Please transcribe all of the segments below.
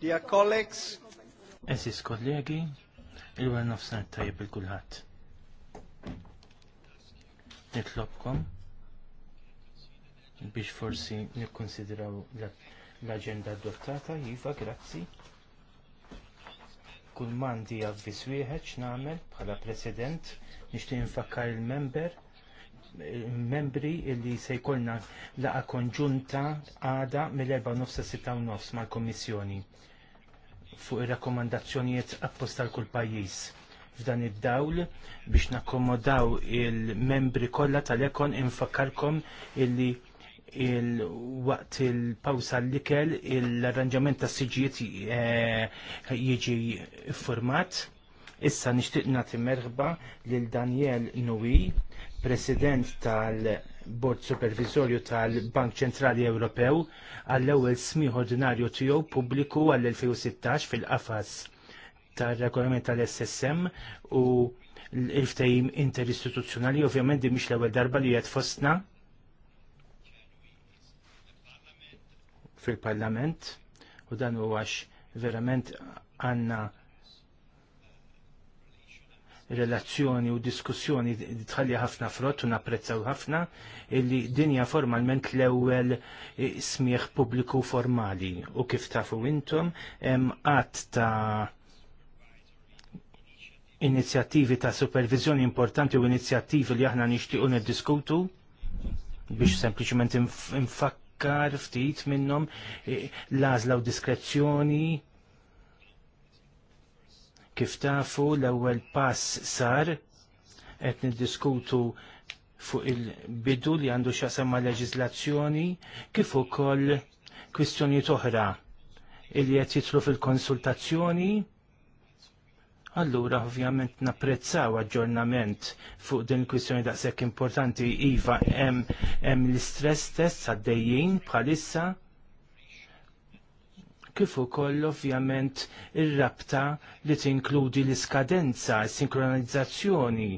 Dear colleagues. Esis kollegi, il-għal nofsan tajib il-kulħat. Nitlobkom biex forsi nikkonsidraw l-agenda adottata, jiva, grazzi. Kull mandi għavvis wieħed x'namel bħala president nixtieq infakkar il-member membri illi se jkollna laqa konġunta għada mill-4 nofsa u nofs mal-Kommissjoni fuq ir-rakkomandazzjonijiet apposta l kull pajjiż f'dan id-dawl biex nakkomodaw il-membri kollha tal-ekon infakkarkom illi il-waqt il-pawsa l-ikel l-arranġament ta' siġijiet eh, jiġi format. Issa nixtieq nagħti merħba lil Daniel Nui, President tal- bord supervisorju tal-Bank Ċentrali Ewropew għall-ewwel smieħ ordinarju tiegħu pubbliku għall-2016 fil-qafas tar-regolament tal-SSM u l-ftehim interistituzzjonali ovvjament din mhix l-ewwel darba li qed fostna fil-Parlament u dan u għax verament għandna relazzjoni u diskussjoni tħalli ħafna frott u napprezzaw ħafna illi dinja formalment l-ewwel eh, smieħ pubbliku formali u kif tafu intom hemm qatt ta' inizjattivi ta' supervizjoni importanti u inizjattivi li aħna nixtiequ niddiskutu biex sempliċement infakkar ftit minnhom eh, l-għażla u diskrezzjoni Kif tafu l-ewwel pass sar qed niddiskutu fuq il-bidu li għandu x'jaqsam ma' leġiżlazzjoni kif ukoll kwistjonijiet oħra illi qed jitlu fil-konsultazzjoni. Allura, ovvjament, napprezzaw aġġornament fuq din il-kwistjoni daqshekk importanti iva hemm l-istress test għaddejjin bħalissa kif ukoll ovvjament ir-rabta li tinkludi l-iskadenza, sinkronizzazzjoni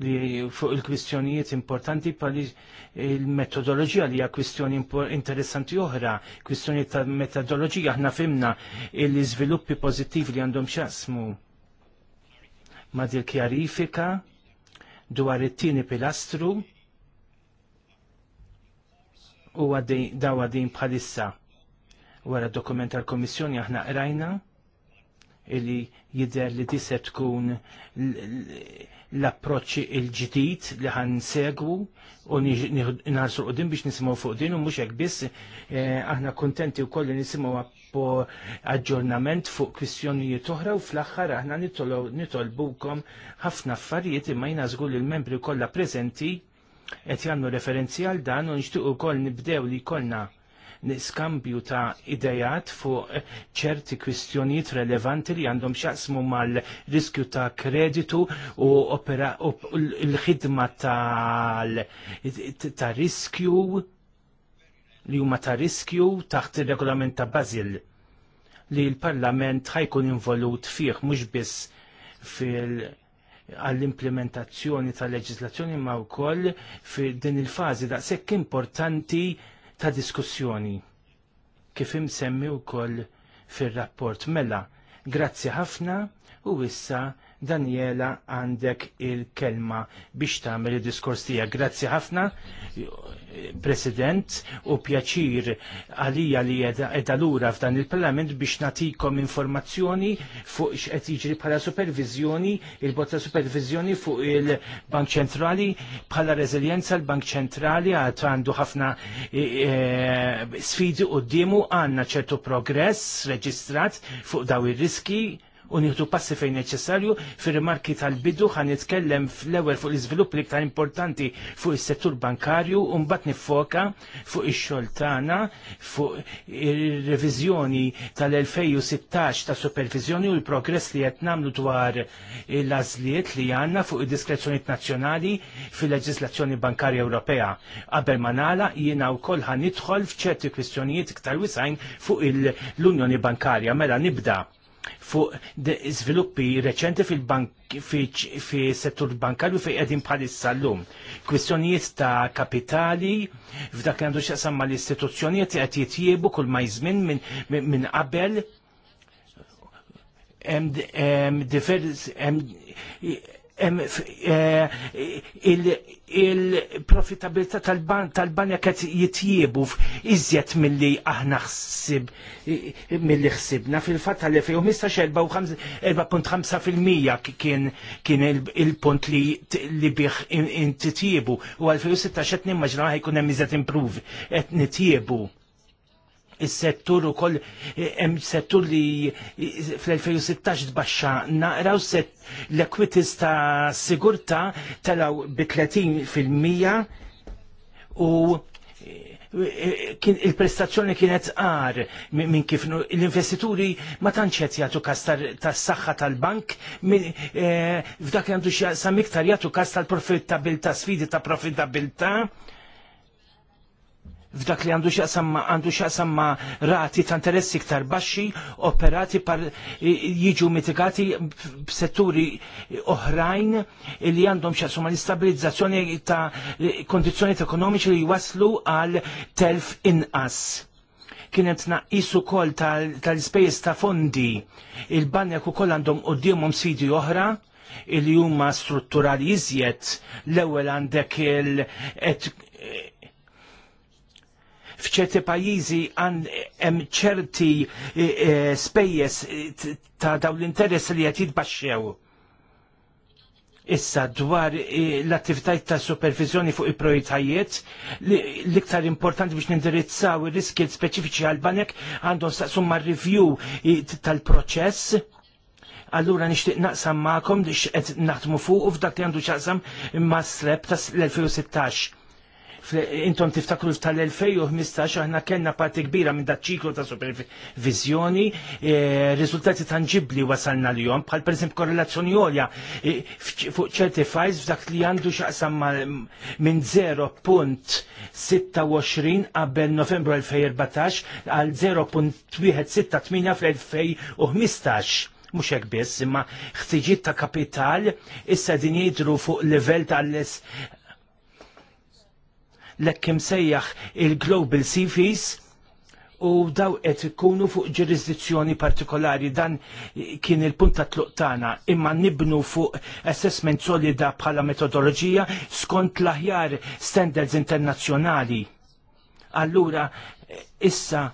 li fuq il-kwistjonijiet importanti pali il-metodologija li hija kwistjoni interessanti oħra, kwistjoni ta' metodologija aħna fimna il-iżviluppi pożittivi li għandhom xasmu. Ma' dil kjarifika dwar it-tieni pilastru u għaddej daw għaddejn bħalissa. Wara dokument tal kommissjoni aħna qrajna illi jidher li tisser tkun l-approċċ il-ġdid li ħan segwu u nħarsu qudin biex nisimgħu fuq din u mhux hekk biss eh, aħna kuntenti wkoll li nisimgħu aġġornament fuq kwistjonijiet oħra u fl-aħħar aħna nitolbukom ħafna affarijiet imma jina żgur il-membri kollha preżenti qed jagħmlu referenzi għal dan u nixtieq ukoll nibdew li jkollna niskambju ta' idejat fuq ċerti kwistjonijiet relevanti li għandhom xaqsmu mal-riskju ta' kreditu u l-ħidma ta' riskju li huma ta' riskju taħt ir-regolament ta' Basil li l-Parlament ħajkun involut fih mhux biss fil- għall-implementazzjoni tal-leġislazzjoni ma' wkoll fi din il-fażi daqshekk importanti ta' diskussjoni kif imsemmi wkoll fir-rapport mela. Grazzi ħafna u issa Daniela għandek il-kelma biex tagħmel id-diskors tiegħek. Grazzi ħafna, President, u pjaċir għalija li qiegħda lura f'dan il-Parlament biex natikom informazzjoni fuq x'qed jiġri bħala supervizjoni, il-botta supervizjoni fuq il-Bank Ċentrali bħala reżiljenza l-Bank Ċentrali għad għandu ħafna e, e, sfidi qudiemu għandna ċertu progress reġistrat fuq daw ir-riski u nieħdu passi fejn neċessarju fir-rimarki tal-bidu ħan nitkellem fl-ewwel fuq l-iżvilupp li iktar importanti fuq is-settur bankarju u mbagħad nifoka fuq ix-xogħol tagħna fuq ir-reviżjoni tal-2016 ta' supervizjoni u l-progress li qed nagħmlu dwar l-għażliet li għandna fuq id-diskrezzjonijiet nazzjonali fil-leġislazzjoni bankarja Ewropea. Qabel ma nagħla jiena wkoll ħan nidħol f'ċerti kwistjonijiet iktar wisajn fuq l-Unjoni Bankarja mela nibda fuq sviluppi reċenti fil-bank settur bankarju fej qegħdin bħalissa llum. Kwistjonijiet ta' kapitali f'dak li għandu x'aqsam l istituzzjonijiet qed jitjiebu kull ma jżmin minn qabel hemm Eh, il-profitabilità tal-banja ban tal qed jitjiebu iżjed milli aħna mill milli ħsibna fil-fatt tal-2015 4.5% kien kien il-punt li li bih intitjiebu u għal 2016 qed nimmaġna ħajkun hemm iżjed improve qed nitjiebu. Is-settur ukoll eh, hemm settur li fl-2016 tbaxxa naqraw l-equities ta' sigurta talaw bi 30 fil-mija u eh, eh, il-prestazzjoni kienet għar minn kif l-investituri ma qed jagħtu kas tas-saħħa tal-bank f'dak li għandu xi iktar jagħtu kas tal-profittabilta, sfidi ta' profittabilta f'dak li għandu xaqsamma għandu xaqsamma rati ta' interessi iktar baxxi operati par jiġu mitigati b'setturi oħrajn li għandhom xaqsamma l-istabilizzazzjoni ta' kondizjoni ekonomiċi li jwaslu għal telf inqas kienet naqisu kol tal-space ta' fondi il-bannek u kol għandhom u d-diemum sidi oħra il-jumma strutturali iżjed l-ewel għandek il fċerti pajjiżi għan hemm ċerti eh, eh, spejjeż eh, ta' dawn l-interess li qed jitbaxxew. Issa dwar l-attivitajiet ta' supervizjoni fuq il-projtajiet l-iktar importanti biex nindirizzaw ir-riski speċifiċi għal-banek għandhom saqsum mar review tal-proċess. Allura nixtieq naqsam ma'kom biex qed naħdmu fuq u f'dak li għandu xaqsam ma' sleb tas l-2016 intom tiftakru tal-2015 aħna kellna parti kbira minn dak ċiklu ta' supervizjoni, e, riżultati tangibbli wasalna l-jom, bħal per korrelazzjoni għolja e, fuq ċertifajs f'dak li għandu xaqsam minn 0.26 qabel novembru 2014 għal 0.168 fl-2015 mux hekk biss, imma ħtiġiet ta' kapital issa din jidru fuq livell tal l-ekkim sejjaħ il-Global Seafies u daw qed ikunu fuq ġurisdizzjoni partikolari dan kien il-punt ta' tluqtana imma nibnu fuq assessment solida bħala metodoloġija skont l-aħjar standards internazzjonali. Allura issa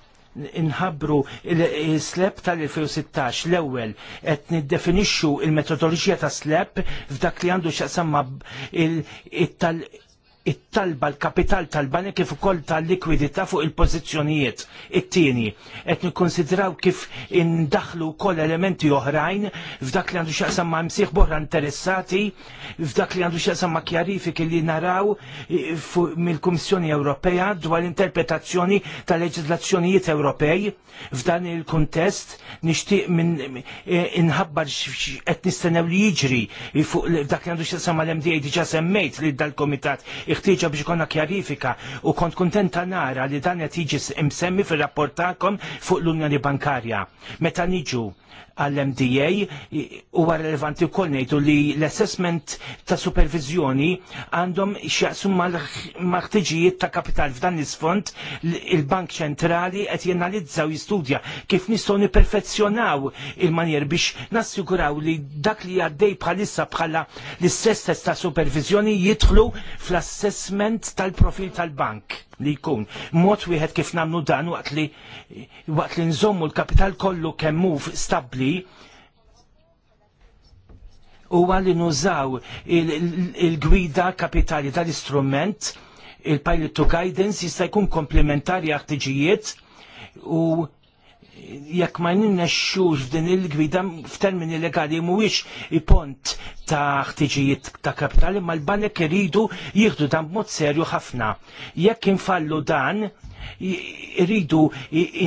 inħabru il-SLEP tal-2016 l-ewwel qed niddefinixxu il-metodoloġija ta' SLEP f'dak li għandu xaqsamma il-tal- it-talba l-kapital tal-banek kif ukoll tal-likwidità fuq il-pożizzjonijiet. It-tieni qed nikkonsidraw kif indaħlu wkoll elementi oħrajn f'dak li għandu x'jaqsam ma' msieħ borra interessati, f'dak li għandu x'jaqsam ma' kjarifiki li naraw mill-Kummissjoni Ewropea dwar l-interpretazzjoni tal leġizlazzjonijiet Ewropej f'dan il-kuntest nixtieq minn inħabbar qed nistennew li jiġri fuq dak li għandu x'jaqsam l mda diġà semmejt li dal-Komitat il-ħtieġa biex ikonna kjarifika u kont kuntenta nara li dan qed jiġi msemmi fir-rapport tagħkom fuq l-Unjoni Bankarja. Meta niġu għall-MDA huwa relevanti wkoll ngħidu li l-assessment ta' supervizjoni għandhom x'jaqsum mal-ħtiġijiet ta' kapital f'dan l-isfond il-Bank Ċentrali qed jenalizzaw jistudja kif nistgħu nipperfezzjonaw il-manier biex nassiguraw li dak li għaddej bħalissa bħala l-istess ta' supervizjoni jidħlu fl-assessment tal-profil tal-bank li jkun. Mod wieħed kif nagħmlu dan waqt li waqt li nżommu l-kapital kollu kemm hu stabbli huwa li nużaw il-gwida kapitali tal-istrument il-pilot to guidance jista' jkun komplementari għal ħtiġijiet u jekk ma ninnexxux f'din il-gwida f'termini legali mhuwiex pont ta' ħtiġijiet ta' kapitali ma l-banek iridu jieħdu dan b'mod serju ħafna. Jekk infallu dan, iridu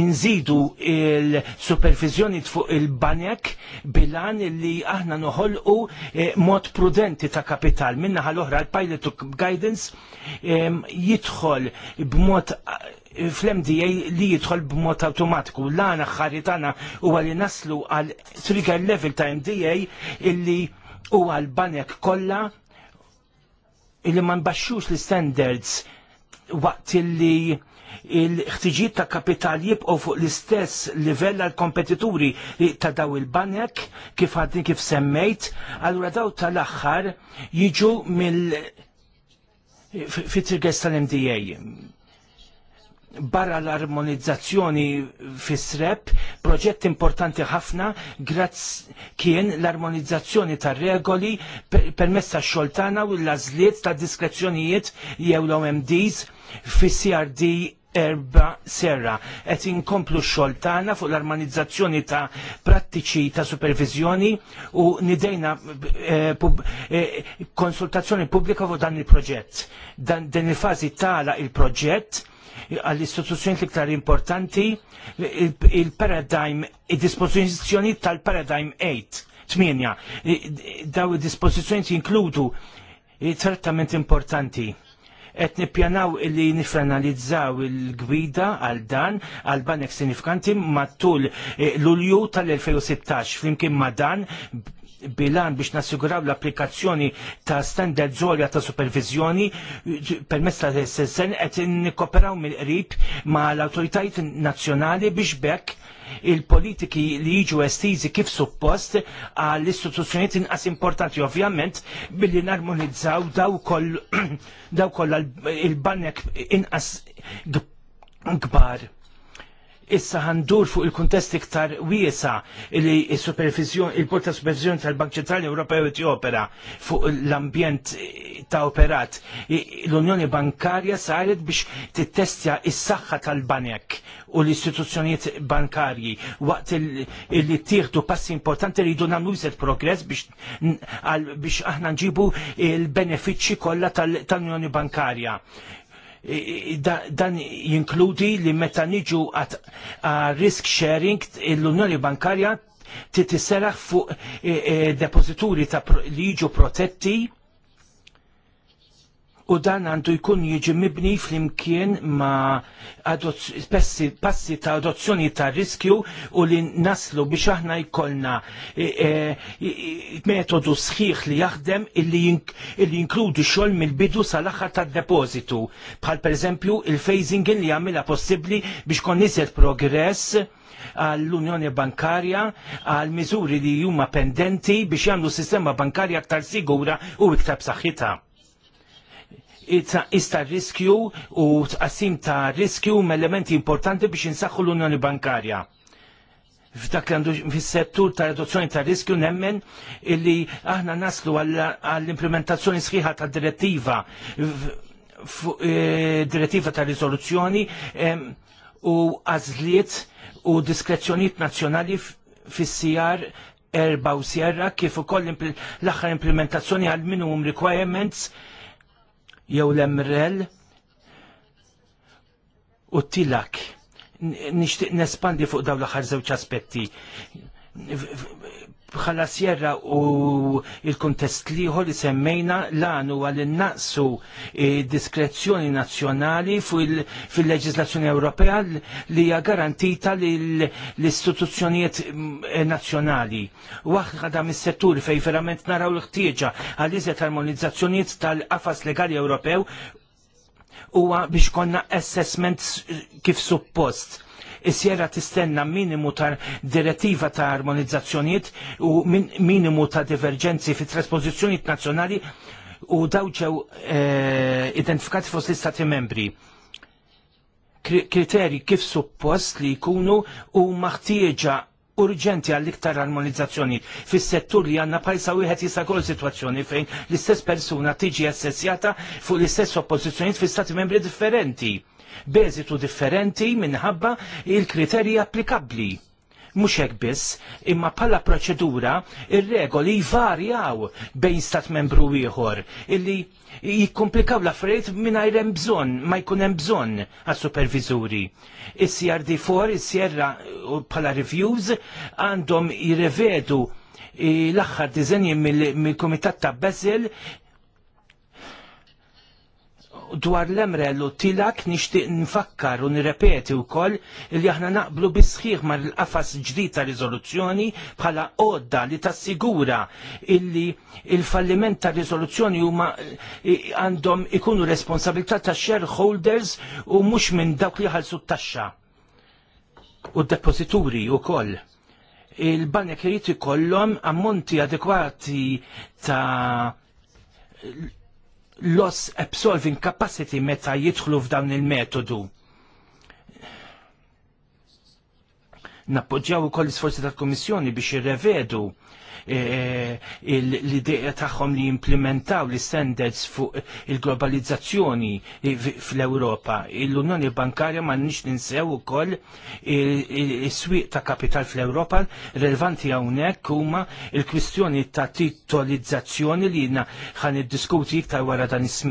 inżidu il-supervizjoni fuq il-banek bilan li aħna noħolqu eh, mod prudenti ta' kapital. Minna ħal-oħra l-pilot guidance eh, jidħol b'mod fl-MDA li jidħol b'mod automatiku. L-għana xaritana u għalli naslu għal trigger level ta' MDA illi u għal banek kolla illi man baxxux l-standards waqt illi il-ħtiġiet ta' kapital jibqgħu fuq l-istess livell għal kompetituri ta' daw il-banek kif għadni kif semmejt, allura daw tal-aħħar jiġu mill fit tal-MDA barra l-armonizzazzjoni fis-srep, proġett importanti ħafna grazz kien l-armonizzazzjoni tar regoli permess ta' xoltana u l-azliet ta' diskrezzjonijiet jew l-OMDs fis-CRD erba serra. Et inkomplu xoltana fuq l-armonizzazzjoni ta' prattiċi ta' supervizjoni u nidejna eh, pub, eh, konsultazzjoni pubblika fuq dan il-proġett. Dan din il-fazi tala il-proġett għall-istituzzjoni l-iktar importanti il-paradigm, il-disposizjoni tal-paradigm 8, 8. Daw il-disposizjoni jinkludu trattament importanti et nippjanaw li nifranalizzaw il-gwida għal dan għal banek sinifikanti matul eh, l-ulju tal-2016 flimkien ma dan bilan biex nassiguraw l-applikazzjoni ta' standard zorja ta' supervizjoni permezz ta' SSN qed nikkoperaw mill-qrib ma' l-autoritajiet nazzjonali biex bekk il-politiki li jiġu estizi kif suppost għall istituzzjonijiet inqas importanti ovvjament billi narmonizzaw daw koll il-banek inqas gbar issa ħandur fuq il-kontest iktar wiesa li il-supervizjon, il-porta supervizjon tal-Bank Ċentrali u jopera fuq l-ambjent ta' operat. L-Unjoni Bankarja saret biex titestja is-saħħa tal-banek u l-istituzzjonijiet bankarji waqt li tieħdu passi importanti li jdu nagħmlu jżed progress biex aħna nġibu il-benefiċċji kollha tal-Unjoni Bankarja dan jinkludi li meta niġu risk sharing l-Unjoni Bankarja titisseraħ fuq e, e, depozituri ta' li jiġu protetti u dan għandu jkun jiġi mibni flimkien ma passi, ta' adozzjoni ta' riskju u li naslu biex aħna jkollna e, e, metodu sħiħ li jaħdem illi, jinkludi xogħol mill-bidu sal-aħħar tad-depożitu. Bħal pereżempju il-phasing li jagħmilha possibbli biex kon progress għall-Unjoni Bankarja, għall miżuri li huma pendenti biex jagħmlu sistema bankarja aktar sigura u iktar b'saħħitha ista riskju u tqassim ta' riskju me elementi importanti biex jinsaħħu l-Unjoni Bankarja f'dak għandu fis-settur ta' reduzzjoni ta' riskju nemmen illi aħna naslu għall-implementazzjoni sħiħa ta' direttiva e, direttiva ta' riżoluzzjoni u għażliet u diskrezzjonijiet nazzjonali fis-sijar erba u sierra kif ukoll l-aħħar implementazzjoni għal minimum requirements jew l-emrel u t-tilak. Nishtiq nespandi fuq daw l-ħar zewċ aspetti bħala sjerra u il-kontest liħor li semmejna l-għanu għal-naqsu eh, diskrezzjoni nazjonali fil-leġislazzjoni Ewropea li hija garantita l-istituzzjonijiet eh, nazjonali. da mis-settur fej verament naraw l-ħtieġa għal-iżet armonizzazzjonijiet tal-qafas legali Ewropew huwa biex konna assessment eh, kif suppost Is-sjera tistenna minimu ta' direttiva ta' armonizzazzjonijiet u min minimu ta' divergenzi fit trasposizzjoniet nazzjonali u daw ġew eh, identifikati fost l-istati membri kriteri kif suppost li jkunu u maħtieġa urġenti għall-iktar armonizzazzjoni fis-settur li għanna pajsa wieħed jista' jkollu sitwazzjoni fejn l-istess persuna tiġi assessjata fuq l-istess oppożizzjonijiet fi stati membri differenti beżitu differenti minħabba il-kriterji applikabbli. Mhux hekk biss, imma bħala proċedura ir-regoli jvarjaw bejn stat membru ieħor illi jikkomplikaw l-affarijiet mingħajr hemm bżonn, ma jkun hemm bżonn għas-supervizuri. Is-CRD4, is-sierra bħala reviews għandhom jirrevedu l aħħar dizenji mill kumitat ta' Basel dwar l-emrellu tilak nixtieq nfakkar u nirrepeti wkoll li aħna naqblu bisħiħ mar l-qafas ġdid ta' riżoluzzjoni bħala għodda li tassigura illi il-falliment ta' riżoluzzjoni huma eh, għandhom ikunu responsabilità ta' shareholders u mhux minn dawk li ħalsu t-taxxa u d-depozituri u koll il-banek jrid ikollhom ammonti adekwati ta' loss absorbing capacity meta jidħlu f'dan il-metodu. Nappoġġjaw ukoll l-isforzi tal-Kummissjoni biex irrevedu Eh, eh, l-idea tagħhom li jimplementaw l-standards fuq il-globalizzazzjoni eh, fl-Ewropa. L-Unjoni Bankarja ma nix ninsew ukoll is-swieq ta' kapital fl-Ewropa relevanti hawnhekk huma il-kwistjoni ta' titolizzazzjoni li xan id-diskuti iktar wara dan is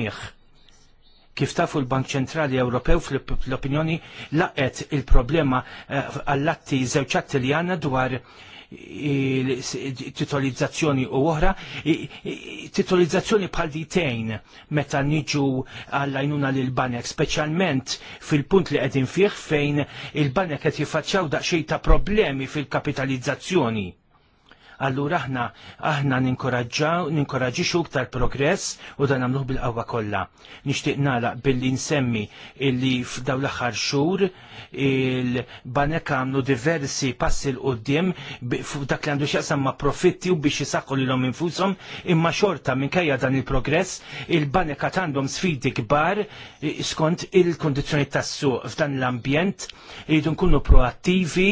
kif tafu l-Bank Ċentrali Ewropew fl-opinjoni laqet il-problema għall-atti zewċatti li għanna dwar titolizzazzjoni u oħra, titolizzazzjoni bħal ditejn meta niġu għallajnuna l-banek, specialment fil-punt li għedin fih fejn il-banek għed jifacċaw daċċej ta' problemi fil-kapitalizzazzjoni allura aħna aħna ninkoraġġaw ninkoraġġixu iktar progress u dan nagħmluh bil-qawwa kollha. Nixtieq nagħlaq billi nsemmi illi f'daw l-aħħar xhur il-banek għamlu diversi passi l qudiem dak li għandu x'jaqsam ma' profitti u biex jisaqqu lilhom infushom imma xorta minkejja dan il-progress il-banek għandhom sfidi kbar skont il-kondizzjoni tas-suq f'dan l-ambjent irridu nkunu proattivi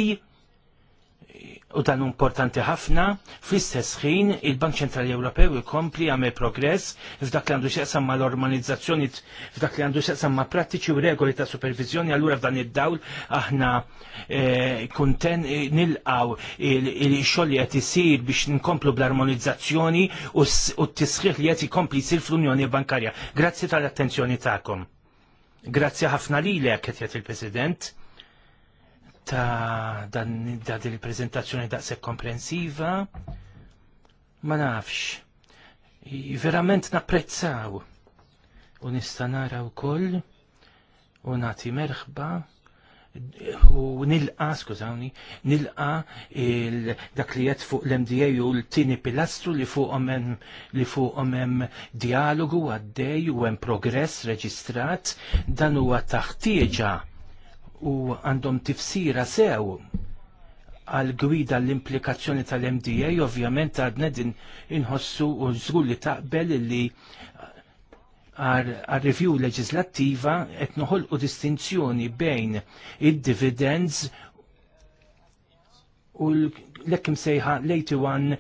u dan importanti ħafna, fl-istess ħin il-Bank Ċentrali Ewropew ikompli għamel progress f'dak li għandu x'jaqsam ma l ormonizzazzjoni f'dak li għandu x'jaqsam ma prattiċi u regoli ta' supervizjoni allura f'dan id-dawl aħna eh, kunten eh, nilqaw il-xogħol qed isir biex nkomplu bl-armonizzazzjoni u t-tisħiħ li qed ikompli jsir fl-Unjoni Bankarja. Grazzi tal-attenzjoni tagħkom. Grazzi ħafna lilek qed il-President ta' dan da il prezentazzjoni daqshekk komprensiva. Ma nafx. Verament napprezzaw. U nista' nara wkoll u nagħti merħba u nilqa, skużawni, nilqa dak li jett fuq l-MDA u l-tini pilastru li fuq omem li fuq omem dialogu għaddej u hemm progress reġistrat dan huwa taħtieġa u għandhom tifsira sew għal gwida l-implikazzjoni tal-MDA, ovvjament għadna din inħossu u żgur li taqbel li għal review leġislattiva qed noħolqu distinzjoni bejn id-dividends u l-ekkim sejħa lejti wan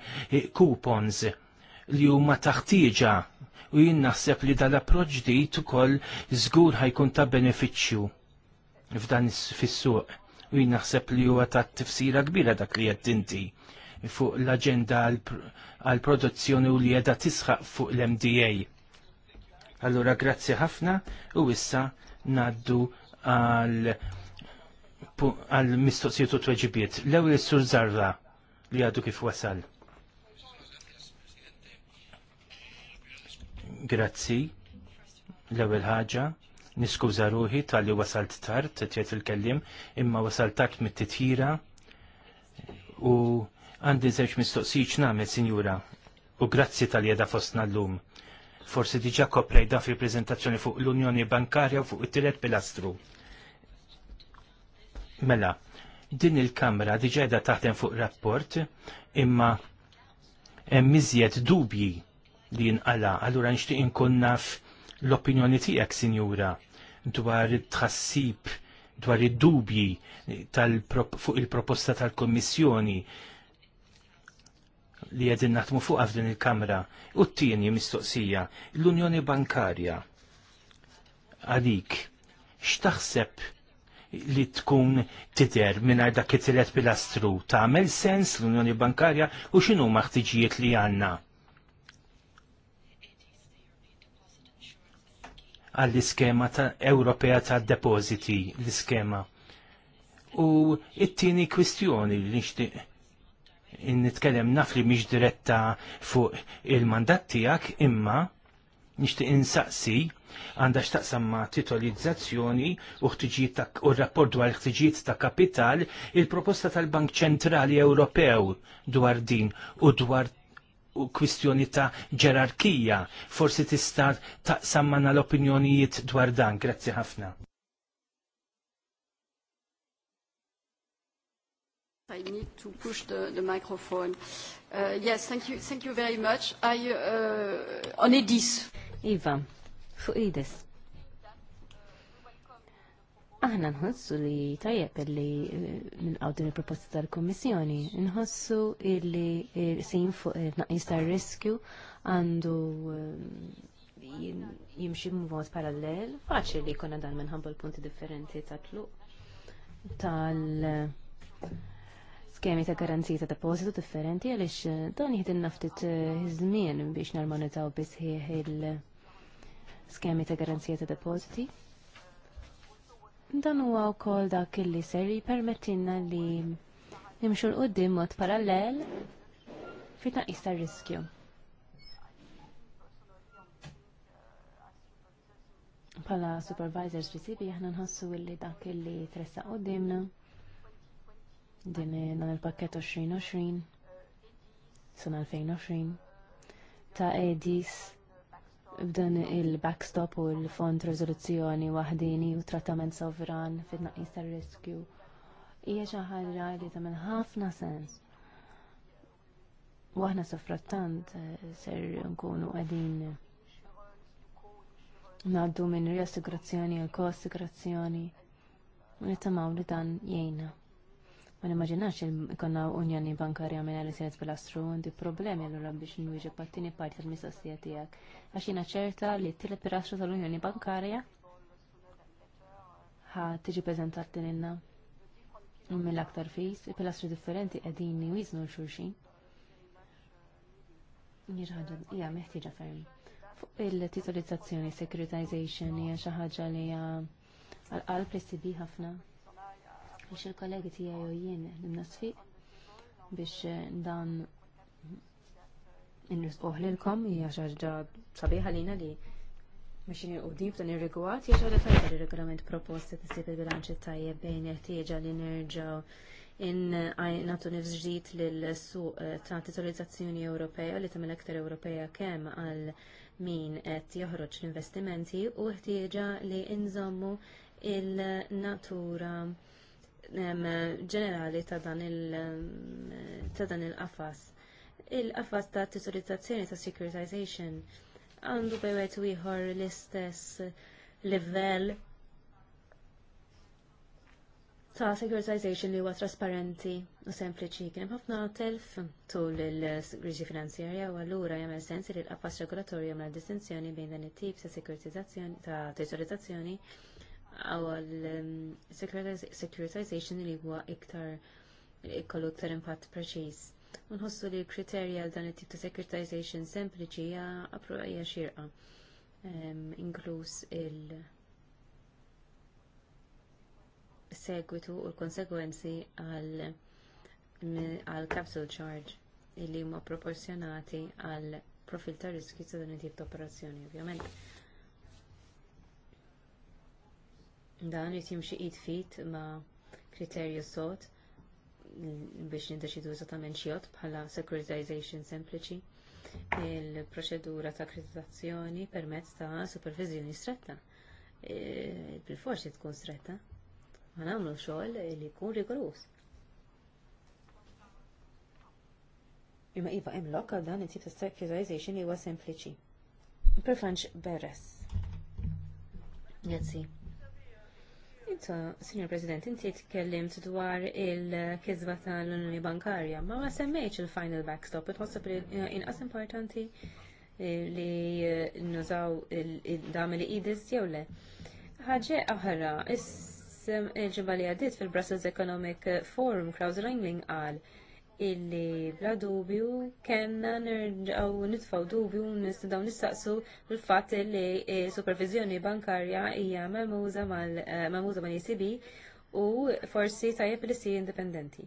coupons li huma taħtieġa u jien naħseb li dal-approċ ġdid ukoll żgur ħajkun ta' benefiċċju f'dan fis-suq u jien naħseb li huwa ta' tifsira kbira dak li qed inti fuq l-aġenda għal produzzjoni u li qiegħda tisħaq fuq l-MDA. Allura grazzi ħafna u issa naddu għal għal mistoqsijiet u tweġibiet. L-ewwel is-sur Zarra li għadu kif wasal. Grazzi. L-ewwel ħaġa Niskuża ruħi tal-li wasalt tard, tgħid il-kellim, imma wasalt tard mit-titjira u għandi żewġ mistoqsijiet nagħmel, Sinjura, u grazzi tal-li jeda fostna llum. Forsi diġà koprejda fil-preżentazzjoni fuq l-Unjoni Bankarja u fuq it-tielet pilastru. Mela, din il-kamra diġa edha taħdem fuq rapport imma hemm miżjed dubji li jinqala, allura nixtieq inkun naf l-opinjoni tiegħek, Sinjura, dwar it-tħassib dwar id-dubji fuq il-proposta tal-Kommissjoni li għedin naħtmu fuq f'din il-Kamra. U t-tieni mistoqsija, l-Unjoni Bankarja għalik, x'taħseb li tkun tider minn dak it tiret pilastru tagħmel sens l-Unjoni Bankarja u xinu maħtiġijiet li għandna għall-iskema ta' Ewropea ta' depositi l-iskema. U it-tieni kwistjoni li nixtieq nitkellem naf li mhix diretta fuq il-mandat tiegħek imma nixtieq insaqsi għandha x'taqsam ma' titolizzazzjoni u ħtiġijiet ta' u rapport dwar ħtiġijiet ta' kapital il-proposta tal-Bank Ċentrali Ewropew dwar din u dwar u kwistjoni ta' ġerarkija. Forsi tista' taqsam manna l-opinjonijiet dwar dan. Grazzi ħafna. I need to push the, the microphone. Uh, yes, thank you, thank you very much. I, uh, on Edis. Iva, fuq Edis. Aħna nħossu li tajjeb li minn eh, din il-proposta tal-Kommissjoni, nħossu li eh, sejn fuq il-naqis eh, tal-riskju għandu jimxi mod parallel, faċli li konna dan minħabba l-punti differenti tal-tluq tal- skemi ta' garanzija ta' depositu differenti għaliex dan jħidin naftit żmien biex narmonizzaw bisħieħ il-skemi ta' garanzija ta' depositi. Dan huwa wkoll dak illi ser jippermettilna li nimxu l qudiem mod parallel fi tnaqqis tar-riskju. Pala supervisors fi sibi aħna nħossu illi dak illi tressa qudiemna din dan il-pakket 2020 sena 2020 ta' EDIS b'dan il-backstop u l-fond rezoluzzjoni waħdini u trattament sovran fit-naqis tar-riskju hija xi ħaġa li tagħmel ħafna sens. U aħna soffrattant eh, ser nkunu qegħdin ngħaddu minn riassigurazzjoni għal koassigurazzjoni u nittamaw li dan jgħinna. Ma nimmaġinax il-konna unjoni bankarja minna li s-sijet fil-astru, għandi problemi allura biex n nwiġi pattini parti l mistoqsija tijak. Għaxina ċerta li t-tillet astru tal-unjoni bankarja ħa t-ġi prezentat t tinilna mill-aktar fis, astru differenti għedin wiznu l-xurxin. Jirħadu, ija, meħtieġa ferm. Fuq il-titolizzazzjoni, securitization, hija xi li għal-qalb li ħafna biex il-kollegi tiegħi u jien nimna fiq biex eh, dan nirrisquh lilkom hija xi ħaġa sabiħa lina li biex nirqudin f'dan ir-rigward hija xi tajba li regolament t tisib il-bilanċ tajjeb bejn il-ħtieġa li nerġa'w in natu nifs ġdid lill-suq eh, ta' titolizzazzjoni Ewropea li tagħmel aktar Ewropeja kemm għal min qed joħroġ l-investimenti u ħtieġa li nżommu il-natura ġenerali ta' dan il-qafas. Il-qafas ta' titolizzazzjoni ta' securitization għandu bewet u ieħor l-istess livell ta' securitization li huwa trasparenti u sempliċi. Kien hemm ħafna telf tul il-kriżi finanzjarja u allura jagħmel sens li l-qafas regolatorju mal distinzjoni bejn dan it-tip ta' sekuritizzazzjoni ta' titolizzazzjoni għal um, securitization li huwa iktar ikollu iktar impatt preċiż. Unħossu li l-kriterja għal dan it-tip ta' securitization sempliċi hija approqja xirqa. Um, inkluż il- segwitu u l-konsegwenzi għal capital charge illi huma proporzjonati għal profil ta' riskju ta' dan it-tip ta' operazzjoni, ovvjament Dan jt jimxi id fit ma kriterju sot biex niddeċidu eżattament xjot bħala securitization sempliċi il-proċedura ta' kreditazzjoni permezz ta' supervizjoni stretta. E, bil-forsi tkun stretta. Ma nagħmlu xogħol li jkun rigorus. Imma iva hemm lokal dan it-tip ta' securitization li huwa sempliċi. Perfanx beres. Grazzi. Inta, Signor President, inti tkellimt dwar il-kizba tal-Unjoni Bankarja, ma ma semmejx il-final backstop, It tħossab inqas importanti eh, li eh, nużaw il-dam li idis jew le. Ħaġa oħra, is ġibali li għaddiet fil-Brussels Economic Forum, Klaus Reimling qal illi bla dubju kellna nerġgħu nitfgħu dubju nistgħu nistaqsu l fat li supervizjoni bankarja hija memuża mal-ECB eh, e u forsi tajjeb li si indipendenti.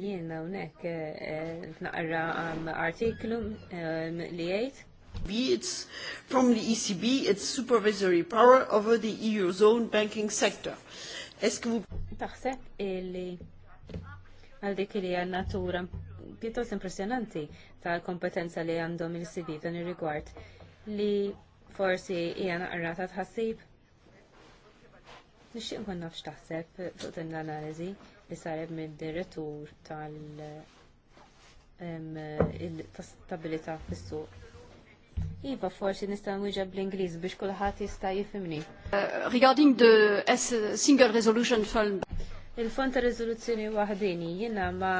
Jiena unek eh, naqra artiklu eh, li jgħid it's from the ECB its supervisory power over the Eurozone banking sector. Taħseb illi għal dik li hija natura pjuttost impressjonanti tal-kompetenza li għandhom il-CV dan ir-rigward li forsi hija naqra ta' tħassib. Nixtieq nkun nafx taħseb fuq din l-analiżi li saret mid-direttur tal-stabilità fis-suq. Iva, forsi nista' nwieġeb bl-Ingliż biex kulħadd jista' jifhimni. Uh, regarding the single resolution fund Il-fond ta' rizoluzzjoni waħdini jiena ma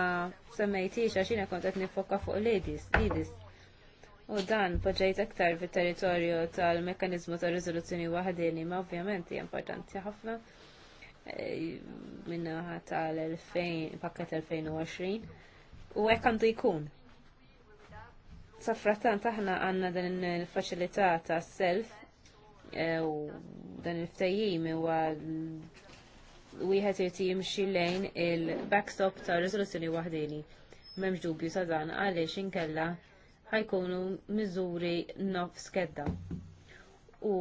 semmejtix għax jiena kont qed nifokka fuq l-edis, U dan poġġejt aktar fit-territorju tal-mekkaniżmu ta' Rizoluzzjoni waħdini, ma ovvjament hija importanti ħafna e, minnaħa tal pakket 2020, u hekk għandu jkun. Safrattant aħna għandna dan il-faċilità ta' self e, u dan il-ftajim u wieħed irid jimxi lejn il-backstop ta' riżoluzzjoni waħdini. M'hemmx dubju ta' dan għaliex inkella ħajkunu miżuri nof skedda. U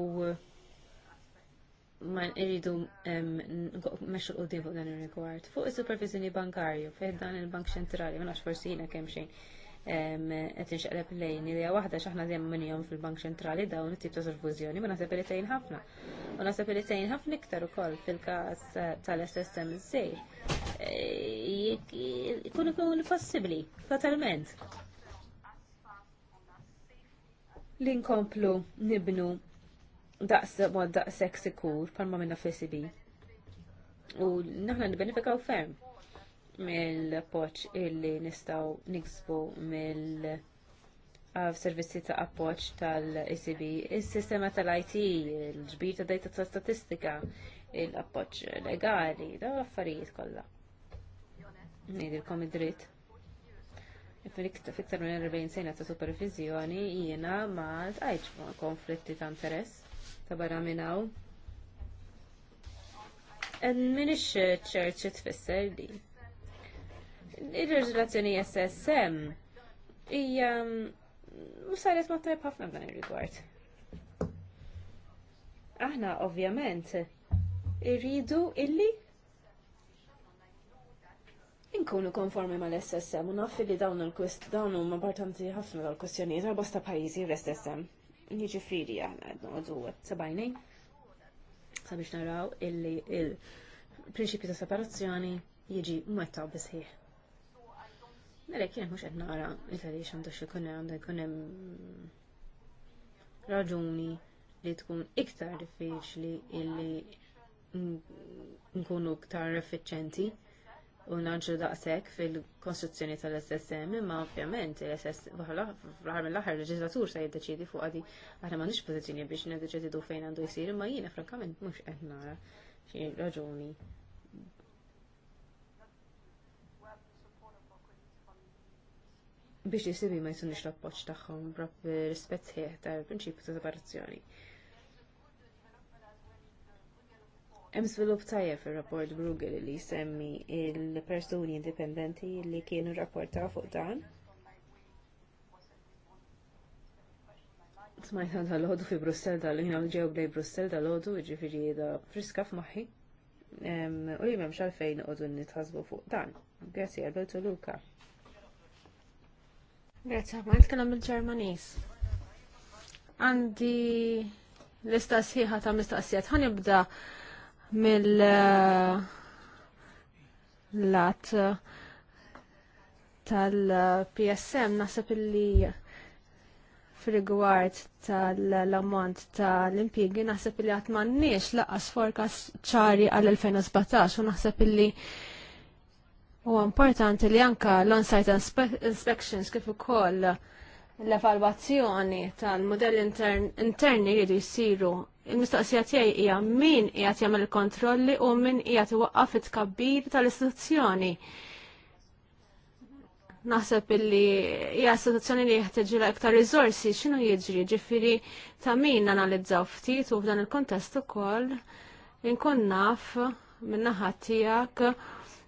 ma irridu meċu quddiem fuq dan ir rigward Fuq is supervizjoni bankarju, fejn dan il-Bank Ċentrali, ma nafx forsi jiena kemm xejn qed inxaqleb lejn idea waħda x'aħna dejjem minnhom fil-Bank Ċentrali dawn it-tip ta' sorfużjoni ma naħseb li tgħin ħafna. U naħseb li tgħin ħafna iktar ukoll fil-każ tal-SSM żejr. Jkun ikun possibbli totalment. Li nkomplu nibnu daqs mod daqshekk sikur palma minna fl U naħna nibbenefikaw ferm mill-appoċ illi nistaw niksbu mill ah, servizzi ta' appoċ tal-ECB, il-sistema tal-IT, il-ġbir ta' data ta' statistika, il-appoċ legali, da' affarijiet kollha. Nidilkom id-dritt. Fiktar minn 40 sena ta' supervizjoni jiena ma tajċ konflitti ta' interess ta' barra minnaw. Minix ċerċi tfisser li il reġilazzjoni SSM hija musaret mm, ma tajb ħafna dan ir-rigward. Aħna ovvjament irridu illi inkunu konformi mal-SSM u naffi li dawn il-kwist dawn huma importanti ħafna dal-kwistjonijiet għal bosta pajjiżi l-SSM. Jiġifieri aħna qed noqogħdu sabajni sabiex naraw illi il-prinċipju ta' separazzjoni jiġi mwettaw bisħiħ. Nerek mela, kien mhux qed nara li għaliex għandu xikun għandu jkun hemm raġuni li tkun iktar diffiċli illi nkunu iktar effiċenti u naġġu daqshekk fil kostruzzjoni tal-SSM imma ovvjament l-SS fl-aħħar mill-aħħar leġislatur se jiddeċidi fuq għadi aħna m'għandix pożizzjoni biex niddeċidu fejn għandu jsir imma jiena frankament mhux qed nara xi raġuni biex s-sibi ma jisunix l-appoċ tagħhom b'rob rispett ħieħ tal-prinċipju ta' separazzjoni. Hemm żvilupp tajjeb fir-rapport Brugel li jsemmi l persuni indipendenti li kienu rapportaw fuq dan. Smajta dal-ħodu fi Brussel dal-ħina ġew bdej Brussel dal-ħodu ġifiri da friska f'maħħi. U li memx għalfejn għodu nitħasbu fuq dan. Grazie, għal Luka. Grazie, ma nitkellem bil-Ġermanis. Għandi l-istassieħa ta' mistaqsijiet. Ħanibda mill-lat eh, eh, tal-PSM naħseb illi fil-rigward tal-ammont tal-impjegi naħseb illi għatmanniex laqqas forkas ċari għal-2017 u naħseb illi U importanti li anka l-on-site inspections kif ukoll l-evalwazzjoni tal-modelli interni jridu jsiru. Il-mistoqsija tiegħi hija min qiegħed jagħmel il-kontrolli u min qiegħed iwaqqaf it-tkabbir tal-istituzzjoni. Naħseb illi hija istituzzjoni li jeħtieġu iktar riżorsi x'inhu jiġri, ġifieri ta' min analizzaw ftit u f'dan il-kontest ukoll inkun naf min-naħa tiegħek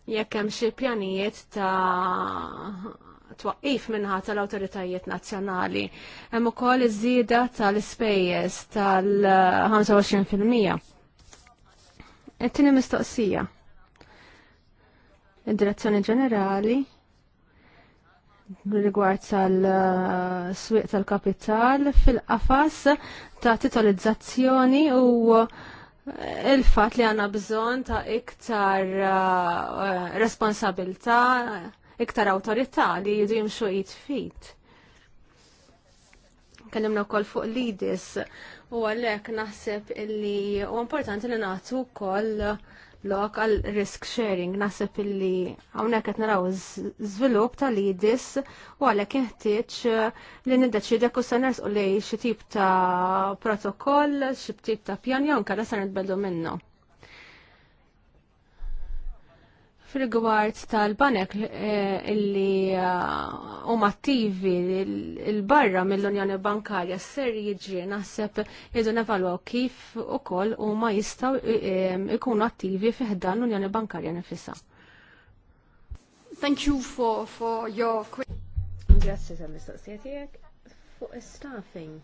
jekk hemm xi pjanijiet ta' twaqqif minħat tal-awtoritajiet nazzjonali. Hemm ukoll iż-żieda tal-ispejjeż tal-25%. It-tieni mistoqsija. Id-Direzzjoni Ġenerali rigward tal-swieq tal-kapital fil-qafas ta' titolizzazzjoni u il-fat li għanna bżon ta' iktar uh, responsabilta, iktar autorità li jidu jimxu jitfit. Kellimna kol fuq lidis u għalek naħseb illi u importanti li natu kol uh, lok għal risk sharing nasib illi hawnhekk qed naraw żvilupp tal lidis u għalhekk jeħtieġ eh, li niddeċidek u s-sanars u li xitib ta' protokoll, xitib ta' pjan jew inkella se nitbeldu minnu. fil-gwart tal-banek eh, illi eh, huma attivi il-barra mill-Unjoni Bankarja ser jiġri naħseb jidu nevalwaw kif ukoll huma jistgħu eh, ikunu attivi fiħdan l-Unjoni Bankarja nifisha. Thank you for, for your question. Grazie tal-mistoqsija tiegħek. Fuq staffing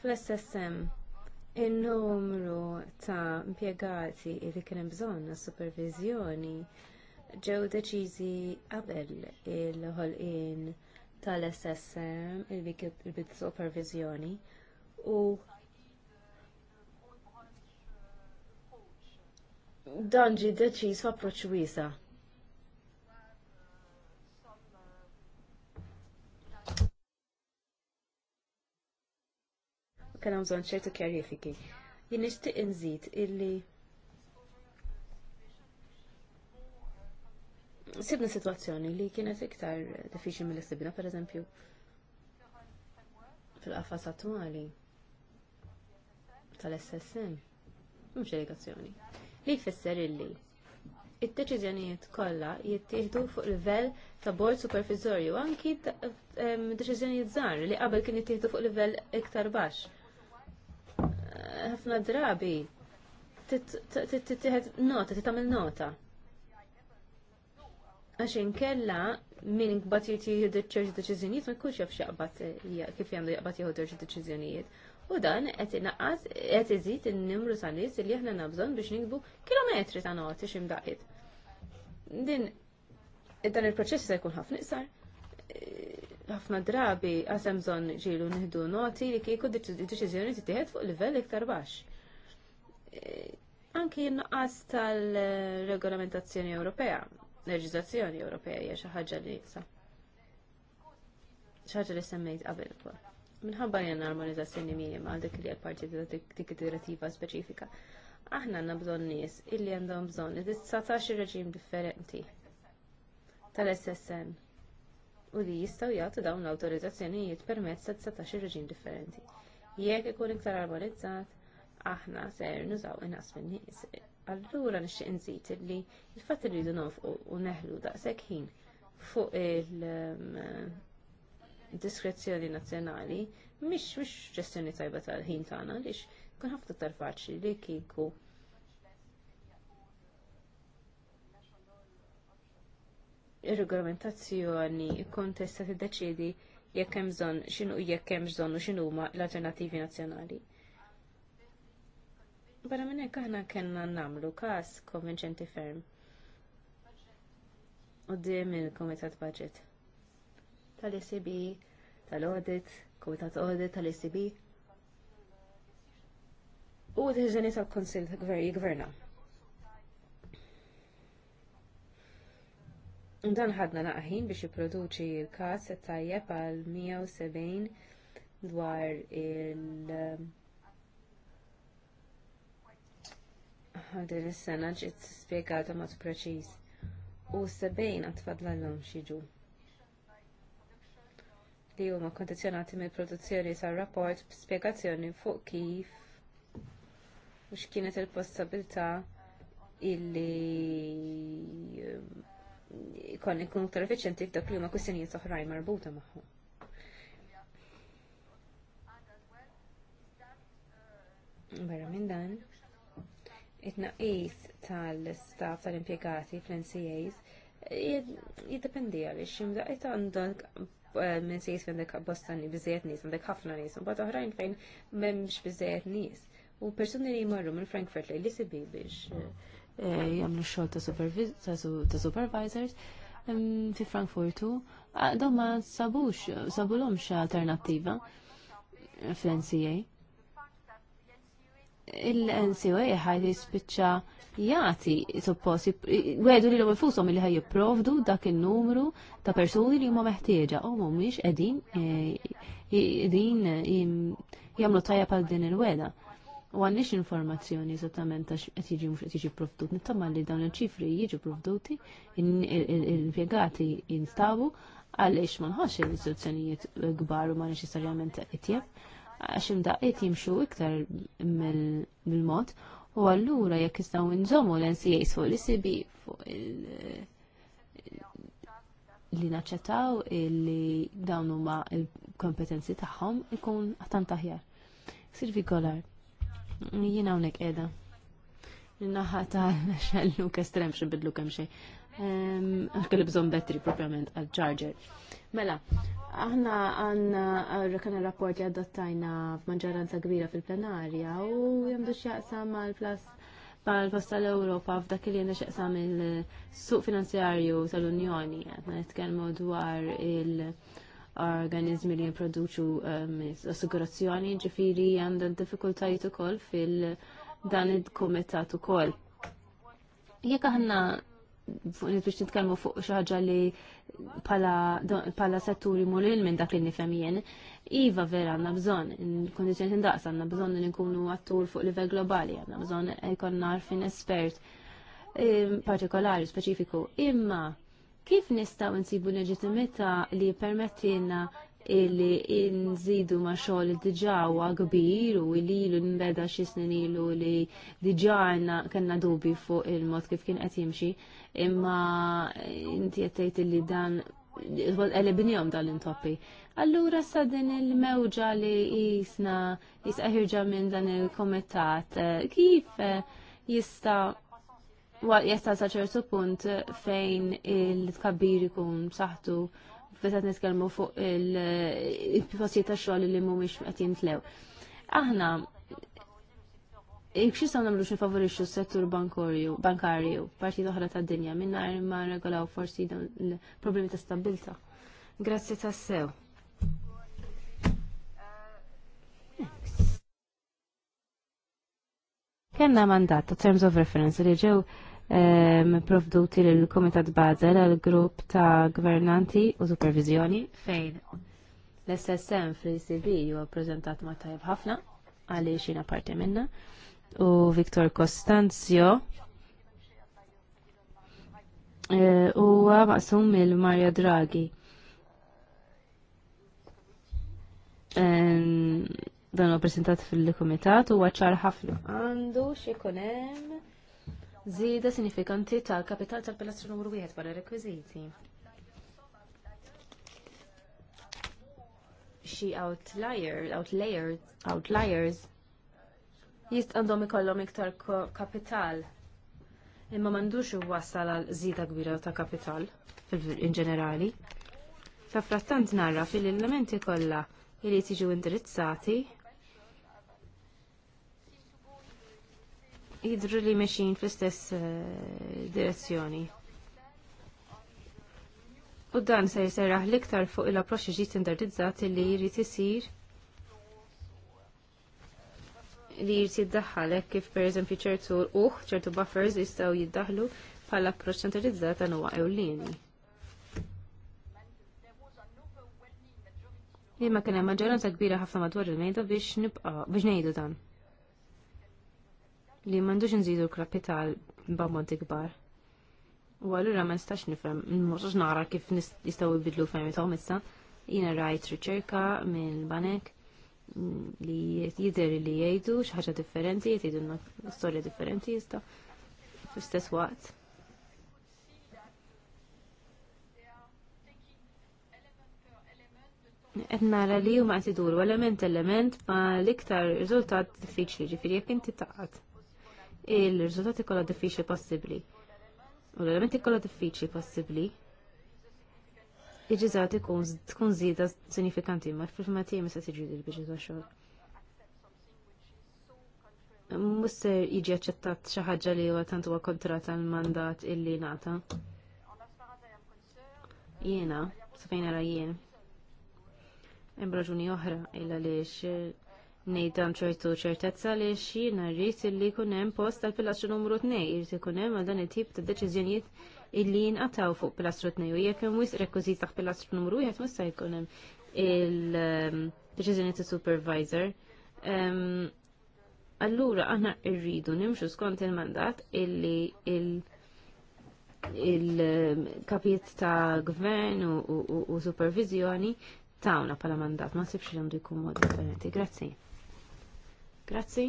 fl-SSM in-numru ta' impjegati li kien hemm bżonn supervizjoni ġew deċiżi qabel il-ħolqien tal-SSM il-bit supervizjoni u dan ġie deċiż f'approċċ wiesa. Kellhom bżonn ċertu kjarifiki. Jien nixtieq inżid illi sibna situazzjoni li kienet iktar diffiċli mill sibna per eżempju fil-qafas attuali, tal-SSM mhux delegazzjoni li jfisser illi id-deċiżjonijiet kollha jittieħdu fuq livell ta' bord supervizorju anki deċiżjonijiet żgħar li qabel kien jittieħdu fuq livell iktar baxx. Eh, ħafna drabi tittieħed nota, tagħmel nota Għax inkella min inkbat jieħu ċerġ deċiżjonijiet ma jkunx jaf xaqbat kif jagħmlu jaqbad jieħu ċerġ deċiżjonijiet. U dan qed naqqas qed iżid in-numru ta' nies li aħna nabżon biex nikbu kilometri ta' xim x'imdaqiet. Din dan il-proċess se jkun ħafna iqsar. Ħafna drabi għasem bżonn ġielu nieħdu noti li kieku deċiżjoni titieħed fuq livell iktar baxx. Anki n tal-regolamentazzjoni Ewropea leġizazzjoni Ewropea hija xi ħaġa li sa xi ħaġa li semmejt qabel ukoll. Minħabba li armonizzazzjoni minima għal dik li parti ta' dik direttiva speċifika. Aħna għandna bżonn nies illi għandhom bżonn li tistatax reġim differenti tal-SSN u li jistgħu jagħtu dawn l-awtorizzazzjonijiet permezz ta' tsatax reġim differenti. Jekk ikun iktar armonizzat, aħna se nużaw inqas minn nies Allura nixtieq nżid li l-fatt li rridu nofqu u neħlu daqshekk ħin fuq il-diskrezzjoni um, nazzjonali mhix mhix ġestjoni tajba tal-ħin tagħna għaliex kun ħafna tal faċli li kieku ir-regolamentazzjoni kontesta tiddeċiedi jekk hemm bżonn x'inhu jekk hemm bżonn u x'inhuma l-alternattivi nazzjonali. Bara minn hekk aħna kellna nagħmlu każ konvinċenti ferm. Qudiem il-Kumitat Budget tal-ECB, tal-Audit, Kumitat Audit tal-ECB. U deċiżjoni tal-Konsil jigverna. Dan ħadna naqħin biex jipproduċi l-każ tajjeb għal 170 dwar il- għadir is-sena ġiet spjegata mod preċiż u sebejn għatfadla l-lum xieġu. Li huma kondizjonati mill produzzjoni sa' rapport b'spjegazzjoni fuq kif u x'kienet il-possibilità illi um, kon ikun iktar effiċenti f'dak li huma kwistjonijiet oħrajn marbuta magħhom. Barra minn dan it-naqis tal-staff tal-impiegati fl-NCAs jiddependi għaliex imdaqit għandek minn eh, sejs fejn dek bostani bizzejet nis, għandek ħafna nis, mbagħad oħrajn fejn m'hemmx bizzejet nis. U persuni li jmorru minn Frankfurt li sibi biex eh, mm. jagħmlu xogħol ta' supervisors mm, fi Frankfurtu, ah, dawn ma sabux, sabulhomx alternattiva fl-NCA il-NCOA ħaj spiċċa jati supposi, għedu li l-għom il ħaj jiprovdu dak il-numru ta' persuni li huma meħtieġa u mumiex edin edin jamlu tajja pal din il-weda. U għannix informazzjoni esattament ta' qed jiġi mhux provdut. Nittama li dawn il-ċifri jiġu provduti, il-impjegati jinstabu għaliex ma nħossx l-istituzzjonijiet kbar u ma neċessarjament itjeb għax imdaqqiet jimxu iktar mill-mod u allura jekk jistgħu nżommu l-NCAs fuq l-ICB fuq li naċċettaw li dawn huma l-kompetenzi tagħhom ikun għatan taħjar. Silvi Golar, jiena hawnhekk qiegħda. Naħa ta' xellu kestrem xibidlu kemm xejn kelli bżon betri propjament għal ċarġer Mela, aħna għanna eh, rekana rapport li għaddottajna f'maġġoranza kbira fil-plenarja u jemdu xjaqsam għal-plas pal-post tal-Europa f'dak li jemdu xaqsam il-suq finanzjarju tal-Unjoni, għadna jitkelmu dwar il- organizmi li jimproduċu assigurazzjoni ġifiri għandhom diffikultajiet ukoll fil- dan il-kumitat ukoll. Jekk aħna biex nitkellmu fuq xi ħaġa li bħala setturi mulil minn dak li nifhem jien. Iva vera għandna bżonn, kondizjoni tindaqs għandna bżonn li nkunu attur fuq livell globali, għandna bżonn jkollna għarfien espert ehm, partikolari, speċifiku. Imma kif nistgħu nsibu leġitimità li permettilna illi nżidu ma xogħol diġà huwa kbir u li ilu nbeda xi snin ilu li diġà kellna dubi fuq il-mod kif kien qed jimxi, imma inti qed tgħid li dan għalibnijom dal-intoppi. Allura sa din il-mewġa li jisna jisqaħirġa minn dan il-komitat, kif jista jista sa ċertu punt fejn il-tkabbir ikun saħtu meta nitkellmu fuq il-postijiet tax-xogħol li mhumiex qed jintlew. Aħna Xi sa nagħmlu xi favorixxu s-settur bankorju, bankarju, parti oħra tad-dinja mingħajr ma regolaw forsi dawn il-problemi ta' stabilta. Grazzi tassew. Kenna mandat ta' terms of reference li ġew provduti l-Komitat Bazel, l grupp ta' gvernanti u supervizjoni fejn l-SSM fl-ICB ju prezentat ma' tajb ħafna għalli xina parti minna u Viktor Costanzio eh, u maqsum il-Mario Draghi dan u prezentat fil-komitat u għacċar ħafna għandu xie konem Zida sinifikanti tal-kapital tal-pilastru numru wieħed barra rekwiżiti. Xi outlier, outlayers, outliers jist għandhom ikollhom iktar kapital imma m'għandux iwassal għal żida kbira ta' kapital in ġenerali. Sa frattant narra fil-elementi kollha jrid jiġu indirizzati jidru li meċin fl-istess eh, direzzjoni. U dan se jiserraħ liktar fuq il-approċċi ġi standardizzati li jrid isir li jrid jiddaħħalek kif pereżempju ċertu uħ, ċertu buffers jistgħu jiddaħlu bħala approċċ standardizzat dan huwa ewlieni. Imma kien hemm maġġoranza kbira ħafna madwar il-mejda biex nibqa' biex ngħidu dan li m'għandux nżidu l-kapital b'ammont ikbar. U allura ma nistax nifhem, mhux nara kif jistgħu jbidlu fehmithom issa. Jiena rajt riċerka minn banek mm, li jidher li jgħidu xi ħaġa differenti, jgħidu storja differenti jista' fl-istess waqt. qed nara li huma qed iduru element element ma l-iktar riżultat diffiċli ġifieri jekk inti taqgħod il rizultati kollha diffiċli possibbli. U l-elementi kollha diffiċli possibbli. Iġiżat tkun zida sinifikanti, ma fil-ma tiegħi ma se tiġi l-biġi ta' xogħol. Muster jiġi aċċettat xi ħaġa li huwa tant għu kontra tal-mandat illi nata. Jena, sa fejna jien. Hemm oħra illa xe nejdam ċertu ċertezza li xina rrit illi hemm post tal pilastru numru 2, irrit kunem għal dan it-tip ta' deċiżjonijiet illi jinqataw fuq pilastru 2, u jekk hemm wisq taħ pilastru numru 1 mista jkun il-deċiżjonijiet ehm, ta' supervisor. Ehm, allura aħna rridu nimxu skont il-mandat illi il- il-kapiet ehm, ta' gvern u supervizjoni tawna pala mandat, ma sibx li għandu jkun mod differenti. Grazzi. Grazzi.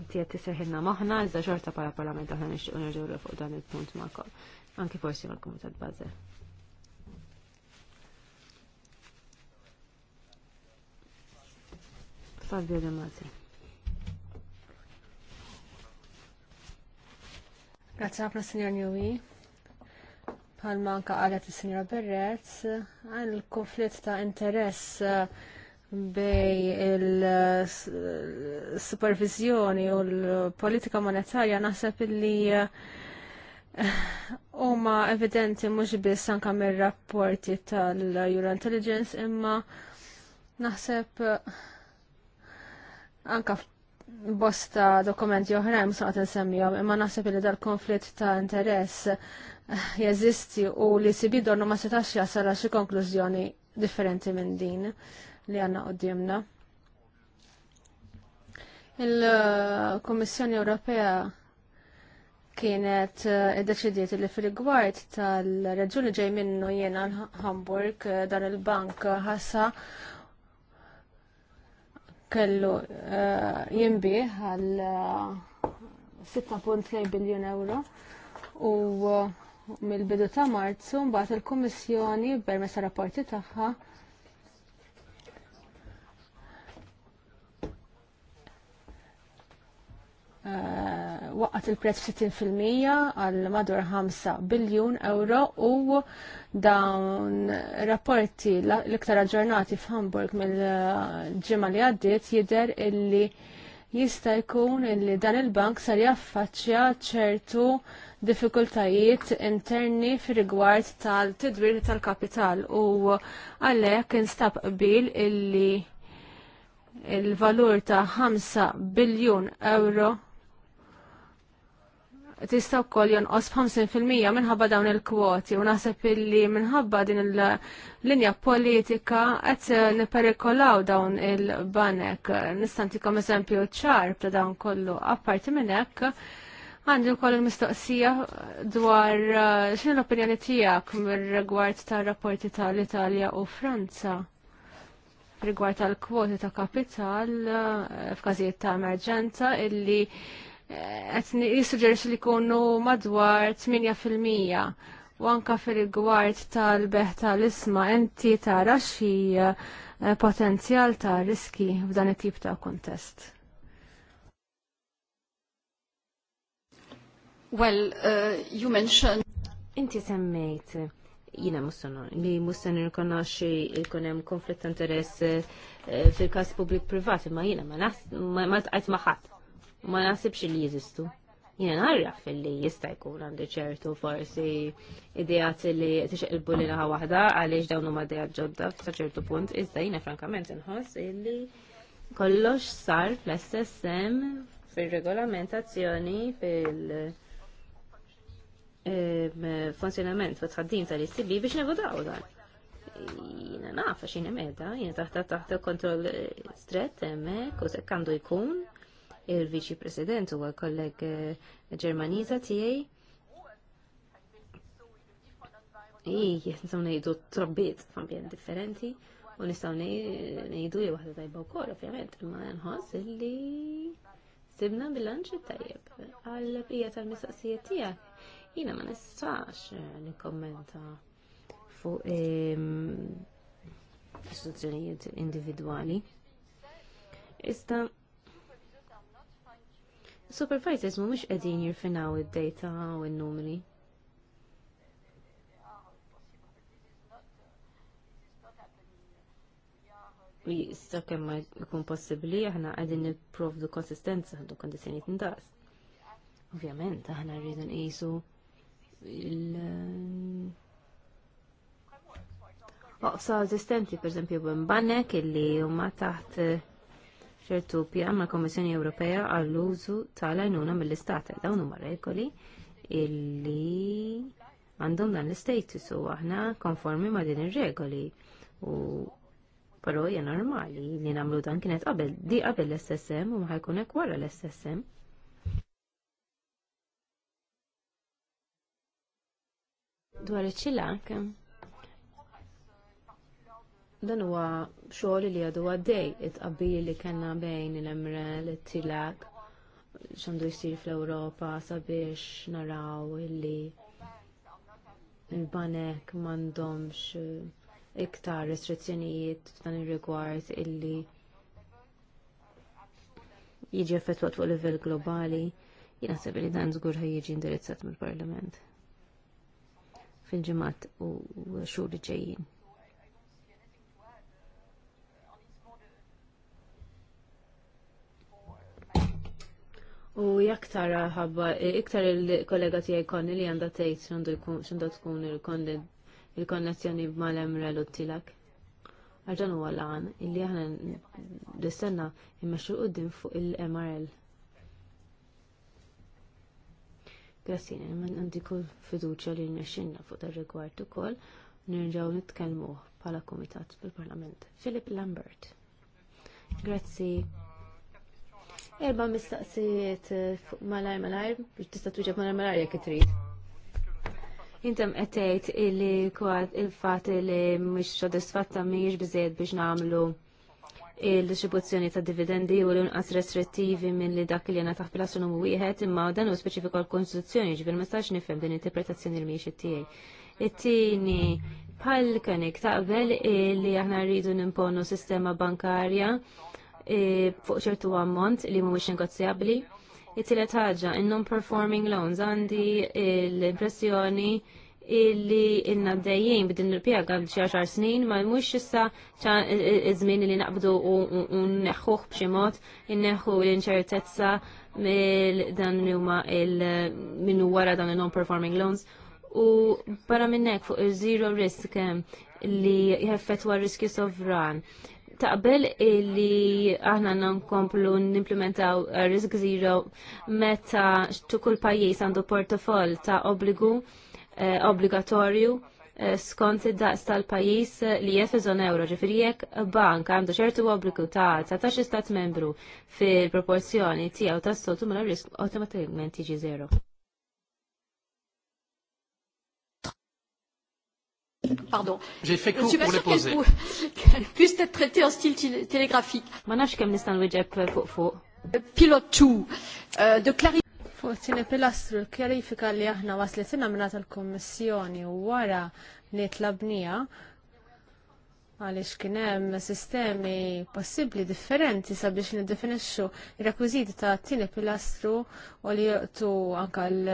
Inti għed tisserħilna maħna, iżda xorta pala parlament aħna nixtieq nerġgħu fuq dan il-punt maħkom. Anki forsi mal-Kumitat Bażel. Fabio De Masi. Grazie, Signor Newey bħalma anka qalet is-Sinjora Berrez, għan il-konflitt ta' interess uh, bej il-supervizjoni u l-politika monetarja naħseb li uh, huma evidenti mhux biss anke mir-rapporti tal-Euro Intelligence imma naħseb uh, anka bosta dokumenti oħrajn saqat nsemmihom imma naħseb li dal-konflitt ta' interess Ah, jeżisti u li no ma setax jasal xi konklużjoni differenti minn din li għanna qoddimna. il komissjoni Ewropea kienet eh, id-deċidiet li fil-gwart tal-reġuni ġej minnu jena Hamburg eh, dan il-bank ħassa kellu eh, jimbi għal 6.2 biljon euro u mill-bidu ta' Marzu mbagħad il-Kummissjoni permezz ta' rapporti tagħha uh, waqqat il-prezz fil-mija għal madwar 5 biljun euro u dawn rapporti l-iktar aġġornati f'Hamburg mill-ġimgħa eh, li għaddiet jidher illi jista' jkun li dan il-bank sar jaffaċċja ċertu diffikultajiet interni fi rigward tal-tidwir tal-kapital u għalhekk instab qbil illi il-valur ta' 5 biljun euro tista' wkoll jonqos 50% minħabba dawn il-kwoti u naħseb illi minħabba din il-linja politika qed niperikolaw dawn il-banek. Nista' ntikom eżempju ċar ta' dawn kollu. Apparti minn hekk, għandi wkoll il-mistoqsija dwar uh, x'in l-opinjoni tiegħek mir-rigward tar-rapporti tal-Italja u Franza rigward tal-kwoti ta' kapital uh, f'każijiet ta' emerġenza illi jissuġġerixxi li jkunu madwar 8% u anka fil-gwart tal-beħ tal-isma inti tara xi eh, potenzjal ta' riski f'dan it-tip ta' kontest. Well, uh, you mentioned... Inti semmejt, jina mustan, li mustan nirkonaxi il-konem konflitt interess eh, fil-kas publik privat, ma jina ma nas, ma għajt maħat ma nasibx li jeżistu. Jena narraf li jista' jkun għandi ċertu forsi idejat li tixqilbu li naħa waħda għaliex dawn huma idejat ġodda sa ċertu punt, iżda jiena frankament inħoss illi kollox sar fl-SSM fil-regolamentazzjoni fil- funzjonament u tħaddin tal-ICB biex nevodaw dan. Jina nafa xin emeda, jina taħta taħta kontrol stret emmek u sekkandu jkun il vici President u kolleg eh, Ġermaniza tijaj. I, nistaw nejdu trobbiet f'ambjent differenti u nistaw nejdu li wahda tajba u wkoll, ovvjament, imma nħoss li sibna bilanċ tajjeb għal bija tal-mistaqsijiet tijak. Jina ma nistax eh, nikommenta fuq ehm, istituzzjonijiet individuali. Istan, supervisors mhumiex your jirfinaw id-data u n-numri. Jista' kemm ma jkun possibbli aħna qegħdin nipprovdu konsistenza għandu kondizzjonijiet indaqs. Ovvjament aħna rridu nqisu il- Oqsa eżistenti, per esempio, b'mbanek illi huma taħt ċertu pjan mal Kommissjoni Ewropea għall-użu tal-għajnuna mill-istata. Dawn huma regoli illi għandhom dan l-status u aħna konformi ma' din ir-regoli. U però hija normali li nagħmlu dan kienet qabel di qabel l-SSM u ma ħajkun hekk wara l-SSM. Dwar iċ-ċilank, dan huwa xogħol li għadu għaddej it-qabbir li kellna bejn l emre it-tilak, xandu jisir fl-Ewropa sabiex naraw li il-banek m'għandhomx eh, iktar restrizzjonijiet f'dan ir-rigward illi jiġi effettwat fuq livell globali, jina sebi li dan żgur jiġi indirizzat mill-Parlament fil-ġimgħat u xhur ġejjin. U tara ħabba, iktar il-kollega tijaj konni li għanda tejt xandu tkun il-konnezzjoni mal-emre l-uttilak. Għarġan u għal-għan, illi għana distenna immaxu din fuq il-MRL. Grazzi, man għandi kull fiduċa li nxinna fuq dar rigward ukoll nirġaw nitkellmu bħala kumitat fil-Parlament. Philip Lambert. Grazzi. Erba mistaqsijiet malajr eh, malajr, biex tista' tuġeb malajr malajr jek trid. Intem qed tgħid illi kwad il-fatt li mhix sodisfatta mhijiex biżejjed biex nagħmlu il-distribuzzjoni ta' dividendi u l unqas restrittivi minn li dak li jena taħt pilastru numru wieħed imma dan u speċifiku l-Konstituzzjoni ġifier ma stax nifhem din interpretazzjoni li miex it-tiegħi. It-tieni bħal kanik taqbel li aħna rridu nimponu sistema bankarja E, fuq ċertu ammont li mhumiex negozjabbli. It-tielet ħaġa, in-non-performing loans għandi l-impressjoni illi inna dejjem bidin il-pjega b'xi għaxar snin ma mhux issa e, e, iż-żmien li naqbdu u neħħuh b'xi mod inneħħu l-inċertezza dan huma minnu wara dawn il-non-performing loans u barra minnek fuq il-zero risk li jeffettwa riski sovran taqbel li aħna nkomplu nimplementaw uh, Risk Zero meta tu kull pajjiż għandu portofol ta' obbligu uh, obbligatorju uh, skont id-daqs tal-pajis li jefizon euro, ġifiri jekk bank għandu ċertu obbligu ta' 19 stat membru fil-proporzjoni tiegħu tas-sotu mela risk automatikament jiġi zero. Pardon. J'ai fait court pour les poser. Qu'elle puisse être traitée en style télégraphique. Ma nafx kemm nista' nwieġeb eh, fuq fuq. Euh, Pilot 2 euh, de clarif Fuq tini pilastru kjarifika li aħna waslet minna l kommissjoni u wara li tlabnija għalix kienem sistemi possibli differenti sabiex nidefinixxu rekwiziti ta' tini pilastru u li jgħtu anka l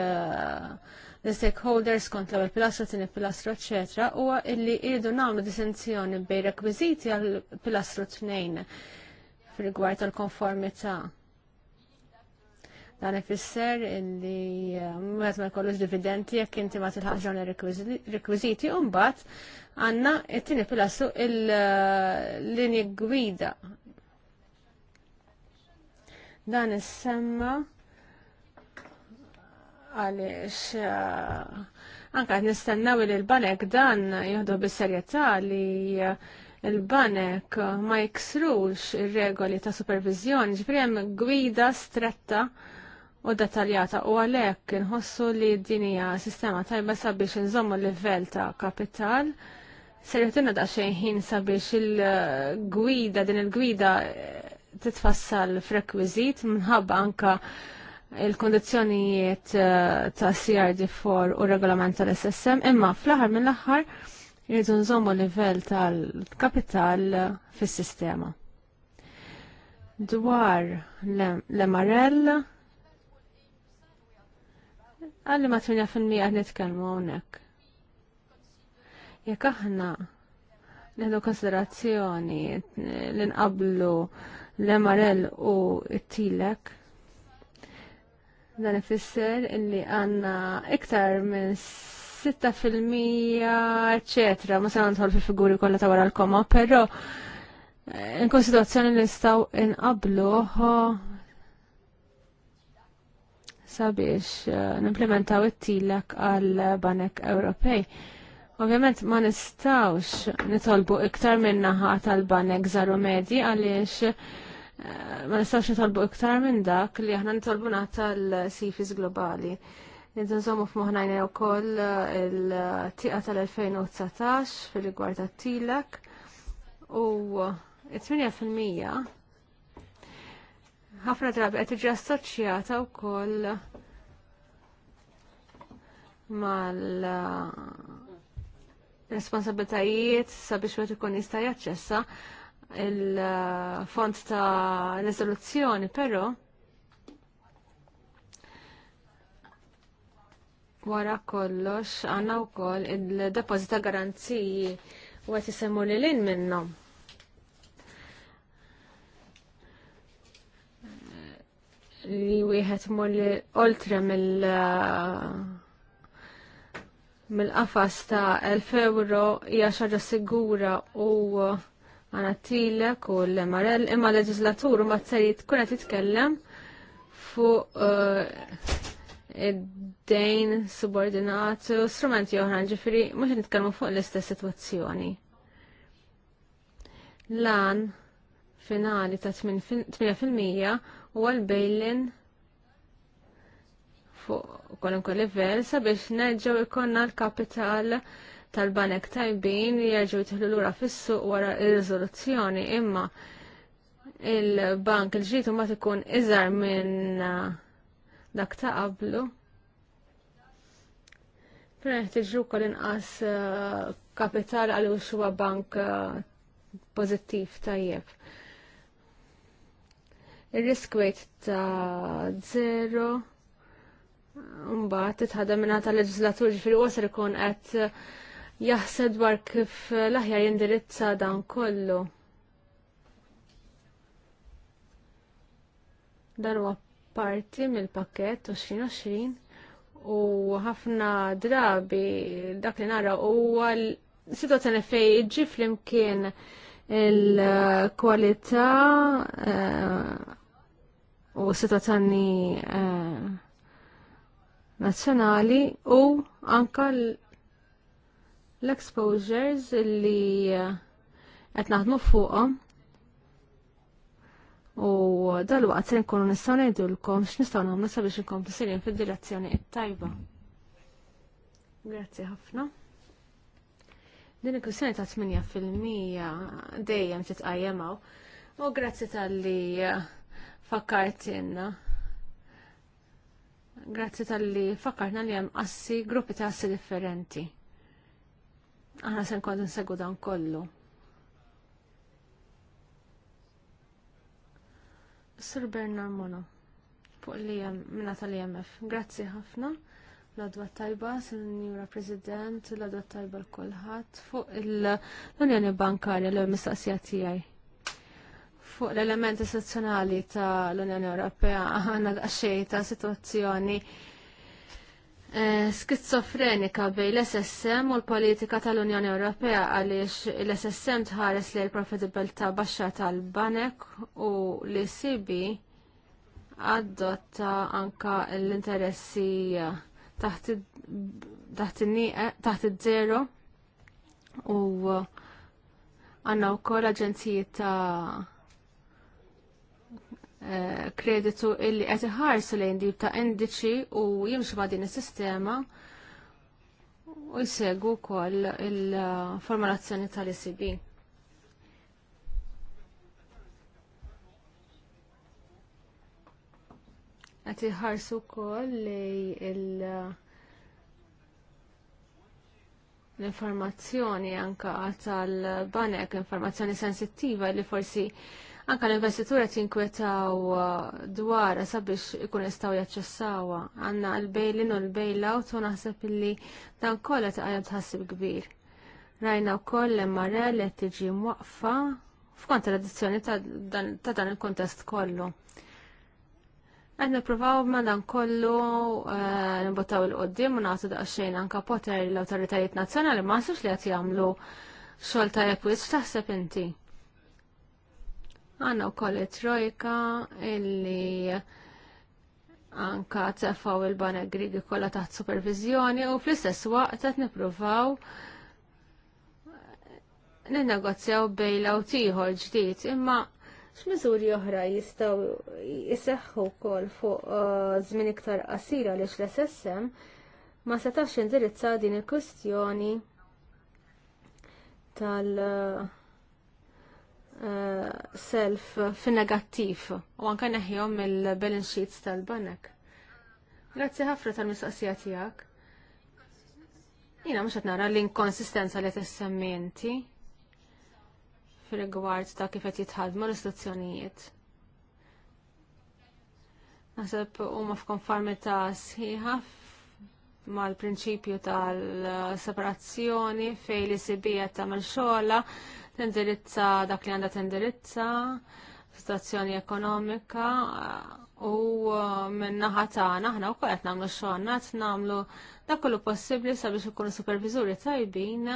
the stakeholders kont l-ewwel tin tieni pilastru, eċetera, huwa illi jridu nagħmlu distinzjoni bejn rekwiżiti għal pilastru tnejn fil-rigward tal-konformità. Dan ifisser illi eh, meta ma jkollux dividendi jekk inti ma tilħaqx dawn rekwiżiti u mbagħad għandna t-tieni pilastru l eh, linji gwida dan is-semma għaliex eh, anka nistennaw li l-banek dan jihdu bis-serjetà li eh, l-banek ma jiksrux ir-regoli ta' supervizjoni, ġifri hemm gwida stretta u dettaljata u għalhekk inħossu li din hija sistema tajba sabiex inżommu livell ta' kapital. Serjetina da' xejn sabiex il-gwida, din il-gwida titfassal f'rekwiżit minħabba anka il-kondizjonijiet eh, ta' CRD4 u regolament tal-SSM, imma fl-aħħar mill-aħħar jridu nżommu livell tal-kapital eh, fis-sistema. Dwar l-MRL, għalli ma 8% għad nitkellmu hawnhekk. Jekk aħna neħdu konsiderazzjoni l-inqablu l-MRL u t-tilek, Dan ifisser illi għanna iktar minn 6% eccetera, ma se nħol fi figuri kollha ta' wara l-koma, però eh, nkun situazzjoni li nistgħu inqabluh sabiex eh, nimplementaw it-tilek għal Banek Ewropej. Ovvjament ma nistawx nitolbu iktar naħa tal-Banek Zaru Medji għaliex ma nistawx nitolbu iktar minn dak li aħna nitolbu nata l-sifis globali. Nidżommu f-muħnajna u koll eh, il-tiqa tal-2019 fil-rigward t tilek u 8% ħafna drabi qed tiġi assoċjata wkoll mal eh, responsabilitajiet sabiex wieħed ikun jista' jaċċessa il-font ta' risoluzzjoni, però wara kollox għanna u koll il deposita garanziji u għet jisemmu li l-in minnom. li wieħed mulli oltre mill mill-qafas ta' 1000 euro hija xaġa sigura u uh, għanatilek u l marell imma leġislatur ma t-sarit kuna titkellem fuq eh, id-dejn subordinat u strumenti uħran ġifiri mux nitkellmu fuq l-istess situazzjoni. Lan finali ta' 8% u għal-bejlin fuq kolunkwe level sabiex neġġaw ikonna l-kapital tal-banek tajbin li jerġu jitħlu lura fis-suq wara il riżoluzzjoni imma il-bank il-ġritu ma tkun iżar minn uh, dak ta' qablu. Pren tiġru kol inqas uh, kapital għal huwa bank uh, pozittiv tajjeb. Il-risk weight ta' zero. Mbagħad titħadem minna ta' leġislatur ġifieri wasar ikun qed jaħseb dwar kif l-aħjar jindirizza dan kollu. Dan huwa parti mill-pakket 2020 u ħafna drabi dak li nara huwa situazzjoni fej iġi flimkien il-kwalità eh, u situazzjoni eh, nazzjonali u anka l L-exposures li eh, qed naħdmu fuqhom u dal-waqt se nkunu nistgħu ngħidulkom x'nistgħu nagħmlu sabiex inkomplu sirien fid-direzzjoni it-tajba. Grazzi ħafna. Din il-kwistjoni ta' 8% dejjem titqajjemaw. U grazzi tal-li eh, fakkartinna. Grazzi tal-li fakkarna li hemm assi gruppi ta' assi differenti. Aħna se nkont nsegu dan kollu. Sir Bernard Mono, fuq li minna tal-IMF. Grazzi ħafna. L-adwa tajba, Sinjura President, l-adwa tajba l-kolħat, fuq l-Unjoni Bankarja l-mistaqsija tijaj. Fuq l-elementi sezzjonali ta' l-Unjoni Ewropea għanna għaxej ta' situazzjoni Eh, skizofrenika bej l-SSM u l-politika tal-Unjoni Ewropea għaliex l-SSM tħares li l-profitabilta baxxa tal-banek u li sibi adotta anka l-interessi eh, eh, taħt id-zero u għanna u kol aġenzijiet ta' Eh, kreditu illi qed iħarsu lejn dib ta' indiċi u jimxu ma' din is-sistema u jsegu wkoll il-formulazzjoni tal-ECB. Qed iħarsu wkoll lej il- l-informazzjoni anka tal-banek, informazzjoni sensittiva li forsi Anka l-investitura tinkwetaw uh, dwar sabiex ikun jistgħu jaċċessawha għandna l-bejlin u l-bejlaut u naħseb illi dan kollha taqgħod tħassib kbir. Rajna wkoll l-MRL li tiġi mwaqfa tradizzjoni ta' dan il-kontest kollu. Għed niprofaw ma dan kollu uh, nibotaw il-qoddim u nagħtu daqsxejn anka poter l-awtoritajiet nazzjonali ma sux li qed jagħmlu xogħol tajjeb wis x'taħseb inti. Għanna u koll trojka illi anka tefaw il-bana grigi kolla taħt supervizjoni u fl-istess waqt n nippruvaw ninnegozjaw bejlaw ieħor ġdijt imma x'miżuri oħra jistgħu jseħħu wkoll fuq uh, zmin iktar qasira għaliex l-SSM ma setax indirizza din il-kwestjoni tal- uh, Eh, self eh, fin-negattiv u anke neħjom il-balance sheets tal-banek. Grazzi ħafna tal-mistoqsija tiegħek. Jiena mhux qed nara l-inkonsistenza li t inti fir-rigward ta' kif qed jitħadmu l-istituzzjonijiet. Naħseb huma f'konformità sħiħa mal-prinċipju tal-separazzjoni fej li sibija mal xola tindirizza dak li għandha tindirizza, situazzjoni ekonomika u uh, minnaħa tagħna aħna wkoll qed nagħmlu xogħolna qed nagħmlu dak kollu possibbli sabiex ikunu superviżuri tajbin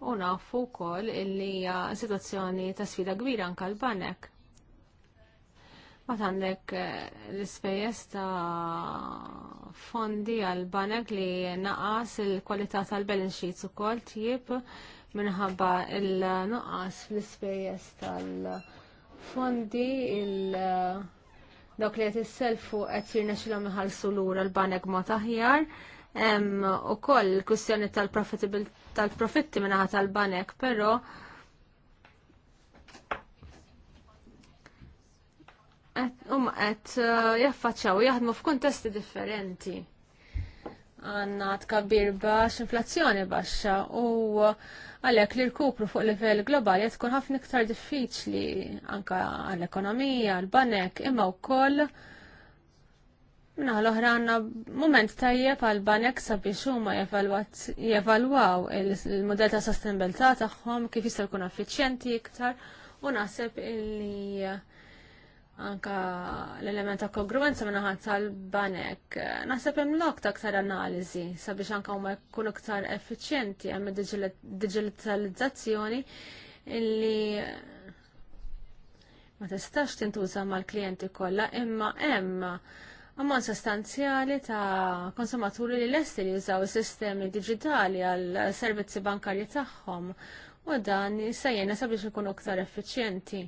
u nafu wkoll illi hija situazzjoni ta' sfida kbira anke l-banek. Ma għandek eh, l-ispejjeż ta' fondi għal banek li naqas il-kwalità tal-balance sheets ukoll tjib minħabba il-nuqqas fl-ispejjeż tal-fondi il- dawk li qed isselfu qed jirnexxilhom iħallsu lura l-banek ma taħjar. Hemm ukoll il-kwistjoni tal-profitti minnaħa tal-banek, però huma qed eh, jaffaċċaw jaħdmu f'kuntesti differenti għanna tkabbir baħx inflazzjoni baxxa u għalek li rkupru fuq livell globali tkun ħafna iktar diffiċli anka għall-ekonomija, għall-banek, imma u koll l oħra għanna moment tajjeb għall-banek sabiex huma jevalwaw il-modell ta' sostenibilità tagħhom kif jista' jkun effiċjenti iktar u naħseb illi anka l-element ta' kongruenza minn ħadd tal-banek. Naħseb hemm lok ta' aktar analiżi sabiex anka huma jkunu aktar effiċjenti hemm digitalizzazzjoni illi ma tistax tintuża mal-klijenti kollha imma hemm ammont sostanzjali ta' konsumaturi li l-esti li jużaw is-sistemi digitali għal servizzi bankarji tagħhom u dan jista' jgħinna sabiex ikunu aktar effiċjenti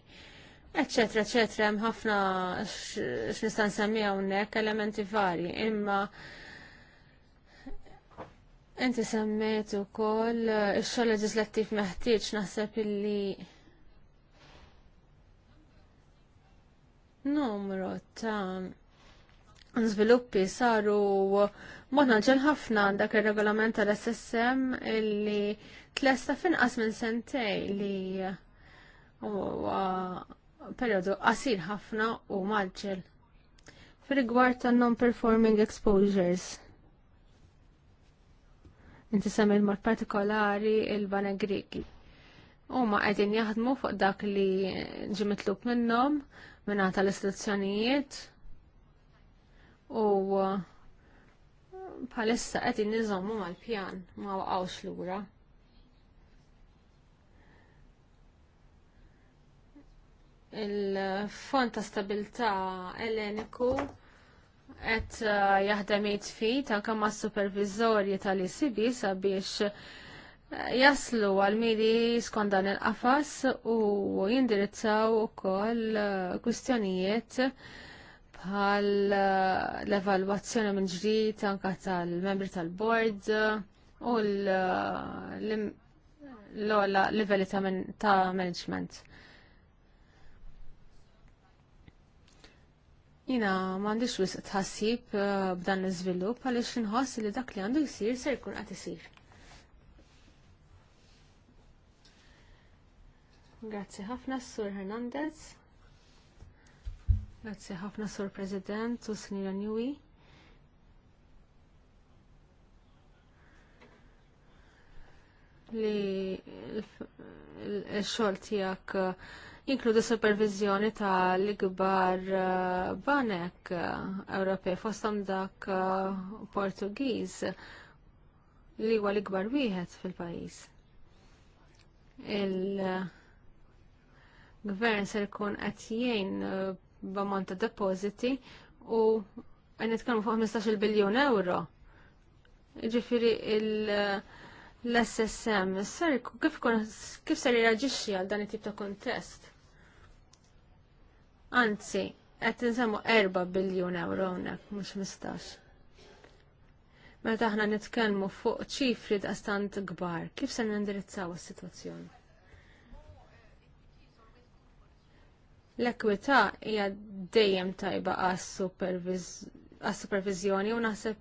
eccetera, eccetera, hemm ħafna x'nista' nsemmi hawnhekk elementi varji, imma inti semmejt ukoll eh, ix-xogħol leġislattiv meħtieġ naħseb illi numru ta' żviluppi saru ġen ħafna dak ir-regolament tal-SSM illi tlesta finqas minn sentej li periodu qasir ħafna u maġġel. Fil-rigward ta' non-performing exposures. Inti semmi mod partikolari il-bana Griki. U ma għedin jaħdmu fuq dak li ġimitlub minnhom minna tal-istituzzjonijiet u bħalissa għedin niżommu mal-pjan ma waqgħux lura. il-fond ta' stabilità eleniku qed jaħdem jitfit anke mas supervizorji tal-ECB sabiex jaslu għal miri skondan il-qafas u jindirizzaw ukoll kwistjonijiet bħal l-evalwazzjoni minn ġrid anke tal-membri tal-board u l-ola livelli ta' management. Jina mandiċ wisq tħassib eh, b'dan l-iżvilupp għaliex inħoss li dak li għandu jsir se jkun għat isir. Grazzi ħafna Sur Hernandez. Grazzi ħafna Sur President u Sinjora Newey. li l-xol tijak jinkludi supervizjoni tal-ikbar eh, banek eh, Ewropej fostom dak eh, Portugiż li huwa l-ikbar wieħed fil-pajjiż. Il-gvern ser ikun qed jgħin b'ammont ta' depożiti u nitkellmu fuq 15 biljun euro. Ġifieri il- l-SSM, kif ser jirraġixxi għal dan it-tip ta' kontest? Anzi, qed insemmu 4 biljun euro hawnhekk mhux mistax. Meta aħna nitkellmu fuq ċifri daqstant kbar, kif se nindirizzaw is-sitwazzjoni? L-ekwità hija dejjem tajba għas-supervizjoni u naħseb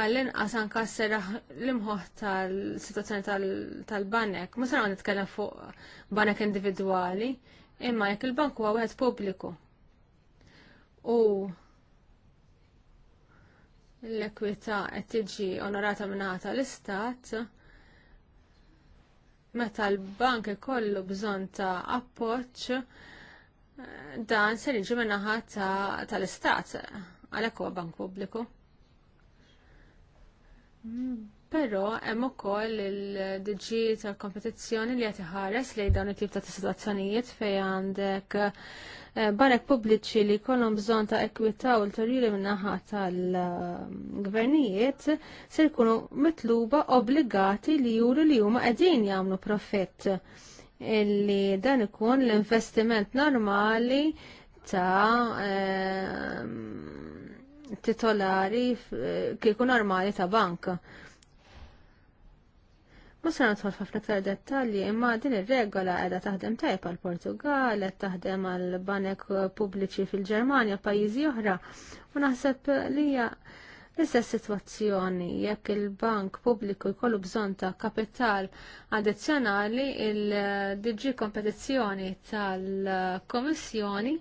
għall-inqas anka serraħ l-imħoħ tal-situazzjoni tal-banek. Musa għan nitkellem fuq banek individwali, Imma jekk il-bank huwa wieħed pubbliku u l-ekwità qed tiġi onorata mingħata l-istat, meta l-bank ikollu bżonn ta' appoġġ dan se jiġi minnaħa tal-istat għalhekk huwa bank pubbliku. Però hemm ukoll il-diġi tal-kompetizzjoni li qed iħares lejn dawn it-tip ta' situazzjonijiet fejn għandek eh, barek pubbliċi li jkollhom bżonn ta' ekwità ulterjuri min-naħa tal-gvernijiet se jkunu mitluba obbligati li juru li huma qegħdin jagħmlu profitt illi dan ikun l-investiment normali ta' ehm, titolari eh, kieku normali ta' banka. Ma se nidħol f'ħafna aktar dettalji, imma din ir-regola qiegħda taħdem tajb għal Portugal, qed taħdem għal banek pubbliċi fil-Ġermanja, pajjiżi oħra, u naħseb li hija l-istess sitwazzjoni jekk il-bank pubbliku jkollu bżonn ta' kapital addizzjonali il-DG kompetizzjoni tal-Komissjoni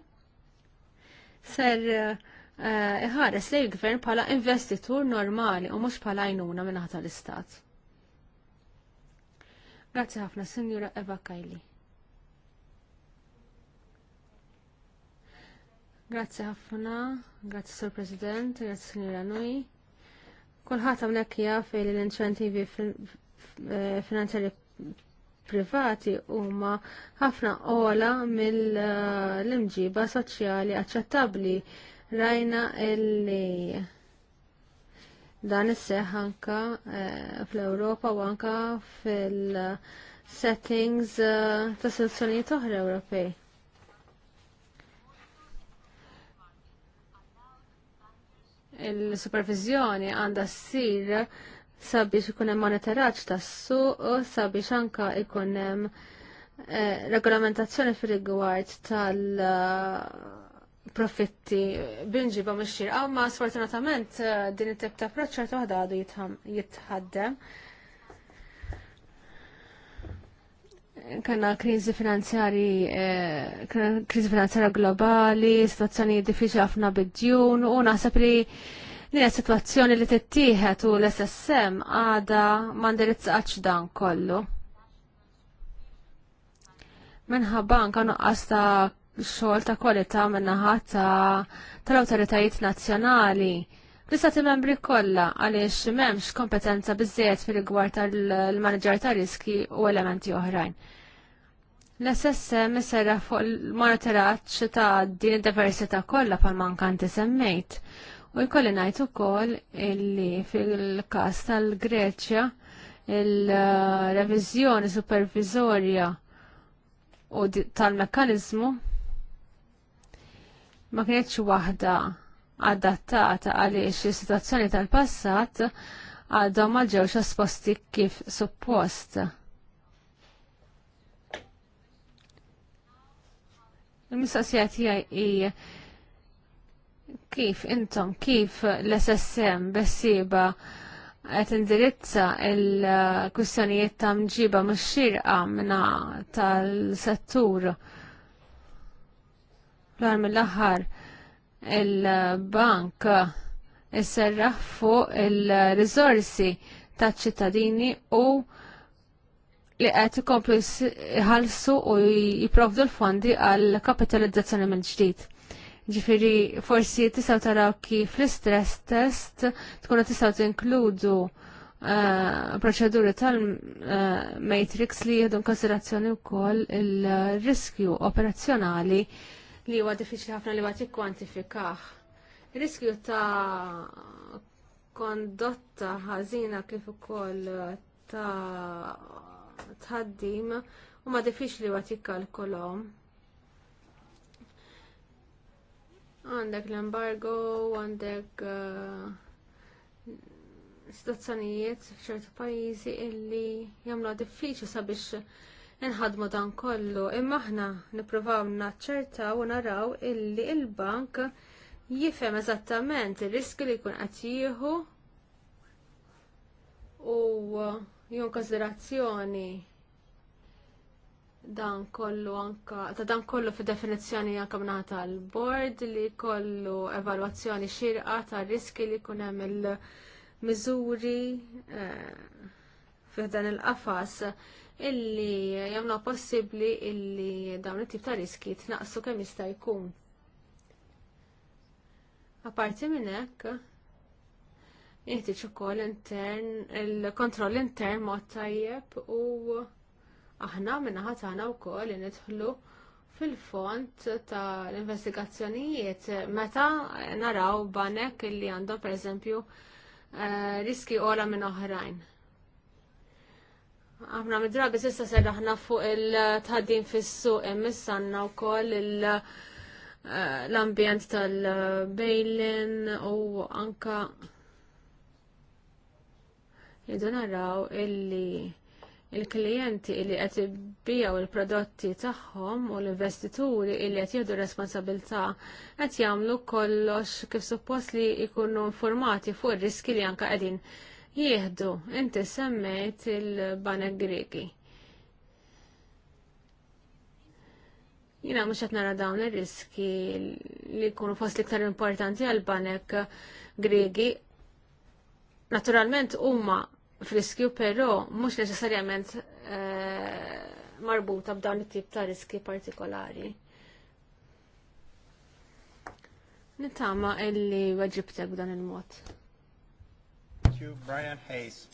ser eh, iħares lejn il gvern bħala investitur normali u mhux bħala jnuna minn l-istat. Grazzi ħafna, Sinjura Eva Kajli. Grazzi ħafna, grazie Sur President, grazie Sinjura Nui. Kulħadd hawnhekk jaf li l-inċentivi eh, finanzjari privati huma ħafna ola mill-imġiba eh, soċjali aċċettabbli rajna illi Dan isseħ anka eh, fl-Ewropa u anka fil-settings eh, ta' soluzzjonijiet oħra Ewropej. Il-supervizjoni għandha ssir sabiex ikun hemm monitoraġġ tas-suq, sabiex anka ikun hemm eh, regolamentazzjoni fil-rigward tal- profitti binġiba mxir. Għamma sfortunatament eh, din it-tip ta' approċċ waħda għadu jitħaddem. Kanna krizi finanzjari, eh, krizi finanzjari globali, situazzjoni diffiċli ħafna bid-djun, u nasab li din situazzjoni li tittieħed u l-SSM għada għax dan kollu. Minħabba anka nuqqas ta' xogħol ta' kwalità min-naħa tal-awtoritajiet nazzjonali. l timembri membri kollha għaliex m'hemmx kompetenza biżżejjed fil gwar tal-manager ta' riski u elementi oħrajn. L-SSM serra fuq il-monitoraġġ ta' din id-diversità kollha pal mankanti semmejt. U jkolli ngħid ukoll illi fil-każ tal-Greċja il-reviżjoni supervizorja u tal-mekkanizmu ma kienetx waħda adattata għaliex is-sitwazzjoni tal-passat għadhom ma ġewx esposti kif suppost. Il-mistoqsija tiegħi hi kif intom kif l-SSM bessiba qed indirizza l-kwistjonijiet ta' mġiba mix-xirqa minna tal-settur l għar mill-aħħar il-bank isserraħ fuq il-rizorsi ta' ċittadini u li qed ikomplu jħallsu u jiprovdu l-fondi għal kapitalizzazzjoni mill ġdid. Ġifiri, forsi tisaw taraw kif l-istress test tkunu tisaw tinkludu eh, proċeduri tal-matrix eh, li jieħdu konsiderazzjoni wkoll il-riskju operazzjonali li huwa diffiċli ħafna li ma tikkwantifikah. Riskju ta' kondotta ħażina kif ukoll ta' tħaddim huma diffiċli ma tikkalkolhom. Għandek l-embargo, għandek eh, situazzjonijiet f'ċertu pajjiżi illi jagħmlu diffiċli sabiex nħadmu dan kollu, imma aħna nippruvaw naċċerta u naraw illi l il bank jifhem eżattament ir-riski li jkun qed jieħu u jun konsiderazzjoni dan kollu anka ta' dan kollu fi definizzjoni anka mnata tal bord li kollu evalwazzjoni xirqa ta' riski li jkun hemm il-miżuri eh, fi dan il-qafas illi jamna possibli illi dawn it-tip ta' riski tnaqsu kemm jista' jkun. Aparti minn hekk, jeħtieġ ukoll intern il-kontroll intern mod tajjeb u aħna minnaħa tagħna wkoll nidħlu fil-font ta' l-investigazzjonijiet meta naraw banek illi għandhom pereżempju eh, riski ora minn oħrajn. Aħna mid-drabi sissa serraħna fuq il-tħaddin fissu emmis għanna u koll eh, l-ambjent tal-bejlin u anka jidu naraw illi il-klijenti illi qed ibbijaw il-prodotti tagħhom u l-investituri illi qed jieħdu responsabilità qed jagħmlu kollox kif suppost li jkunu informati fuq ir-riski li anka qegħdin jihdu, Inti semmejt il-banek Greki. Jina mux qed nara dawn ir-riski li jkunu fost l-iktar importanti għal banek Greki. Naturalment huma friskju però mhux neċessarjament eh, marbuta b'dawn it-tip ta' riski partikolari. Nittama illi weġibtek b'dan il-mod you, Brian Hayes.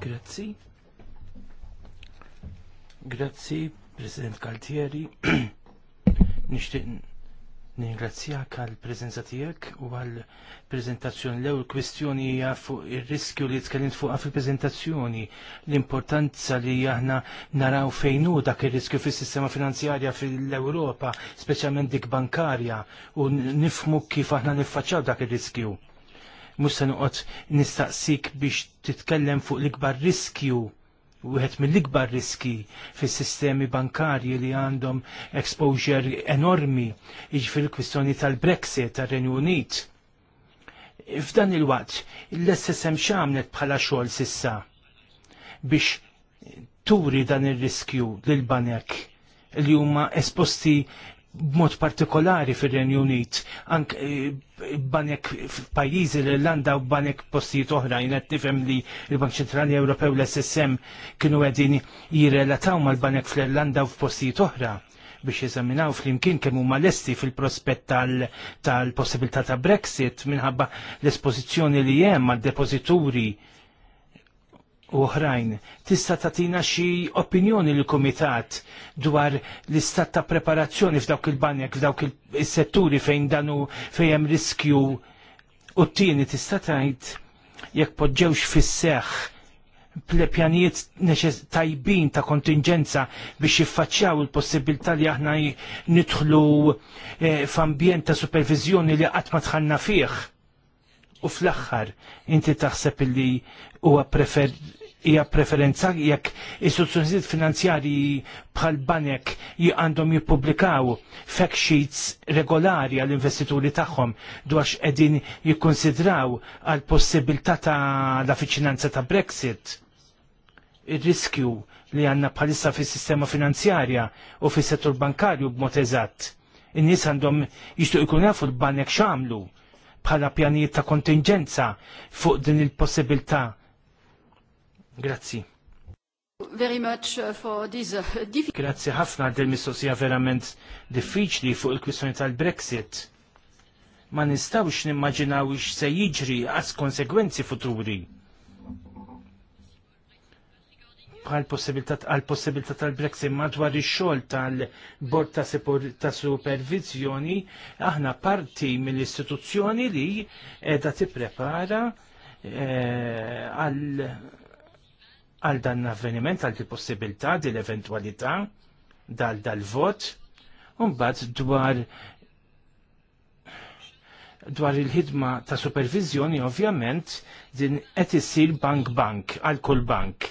Grazzi. Grazzi, President Galtieri. Nishtiq ningrazzjak għal prezenza tiegħek u għal prezentazzjoni l-ewwel kwestjoni hija fuq ir-riskju li tkellimt fuqha fil-preżentazzjoni l-importanza li aħna naraw fejn hu dak ir-riskju fis-sistema finanzjarja fil-Ewropa, speċjalment dik bankarja u nifmu kif aħna niffaċċaw dak ir-riskju mhux se noqgħod nistaqsik biex titkellem fuq l-ikbar riskju wieħed mill-ikbar riski fis-sistemi bankarji li għandhom exposure enormi jiġifieri kwistjoni tal-Brexit tar-Renju Unit. F'dan il-waqt, l-SSM xamnet bħala xogħol sissa biex turi dan ir-riskju lil banek li huma esposti b'mod partikolari fir-Renju Unit, eh, banek f'pajjiżi l-Irlanda u banek postijiet oħra, qed nifhem li l-Bank Ċentrali Ewropew l-SSM kienu qegħdin jirrelataw mal-banek fl-Irlanda u f'postijiet oħra biex jeżaminaw flimkien kemm huma lesti fil-prospett tal-possibilità ta' Brexit minħabba l-espożizzjoni li hemm għad-depożituri oħrajn. Tista' tagħtina xi opinjoni l kumitat dwar l-istat ta' preparazzjoni f'dawk il-banjak, f'dawk il-setturi fejn danu fejn hemm riskju u t-tieni tista' tgħid jekk podġewx fisseħ seħħ tajbin ta' kontingenza biex jiffaċċjaw il-possibilità li aħna nidħlu eh, f'ambjent ta' supervizjoni li qatt ma tħanna fih u fl-axħar inti taħseb illi huwa prefer hija preferenza jekk istituzzjonijiet finanzjarji bħal banek għandhom jippubblikaw fact sheets regolari għall investituri tagħhom dwar qegħdin jikkonsidraw għal possibilità ta' la fiċinanza ta' Brexit ir-riskju li għandna bħalissa fis-sistema finanzjarja u fis-settur bankarju b'mod eżatt. In-nies għandhom jistgħu jkunu jafu l-banek x'għamlu bħala pjanijiet ta' kontingenza fuq din il-possibilità Grazzi. Very much uh, for this uh, difficult. Grazzi ħafna del mistoqsija verament diffiċli fuq il-kwistjoni tal-Brexit. Ma nistawx nimmaġinaw se jiġri għas konsekwenzi futuri. għal possibilità tal-Brexit madwar ix-xogħol tal-Bord ta' Supervizjoni, aħna parti mill-istituzzjoni li qiegħda tipprepara eh, għal għal dan l-avveniment, għal il possibilità, di l-eventualità, dal dal-vot, un-bat dwar dwar il-ħidma ta' supervizjoni ovvjament din qed issir bank bank għal kull bank.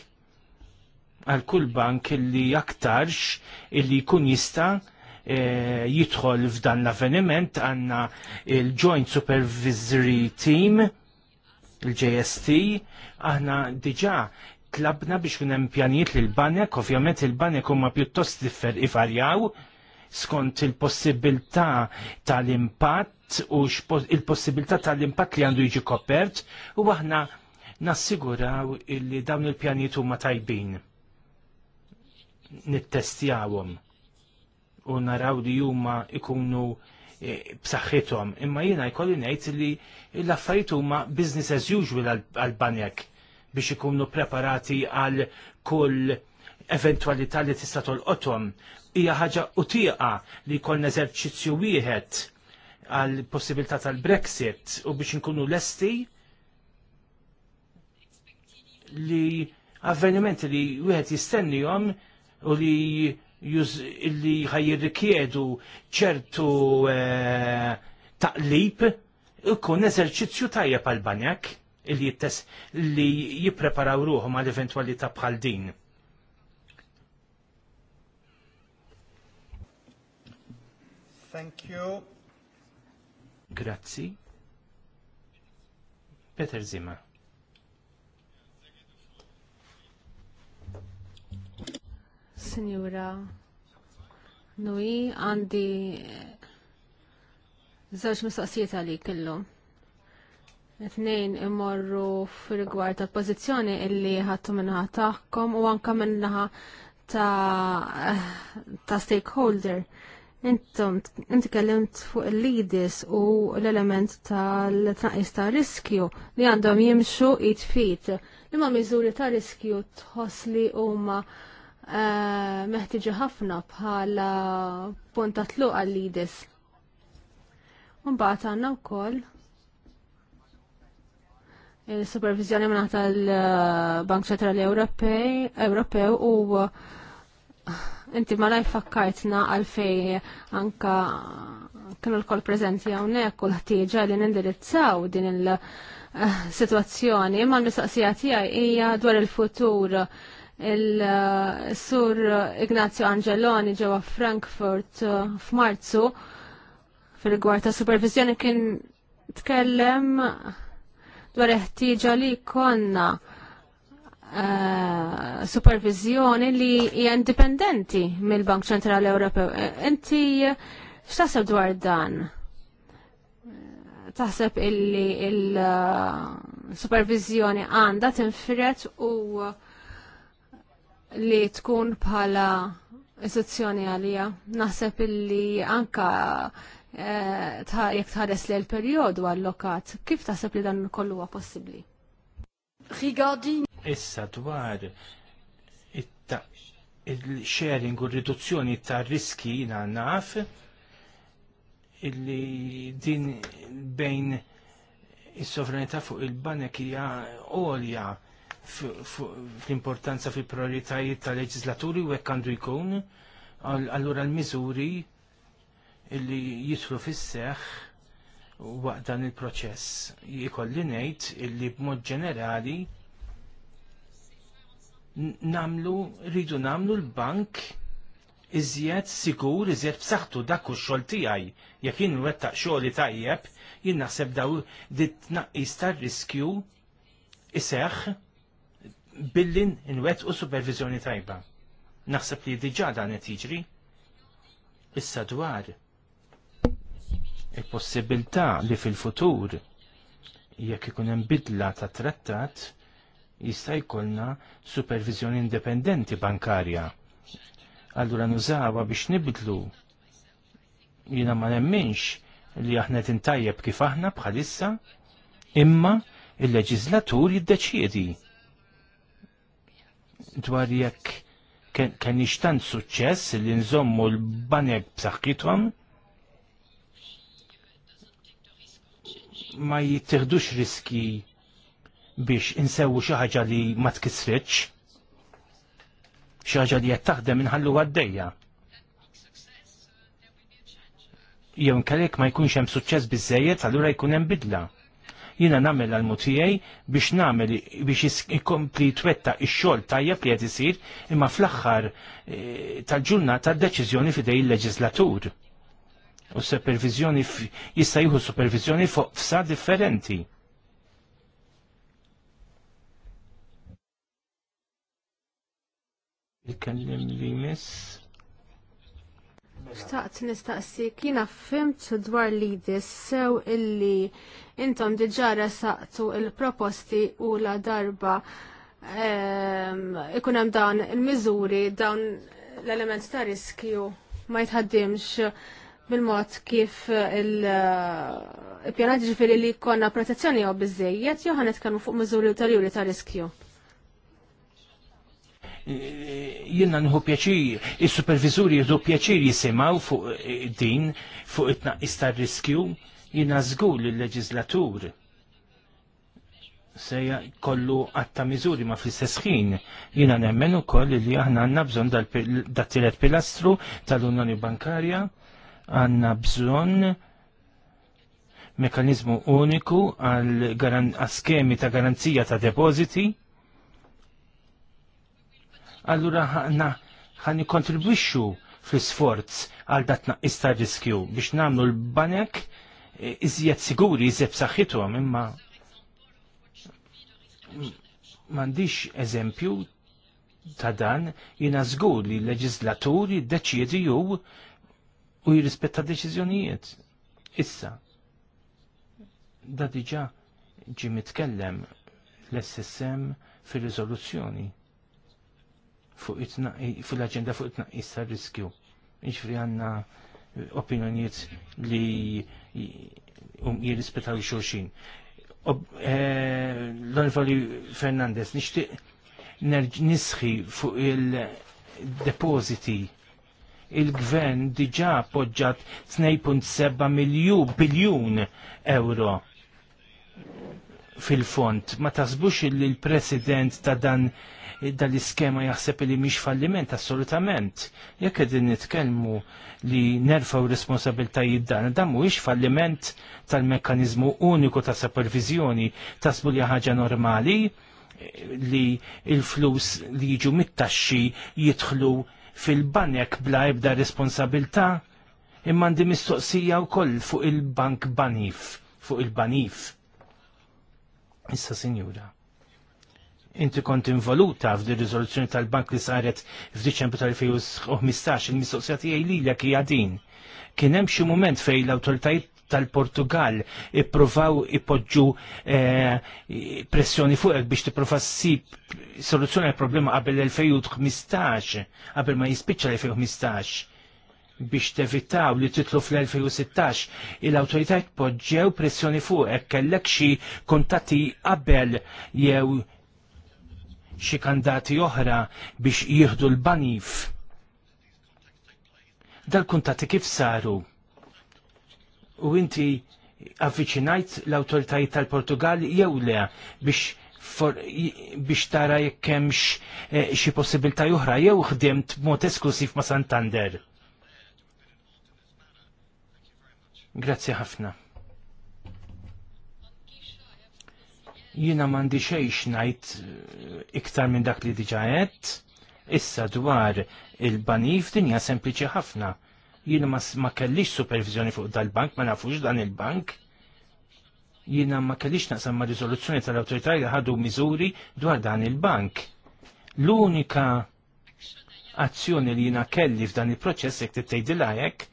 Għal kull bank li aktarx illi jkun jista' e, jidħol f'dan l-avveniment għandna il-Joint Supervisory Team il-JST, aħna diġa tlabna biex kun hemm pjanijiet lil banek, ovvjament il-banek huma pjuttost differ ivarjaw skont il-possibilità tal-impatt u il-possibilità tal-impatt li għandu jiġi kopert u aħna nassiguraw li dawn il-pjanijiet huma tajbin. Nittestjawhom u naraw li huma ikunu eh, b'saħħithom. Imma jiena jkolli ngħid li l-affarijiet huma business as usual għal-banek biex ikunu preparati għal kull eventualità li tista' tolqothom. Hija ħaġa utieqa li jkollna eżerċizzju wieħed għal possibilità tal-Brexit u biex nkunu lesti li avvenimenti li wieħed jistennihom u li juz, li ħajjirrikjedu ċertu eh, taqlib ikun eżerċizzju tajjeb għal banjak li, li jippreparaw ruhom għal eventualità bħal din. Thank you. Grazzi. Peter Zima. Signora, Nui għandi zawġ eh, mistoqsijiet għalik illum. Tnejn imorru fil-gwar tal pożizzjoni illi ħattu minnaħa taħkom u anka minnaħa ta', ta stakeholder. Intom, inti kellimt fuq il-leaders u l-element tal-tnaqis ta' riskju li għandhom jimxu it-fit. Imma miżuri ta' riskju tħossli huma uh, eh, meħtieġi ħafna bħala punta tluq għal-leaders. Mbagħad għandna wkoll il-supervizjoni minna l bank Ċentrali Ewropew u ah, inti ma laj fakkajtna għalfej anka kienu l-kol prezenti għawnek u l-ħtieġa li nindirizzaw din il-situazzjoni ah, ma l-mistaqsija tijaj hija dwar il-futur il-sur Ignazio Angeloni ġewa Frankfurt ah, f'Marzu fil gwarta supervizjoni kien tkellem dwar eħtieġa li konna uh, supervizjoni li hija indipendenti mill-Bank Ċentrali Ewropew. Eh, inti x'taħseb dwar dan? Taħseb illi il-supervizjoni għandha tinfred u li tkun bħala istituzzjoni għalija. Naħseb illi anka Eh, Jek tħares li l-perjodu lokat kif taħseb li dan kollu huwa possibbli? Rigardin. Issa dwar il-sharing u riduzzjoni ta' riski jina naf illi din bejn is-sovranità fuq il-banek hija għolja fl-importanza fil prioritajiet tal-leġislaturi u hekk għandu jkun allura l-miżuri illi jitlu fis waqt dan il-proċess. Jikolli ngħid illi b'mod ġenerali namlu, rridu namlu l-bank iżjed sigur, iżjed b'saħħtu dak u xogħol tiegħi. Jekk jien wettaq xogħli tajjeb, jien naħseb daw dit tnaqqis tar-riskju iseħħ billi nwettqu u supervizjoni tajba. Naħseb li diġà dan qed jiġri. Issa dwar il-possibilità li fil-futur jekk ikun hemm bidla ta' trattat jista' jkollna supervizjoni indipendenti bankarja. Allura nużawa biex nibdlu Jiena ma nemminx li aħna tintajjeb kif aħna bħalissa, imma il leġislatur jiddeċiedi dwar jekk kien ixtant suċċess li nżommu l-banek b'saħħithom ma jittieħdux riski biex insewu xi ħaġa li ma tkisritx, xi ħaġa li qed taħdem inħallu għaddejja. Jew kellek ma jkunx hemm suċċess biżejjed, allura jkun hemm bidla. Jiena nagħmel għal mutijej biex nagħmel biex ikompli twetta ix-xogħol tajjeb li qed isir imma fl-aħħar eh, tal-ġurnata d-deċiżjoni fidej il-leġislatur. U supervizjoni jista' jieħu supervizjoni fuq fsa differenti. Ikellem li miss. Xtaqt nistaqsi jina fimt dwar li sew illi intom diġara saqtu il-proposti u la darba ehm, ikunem dawn il-mizuri, dawn l-element ta' riskju ma jitħaddimx bil-mod kif eh, il-pjanat ġifiri li konna protezzjoni jew bizzejiet, jew ħanet kanu fuq miżuri ulterjuri ta' riskju. Jena nħu pjaċir, il-supervizuri jħu pjaċir jisimaw fuq eh, din, fuq it istar ta' riskju, jena zgur il-leġizlatur se kollu għatta miżuri ma fl-istess ħin jina nemmen ukoll li aħna għandna bżonn dat-tielet pilastru tal-Unjoni Bankarja għanna bżonn mekanizmu uniku għal skemi ta' garanzija ta' depositi. Allura ħana ħani kontribwixxu fl-sforz għal datna naqqis riskju biex namlu l-banek iżjed siguri, iżjed b'saħħithom imma m'għandix eżempju ta' dan jina żgur li l leġislaturi jiddeċiedi jew u jirrispetta deċiżjonijiet. Issa, da diġa ġi mitkellem l-SSM fil-rizoluzzjoni fil-agenda fuq itna issa riskju. Iġfri għanna opinjoniet li um, jirrispettaw xulxin. Eh, l onifali Fernandez, nishti nisħi fuq il-depositi il-gvern diġa poġġat 2.7 milju biljun euro fil-font. Ma tasbux li president ta' dan dal-iskema jaħseb li mhix falliment assolutament. Jekk qegħdin nitkellmu li nerfaw responsabiltajiet dan, dan mhuwiex falliment tal-mekkaniżmu uniku ta' supervizjoni tasbu li ħaġa normali li il-flus li jiġu mit-taxxi jidħlu fil-banek bla ebda responsabilta imma għandi mistoqsija wkoll fuq il-bank banif, fuq il-banif. Issa sinjura inti kont involuta f'di riżoluzzjoni tal-bank li saret f'Diċembru tal-2015 il-mistoqsija tiegħi lilek hija din. Kien hemm xi mument fejn l-awtoritajiet tal-Portugal ippruvaw ipoġġu eh, pressjoni fuqek biex tipprova ssib soluzzjoni għal problema qabel l-2015, qabel ma jispiċċa l-2015 biex tevitaw li titlu fl-2016 il-autoritajt poġġew pressjoni fuqek kellek xi kontatti qabel jew xi kandati oħra biex jieħdu l-banif. Dal-kuntatti kif saru? u inti avviċinajt l-autoritajiet tal-Portugal jew le biex biex tara jekk kemmx eh, xi possibilità oħra jew ħdimt b'mod esklusiv ma' Santander. Grazzi ħafna. Jiena m'għandi xejn ngħid eh, iktar minn dak li diġa qed issa dwar il banif dinja sempliċi ħafna Jiena ma kellix supervizjoni fuq dal-bank, ma nafux dan il-bank. Jiena ma kellix naqsam ma' riżoluzzjoni tal-awtorità li ħadu miżuri dwar dan il-bank. L-unika azzjoni li jiena kelli f'dan il-proċess jekk tgħidilha hekk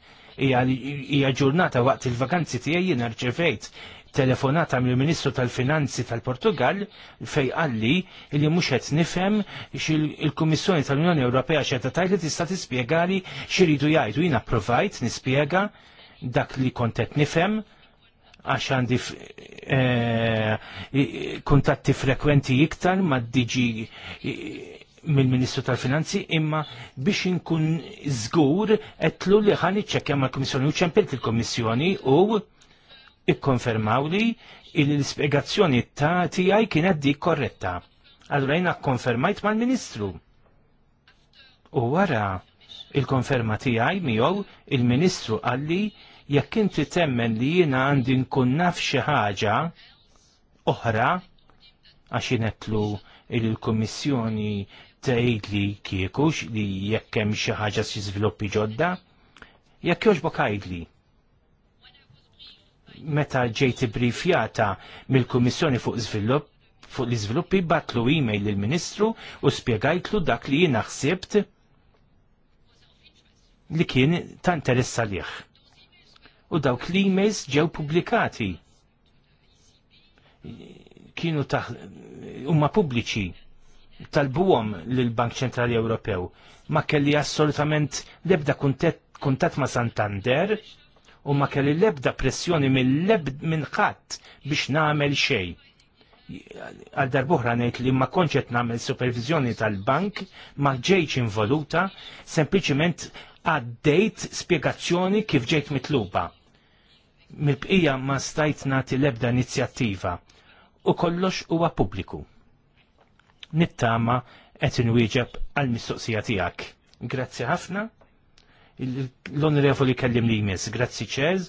hija ġurnata waqt il-vakanzi tiegħi jien rċevejt telefonata mill-Ministru tal-Finanzi tal-Portugal fej għalli li mhux qed nifhem il-Kummissjoni tal-Unjoni Ewropea xeta tajt tista' tispjegali xiridu jgħidu jiena provajt nispjega dak li kontet nifhem għax għandi eh, kuntatti frekwenti iktar ma' diġi mill-Ministru tal-Finanzi imma biex inkun żgur etlu li ħan iċċekkja mal-Kummissjoni u ċempilt il-Kummissjoni u ikkonfermaw li l-spiegazzjoni ta' tiegħi kienet dik korretta. Allura jina konfermajt mal-Ministru. U wara il-konferma tiegħi miegħu il-Ministru għalli jekk inti temmen li jiena għandi nkun naf xi ħaġa oħra għax inetlu il-Kummissjoni tgħid li kiekux li jekk hemm xi ħaġa si żviluppi ġodda, jekk jogħġbok għajdli meta ġejt brifjata mill-Kummissjoni fuq Żvilupp fuq l-iżviluppi batlu e-mail lill-Ministru u spjegajtlu dak li jiena ħsibt li kien ta' interess għalih. U dawk l-emails ġew pubblikati. Kienu ta' huma pubbliċi talbuhom lill-Bank Ċentrali Ewropew. Ma kelli assolutament lebda kuntat ma' Santander, u ma kelli lebda pressjoni minn ħadd biex nagħmel xejn. Għal darbuħra ngħid li ma konċet nagħmel supervizjoni tal-bank ma ġejċ involuta, sempliċement għaddejt spjegazzjoni kif ġejt mitluba. Mil-bqija ma stajt nagħti lebda inizjattiva u kollox huwa pubbliku. Nittama qed inwieġeb għall mistoqsija tiegħek. Grazzi ħafna l-onorevoli kellim li jmiss. Grazzi ċez,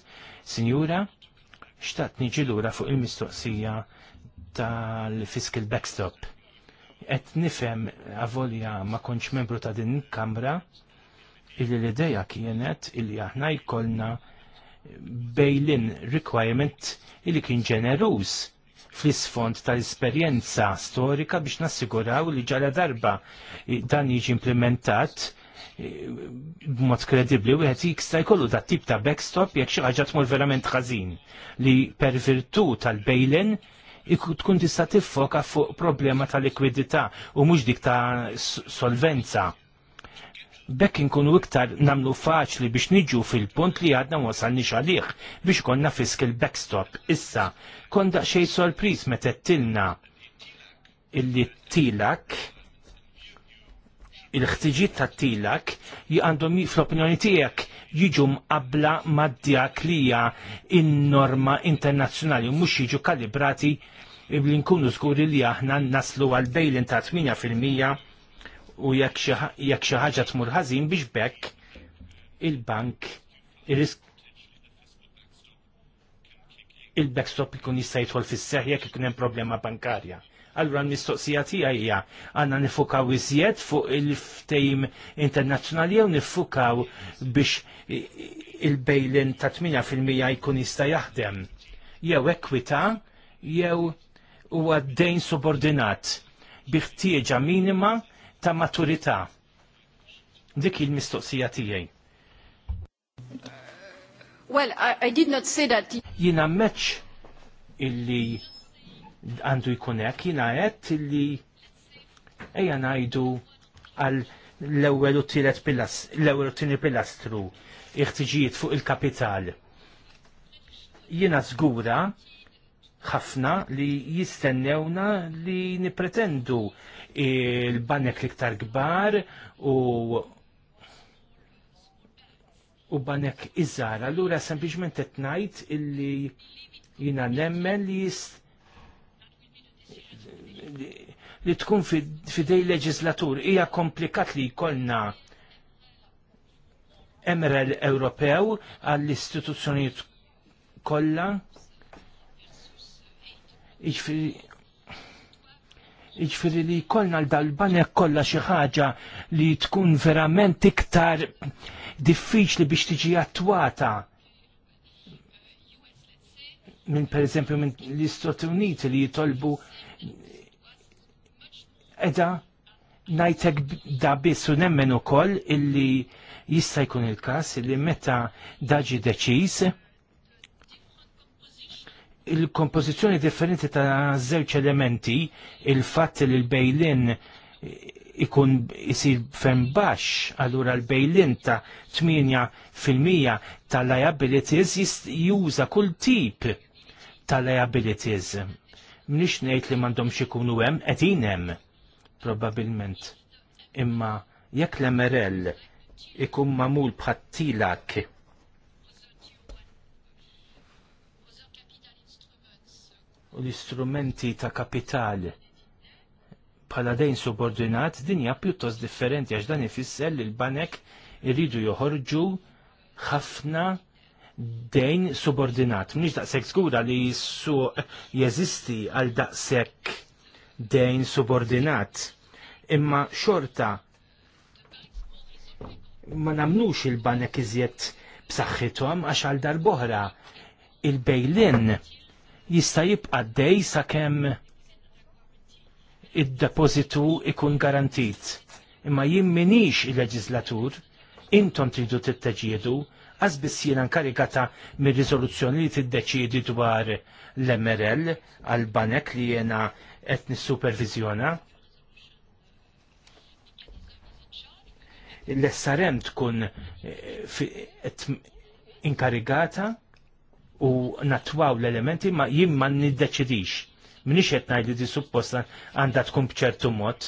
sinjura, xtaqt niġi lura fuq il-mistoqsija tal fiskal backstop. Et nifem avolja ma konċ membru ta' din kamra illi l-ideja kienet illi aħna jkollna bejlin requirement illi kien ġeneruż fl-isfond tal-esperjenza storika biex nassiguraw li ġala darba dan jiġi implementat Eh, b'mod kredibbli wieħed jiksta jkollu da tip ta' backstop jekk xi ħaġa tmur verament ħażin li per virtu tal-bejlen tkun tista' tiffoka fuq problema ta' likwidità u mhux dik ta' solvenza. Bekk inkunu iktar namlu faċli biex niġu fil-punt li għadna wasalni għalih biex konna il backstop. Issa, kon daqxej sorpriz metettilna illi tilak il-ħtiġiet tat-tilak għandhom fl-opinjoni tiegħek jiġu mqabbla mad-djak li hija in-norma internazzjonali u mhux jiġu kalibrati li nkunu żguri li aħna naslu għal bejlin ta' 8% u jekk xi ħaġa tmur ħażin biex bekk il-bank il il-backstop ikun jista' jidħol fis-seħħ jekk ikun hemm problema bankarja. Allura l-mistoqsija tiegħi hija għandna nifukaw iżjed fuq il-ftejm internazzjonali jew nifukaw biex il-bejlin ta' 8% jkun jista' jaħdem. Jew ekwita jew huwa dejn subordinat bi ħtieġa minima ta' maturità. Dik il-mistoqsija tiegħi. Well, I, I did not say that. Jina meċ illi għandu jkun hekk jiena qed li ejja ngħidu għal l-ewwel u tielet l-ewwel u tieni pilastru iħtiġijiet fuq il-kapital. Jiena żgura ħafna li jistennewna li nipretendu il-banek l-iktar kbar u u banek iżgħar. Allura sempliċement qed ngħid illi jina nemmen li jist li tkun fidej leġislatur hija komplikat li jkollna Emrel Ewropew għall-istituzzjonijiet kollha. Iġfiri li kollna l-dalbanek kollha xi ħaġa li tkun verament iktar diffiċli biex tiġi attwata minn per eżempju minn l-Istati Uniti li jitolbu edha najtek da bissu nemmen u koll illi jista jkun il-kas illi meta daġi deċis il-kompożizzjoni differenti ta' żewġ elementi il-fatt li l-bejlin ikun isir ferm baxx, allura l-bejlin ta' 8% ta' liabilities juża kull tip ta' liabilities. Mnix ngħid li m'għandhomx ikunu hemm qed hemm probabilment. Imma jekk l-MRL ikun mamul bħattilak u l-istrumenti ta' kapital bħala dejn subordinat dinja pjuttost differenti għax dan ifisser li l-banek irridu joħorġu ħafna dejn subordinat. Mniex daqshekk skura li jessu jeżisti għal daqshekk dejn subordinat imma xorta ma namnux il-banek iżjed b'saħħithom għax għal darboħra il-bejlin jista' jibqa' dej sakemm id-depożitu ikun garantit. Imma jimminix il-leġislatur, intom tridu titteġiedu, għaz biss jiena nkarikata mir riżoluzzjoni li tiddeċiedi dwar l-MRL għal-banek li jiena qed supervizjona. l-SRM tkun eh, inkarigata u natwaw l-elementi ma jien ma niddeċidix. Minix qed ngħid li supposta għandha tkun b'ċertu mod.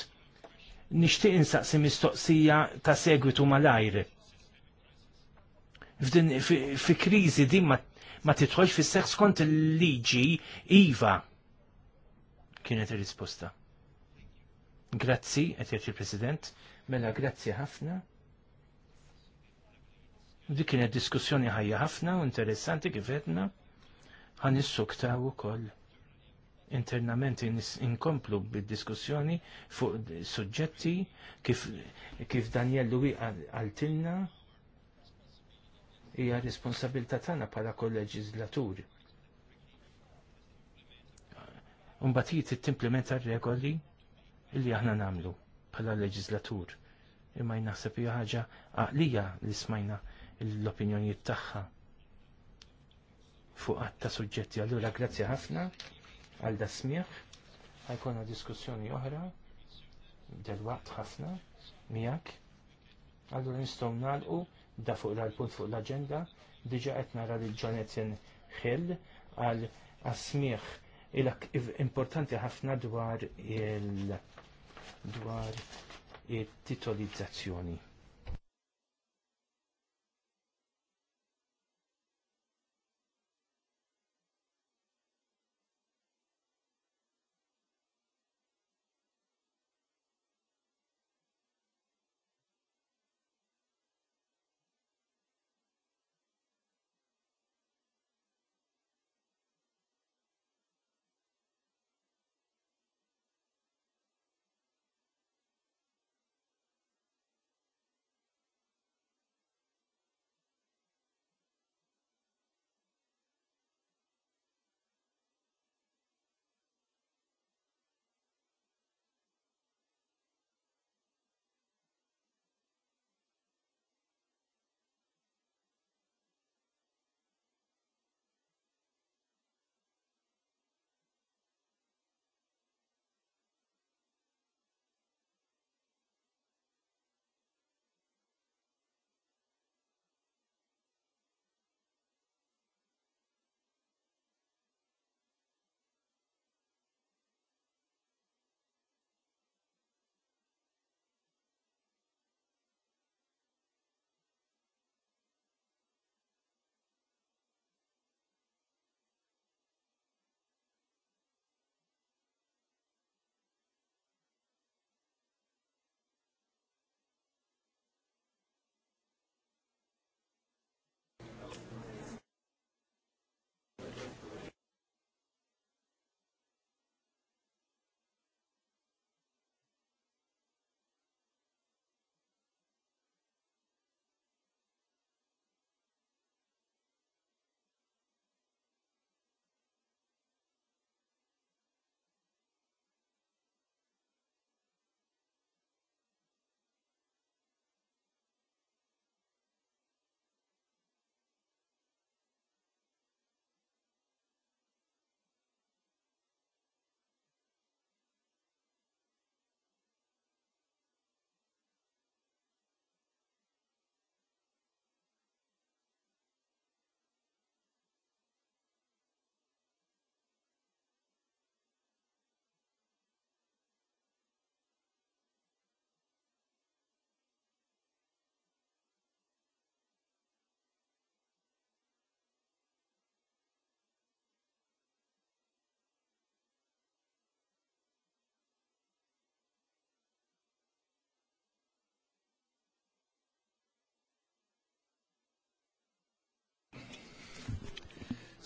Nixtieq insaqsi mistoqsija ta' segwitu mal-ajr. Fi kriżi din ma titħolx fis-seħħ skont il-liġi iva. Kienet ir-risposta. Grazzi, qed il-President. Mela, grazzi ħafna. Dik kienet diskussjoni ħajja ħafna u interessanti kif għedna. ħan issuktaw ukoll. Internament inkomplu bid-diskussjoni fuq suġġetti kif, kif Daniel Lui għaltilna hija responsabilità tagħna bħala kol-leġislatur. batijiet it r-regoli li aħna nagħmlu bħala leġislatur. Imma jnaħseb hija ħaġa għaqlija li smajna l-opinjonijiet tagħha fuq għatta suġġetti. Allura grazzi ħafna għal dasmieħ, ħajkonna diskussjoni oħra del-waqt ħafna miegħek. Allura nistgħu nagħlqu da fuq l-punt fuq l-aġenda diġa qed nara lil Jonathan Hill għal asmieħ il-importanti ħafna dwar il- dwar it-titolizzazzjoni.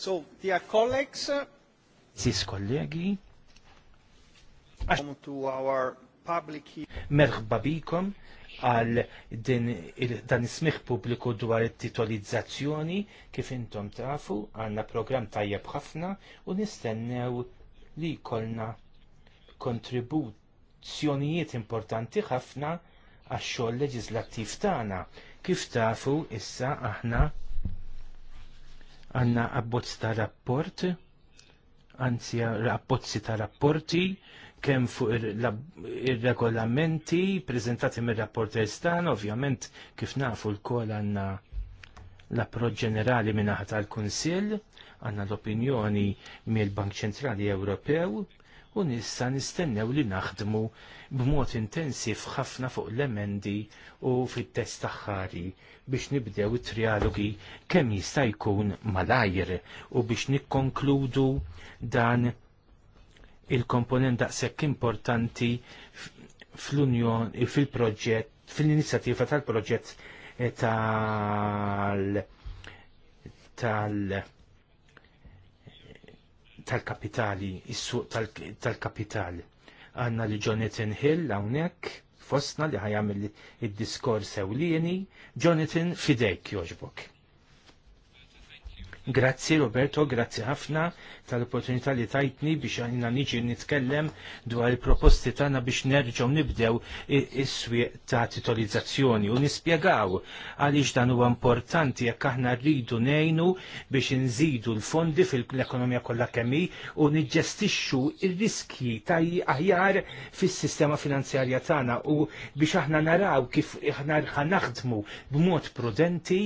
So, dear colleagues, Sis kollegi, to our public Merħba bikom għal dan ismiħ publiku dwar it-titolizzazzjoni kif intom trafu għanna program tajjeb ħafna u nistennew li kolna kontribuzzjonijiet importanti ħafna għax xogħol leġislattiv tagħna. Kif tafu issa aħna għanna abbozz ta' rapport, anzi abbozzi ta' rapporti, kemm fuq ir-regolamenti prezentati mir-rapporter stan, ovvjament kif nafu l-kol għanna l-approċ ġenerali minnaħat tal-Kunsill, għanna l-opinjoni mill-Bank Ċentrali Ewropew, u nista nistennew li naħdmu b'mod intensif ħafna fuq l-emendi u fit-test aħħari biex nibdew it-trialogi kemm jista' jkun malajr u biex nikkonkludu dan il-komponent daqshekk importanti fl-Unjon fil-proġett fil-inizjattiva tal-proġett eh, tal tal tal-kapitali, is-suq tal-kapital. Għanna li Jonathan Hill hawnhekk fostna li ħajam id-diskors ewlieni, Jonathan fidejk joġbok. Grazzi Roberto, grazzi ħafna tal-opportunità li tajtni biex għanna niġi nitkellem dwar il-proposti tagħna biex nerġgħu nibdew is-swieq ta' titolizzazzjoni u nispjegaw għaliex dan huwa importanti jekk aħna rridu ngħinu biex inżidu l-fondi fil-ekonomija kollha kemmi u niġġestixxu ir-riski ta' aħjar fis-sistema finanzjarja tagħna u biex aħna naraw kif aħna ħanaħdmu b'mod prudenti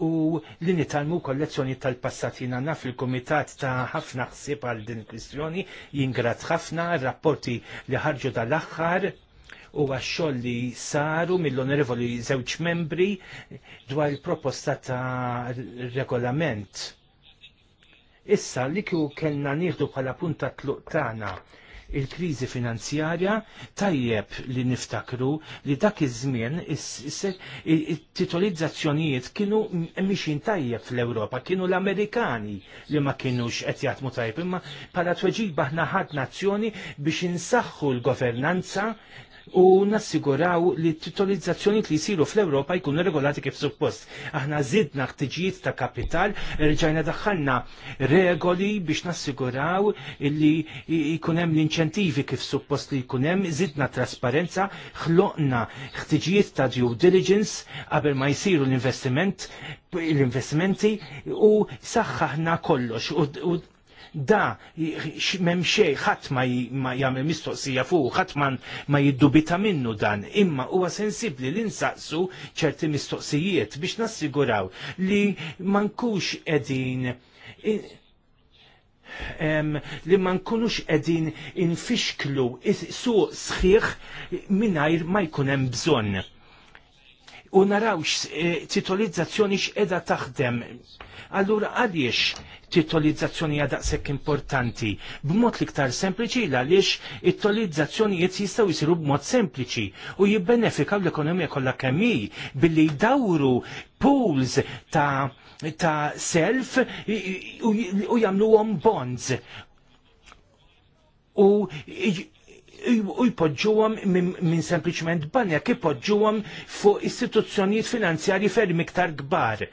u li nitalmu kollezzjoni tal-passatina naf il-komitat ta' ħafna ħsieb għal din kwistjoni jingrat ħafna rapporti li ħarġu dal-aħħar u għaxxol li saru mill-onorevoli żewġ membri dwar il-proposta ta' regolament. Issa li kju kellna nieħdu bħala punta tluq tagħna il-kriżi finanzjarja tajjeb li niftakru li dak iż-żmien it-titolizzazzjonijiet kienu mixin tajjeb fl-Ewropa, kienu l-Amerikani li ma kienux qed jaħdmu tajjeb imma bħala tweġiba aħna ħadd nazzjoni biex insaħħu l-governanza u nassiguraw li titolizzazzjoni li jisiru fl-Ewropa jkunu regolati kif suppost. Aħna zidna ħtiġijiet ta' kapital, rġajna daħħalna regoli biex nassiguraw li jkunem l-inċentivi kif suppost li jkunem, zidna trasparenza, ħloqna ħtiġijiet ta' due diligence qabel ma jisiru l-investiment l-investimenti u saħħaħna kollox u da memxie ħadd ma jagħmel mistoqsija fuq, ħadd ma jiddubita minnu dan, imma huwa sensibbli li nsaqsu ċerti mistoqsijiet biex nassiguraw li ma nkux qegħdin li ma nkunux qegħdin infixklu suq sħiħ mingħajr ma jkun hemm bżonn u narawx e, titolizzazzjoni x'edha taħdem. Allura għaliex titolizzazzjoni hija daqshekk importanti? B'mod l-iktar sempliċi għaliex it-tolizzazzjonijiet jistgħu jsiru b'mod sempliċi u jibbenefikaw l-ekonomija kollha kemm billi jdawru pools ta' ta' self u jagħmluhom bonds u u jpoġġuhom minn sempliċement banja, kif poġġuhom fuq istituzzjonijiet finanzjarji ferm iktar kbar.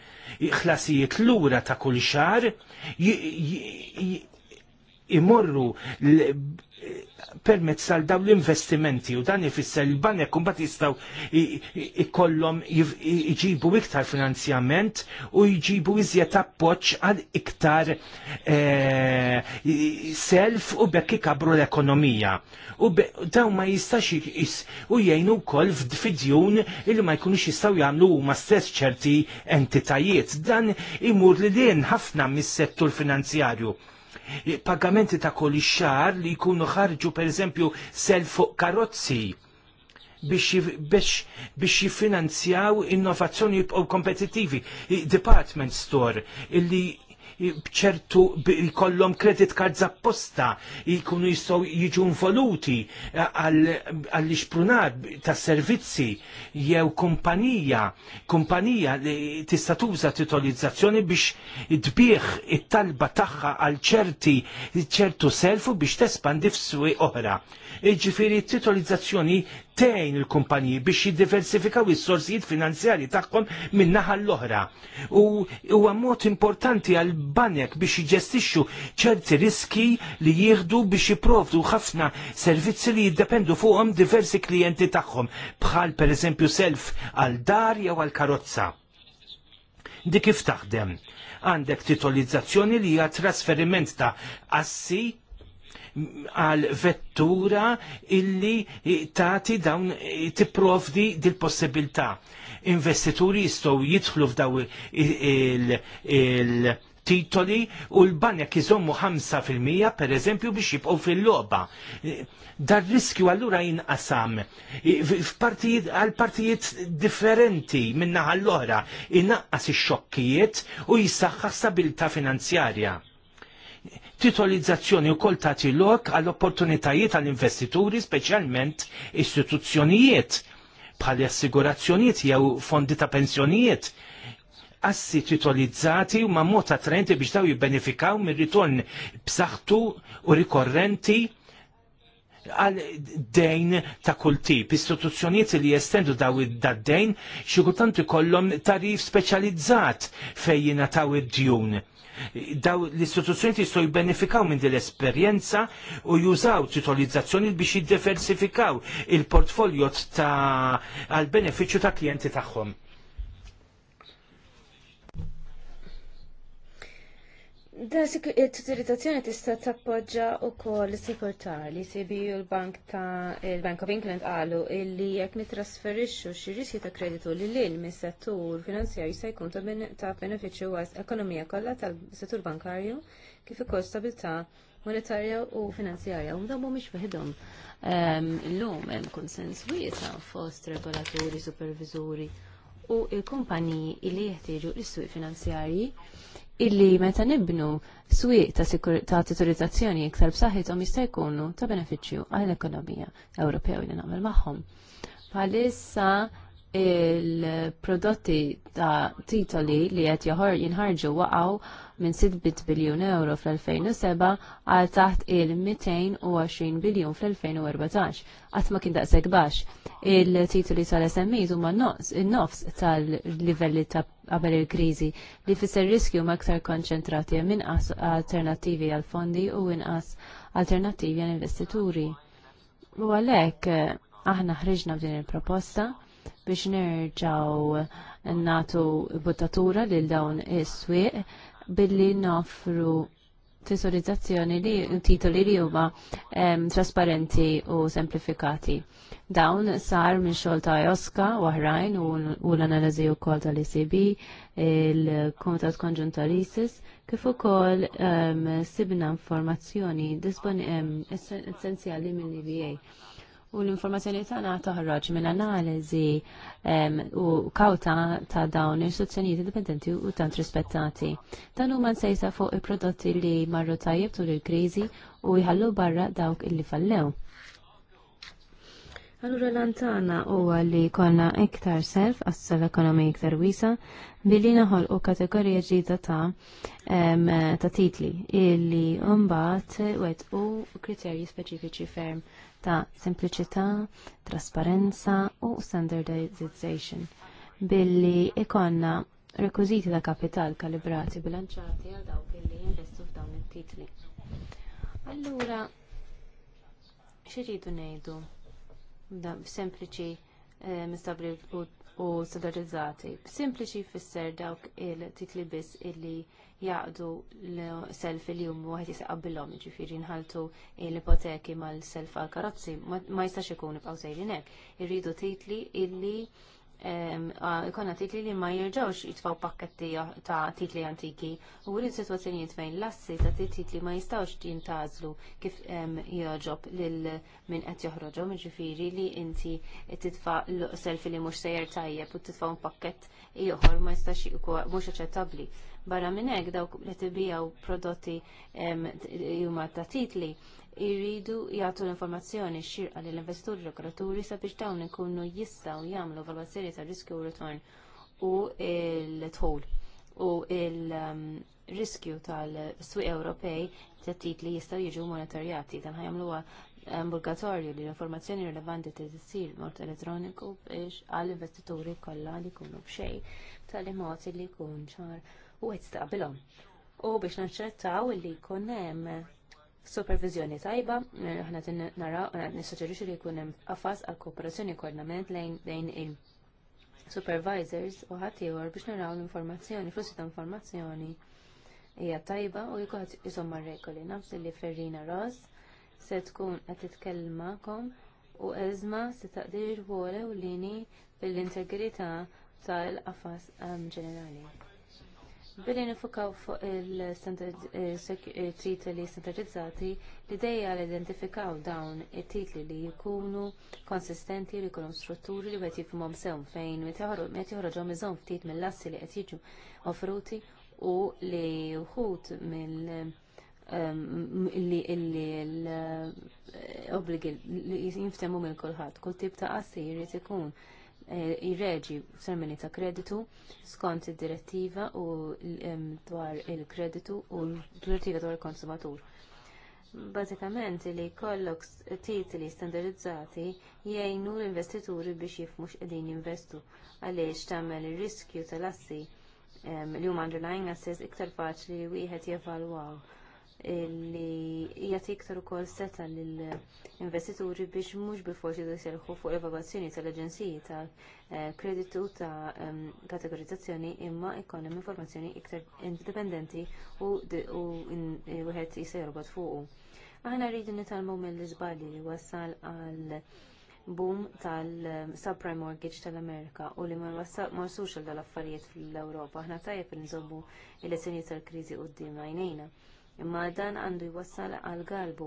Ħlasijiet lura ta' kull xar imorru permezz għal dawn l-investimenti u dan ifisser il-banek kumbat jistaw ikollom jġibu iktar finanzjament u jġibu iżjed appoġġ għal iktar eh, self u bekk ikabru l-ekonomija. U dawn ma jistax u jgħinu wkoll f'dfidjun illi ma jkunux jistaw jagħmlu huma stess ċerti entitajiet. Dan imur li din ħafna mis-settur finanzjarju pagamenti ta' kull xar li jkunu ħarġu per eżempju sel fuq karozzi biex jifinanzjaw innovazzjoni u kompetitivi. Department store illi bċertu jkollhom credit cards apposta jkunu jistgħu jiġu involuti eh, għall ixprunar tas servizzi jew kumpanija kumpanija li tista' tuża titolizzazzjoni biex tbieħ it-talba tagħha għal ċerti ċertu selfu biex tespandi f'swi oħra. Iġifiri titolizzazzjoni tejn il-kumpaniji biex jiddiversifikaw is-sorsijiet finanzjari tagħhom minn naħa l-oħra. U huwa mod importanti għal banek biex jġestixxu ċerti riski li jieħdu biex jipprovdu ħafna servizzi li jiddependu fuqhom diversi klijenti tagħhom bħal pereżempju self għal dar jew għal karozza di kif taħdem. Għandek titolizzazzjoni li hija trasferiment ta' assi għal vettura illi tati dawn tipprovdi dil possibilità Investituri jistgħu jidħlu f'daw il-titoli u l-banek kizommu 5% per eżempju biex jibqgħu fil-logħba. Dar riskju allura jinqasam għal partijiet differenti minna l-oħra inaqqas ix-xokkijiet u jissaħħa stabilità finanzjarja titolizzazzjoni wkoll tagħti lok għall opportunitajiet għall investituri speċjalment istituzzjonijiet bħal assigurazzjonijiet jew fondi ta' pensjonijiet assi titolizzati u ma' mod trenti biex daw jibbenefikaw mir ritorn b'saħħtu u rikorrenti għal dejn ta' kull tip. Istituzzjonijiet li jestendu daw id-dejn xi kultant ikollhom tarif speċjalizzat fejn jingħataw id-djun Daw l-istituzzjoni jistgħu jibbenefikaw minn din l-esperjenza u jużaw titolizzazzjoni biex jiddiversifikaw il-portfolio ta' għal benefiċċju ta' klijenti tagħhom. Da it-tutilizzazzjoni tista' tappoġġa wkoll is-sikurtar li sibi l-Bank ta' il-Bank of England qalu illi jekk nitrasferixxu xi riski ta' kreditu li lil mis-settur finanzjarju se jkun ta' benefiċċju għas ekonomija kollha tal-settur bankarju kif ukoll stabilità monetarja u finanzjarja u dawn mhumiex fiħidhom. l-lum hemm konsens wiesa' fost regolaturi, superviżuri u l-kumpaniji li jeħtieġu l-issuq finanzjarji illi meta nibnu swieq ta' ta' titolizzazzjoni iktar b'saħħithom jista' jkunu ta' benefiċċju għall-ekonomija Ewropew li nagħmel magħhom. Bħalissa il-prodotti ta' titoli li qed jinħarġu waqgħu minn 6 biljun euro fl-2007 għal taħt il-220 biljun fl-2014. Qatt ma kien daqshekk baxx. Il-titoli tal-SMEs huma n-nofs tal-livelli ta' qabel il-kriżi li fisser riskju ma aktar konċentrati minn as alternattivi għal fondi u inqas alternattivi għal investituri. U għalhekk aħna ħriġna b'din il-proposta biex nerġaw natu buttatura lil dawn is-swieq billi nofru tesorizzazzjoni li titoli li huma trasparenti u semplifikati. Dawn sar minn xol ta' Oska u oħrajn u l-analiżi wkoll tal-ECB, il-Komitat Konġunt tal-ISIS, kif ukoll sibna informazzjoni essenzjali mill-EBA u l-informazzjoni tagħna toħroġ minn analiżi u kawta ta' dawn il-suzzjonijiet indipendenti u tant rispettati. Dan huma nsejsa fuq il-prodotti li marru tajjeb tul il-kriżi u jħallu barra dawk illi fallew. Allura lantana huwa li konna iktar self għassal ekonomi iktar wisa billi naħol u kategorija ġdida ta' ta' titli illi mbagħad wet u kriterji speċifiċi ferm ta' sempliċità, trasparenza u standardization billi ikonna rekwiżiti ta' kapital kalibrati bilanċati għal dawk illi jinvestu f'dawn it-titli. Allura, xirridu ngħidu sempliċi eh, mistabri u standardizzati. Sempliċi fisser dawk il-titli biss illi jaqdu l-self li jum bil-lom, ġifiri nħaltu l-ipoteki mal-self għal-karotzi, ma jistax ikun ibqaw li nek. Irridu titli illi ikonna titli li ma jirġawx jitfaw pakketti ta' titli antiki u għurin situazzjonijiet fejn l-assi ta' titli ma jistawx jintazlu kif joġob lil min qed joħroġhom ġifiri li inti titfa' selfi li mhux sejer tajjeb u titfa' pakket pakkett ieħor ma jistax mhux aċċettabbli barra minn hekk dawk li tibijaw prodotti huma ta' titli jridu jagħtu l-informazzjoni xirqa lill investituri l-operaturi sabiex dawn ikunu jistgħu jagħmlu valwazzjoni ta' riskju u return u l-tħol u l riskju tal-swieq Ewropej ta' titli jistgħu jiġu monitorjati dan ħajamluha ambulgatorju li l-informazzjoni rilevanti tisir m'ort elettroniku biex għall investituri kollha li jkunu b'xejn tal-imot li jkun ċar u għed stabilom. U biex naċċertaw li kunem supervizjoni tajba, ħna nissuġġerixu li kunem għafas għal kooperazzjoni koordinament lejn il-supervisors u ħatiħor biex naraw l-informazzjoni, flussi ta' informazzjoni hija tajba u jkun jisomma regoli. Nafs li Ferrina Ross se tkun qed kom u eżma se taqdir wara u lini fil-integrità tal-qafas ehm, ġenerali. Billi nifukaw fuq il-titoli standardizzati l-ideja li identifikaw dawn it-titli li jkunu konsistenti li jkunu strutturi li għet jifimom sew fejn għet jħorġom iżom ftit mill-lassi li għet jiġu offruti u li wħud mill- ehm, eh, obbligi l-obligi li jinftemu minn kulħadd. Kull tip ta' assi jrid ikun jirreġi f'termini ta' kreditu skont id-direttiva u dwar il-kreditu u l-direttiva dwar il-konsumatur. Bażikament li jkollok titli standardizzati jgħinu l-investituri biex jifmu x'qegħdin jinvestu għaliex tagħmel ir-riskju tal-assi li huma underlying assets iktar faċli li wieħed jevalwaw li hija tiktar ukoll seta lill-investituri biex mhux bilforsi jserħu fuq l-evalwazzjoni tal-aġenziji tal-kreditu ta' ehm, kategorizzazzjoni imma jkollhom informazzjoni iktar indipendenti u e, wieħed jista' jorbat fuqu. Aħna rridu nitalmu mill-iżbalji li wassal għal boom tal-subprime mortgage tal-Amerika u li ma warsux għal dal-affarijiet fl-Ewropa. Aħna tajjeb nżommu il-lezzjonijiet tal-kriżi quddiem għajnejna imma dan għandu jwassal għal galbu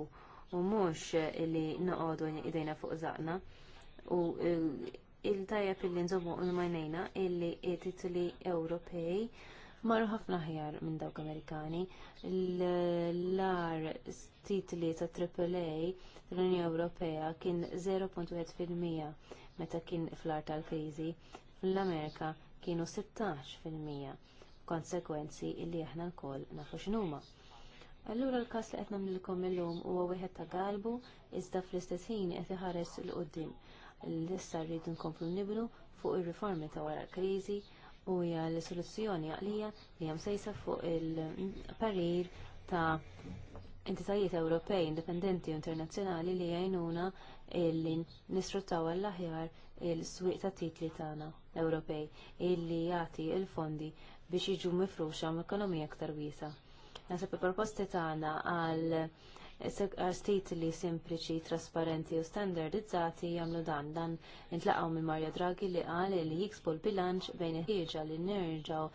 u mhux li noqogħdu idejna fuq zaqna u eh, il-tajab illi nżommu il-majnejna illi titli Ewropej marru ħafna ħjar minn dawk Amerikani l ar titli ta' AAA tal-Unjoni Ewropea kien 0.1% meta kien fl-ar tal-kriżi fl-Amerika kienu 16% konsekwenzi illi aħna wkoll nafu x'numa. Allura l-kas li qed l illum huwa wieħed ta' galbu iżda fl-istess ħin qed iħares l qoddim L-issa rridu nkomplu nibnu fuq ir-riformi ta' wara l-kriżi u hija l-soluzzjoni għalija li hemm sejsa fuq il-parir ta' entitajiet Ewropej indipendenti u internazzjonali li jgħinuna li nisruttaw għall-aħjar il-swieq ta' titli tagħna Ewropej illi jagħti l fondi biex jiġu mifruxa m-ekonomija aktar wiesa' Naħseb il-proposti tagħna għal stit li sempliċi, trasparenti u standardizzati jagħmlu dan. Dan intlaqgħu minn Marja Draghi li qal li jiksbu l-bilanċ bejn il-ħieġa li nerġgħu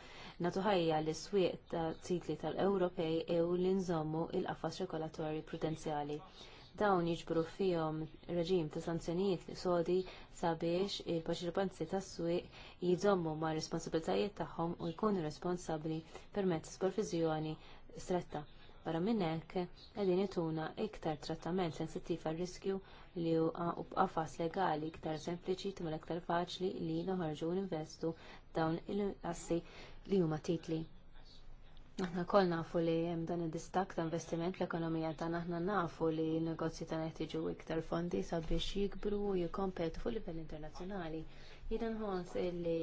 nagħtu ħajja l swieq ta' titli tal-Ewropej ew li nżommu il-qafas regolatorji prudenzjali. Dawn jiġbru fihom reġim ta' sanzjonijiet li sodi sabiex il-parċipanzi tas-swieq jizommu ma' responsabiltajiet tagħhom u jkunu responsabbli permezz supervizjoni stretta. Barra minn hekk qegħdin ituna iktar trattament sensittiv għar riskju li huwa b'qafas legali iktar sempliċi timel iktar faċli li noħorġu ninvestu dawn il-assi li huma titli. Aħna kol nafu li hemm dan id-distak ta' investiment l-ekonomija tagħna aħna nafu li n-negozji tagħna jeħtieġu iktar fondi sabiex jikbru u jikkompetu fuq livell internazzjonali. Jiena nħoss li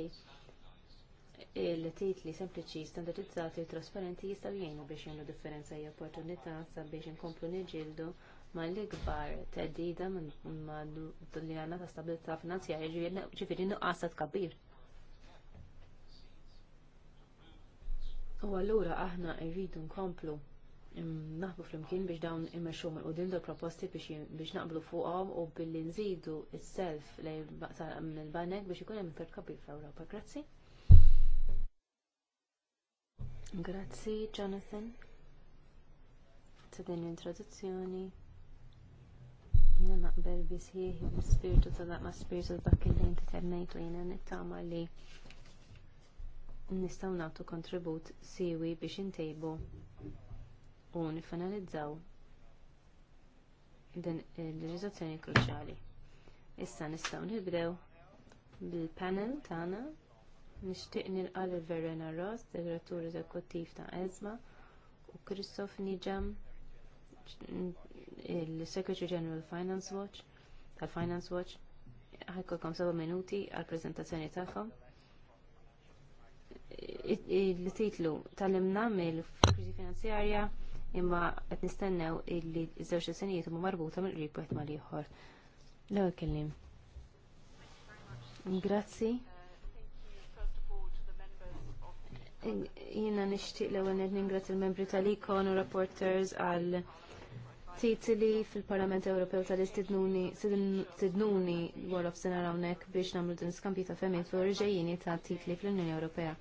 il-titli sempliċi, standardizzati u trasparenti jistgħu jgħinu biex jagħmlu differenza hija opportunità sabiex inkomplu niġġieldu mal-ikbar theddida li għandna ta' stabilità finanzjarja ġifieri nuqqas ta' tkabbir. U allura aħna jridu nkomplu naħbu flimkien biex dawn immexxu minn qudiem proposti biex naqblu fuqhom u billi nżidu s-self lejn il banek biex ikun hemm iktar kabir fl-Ewropa. Grazzi. Grazzi, Jonathan, ta' din l-introduzzjoni. Jiena naqbel bisħieħ bil-spiritu ta' daqma spiritu ta' dak li inti ternejt u jiena nittama li nistaw nagħtu kontribut siwi biex intejbu u nifinalizzaw din il-leġiżazzjoni kruċali. Issa nistaw nibdew bil-panel tagħna Nixtieq nilqa' lil Verena Ross, direttur eżekuttiv ta' Ezma, u Kristof Nijam, il-Secretary General Finance Watch, tal-Finance Watch, ħajkolkom seba' minuti għall preżentazzjoni tagħhom. Il-titlu tal-imna mill-kriżi finanzjarja imma qed nistennew illi ż-żewġ senijiet huma marbuta mill-qrib wieħed mal-ieħor. L-ewwel kellim. Grazzi. Jiena nixtieq l għanet ningrat il-membri tal-ikon u reporters għal titli fil-Parlament Ewropew tal-istidnuni sidnuni of f'sena hawnhekk biex nagħmlu din skampi ta' femmin fuq irġejjini ta' titli fl-Unjoni Ewropea.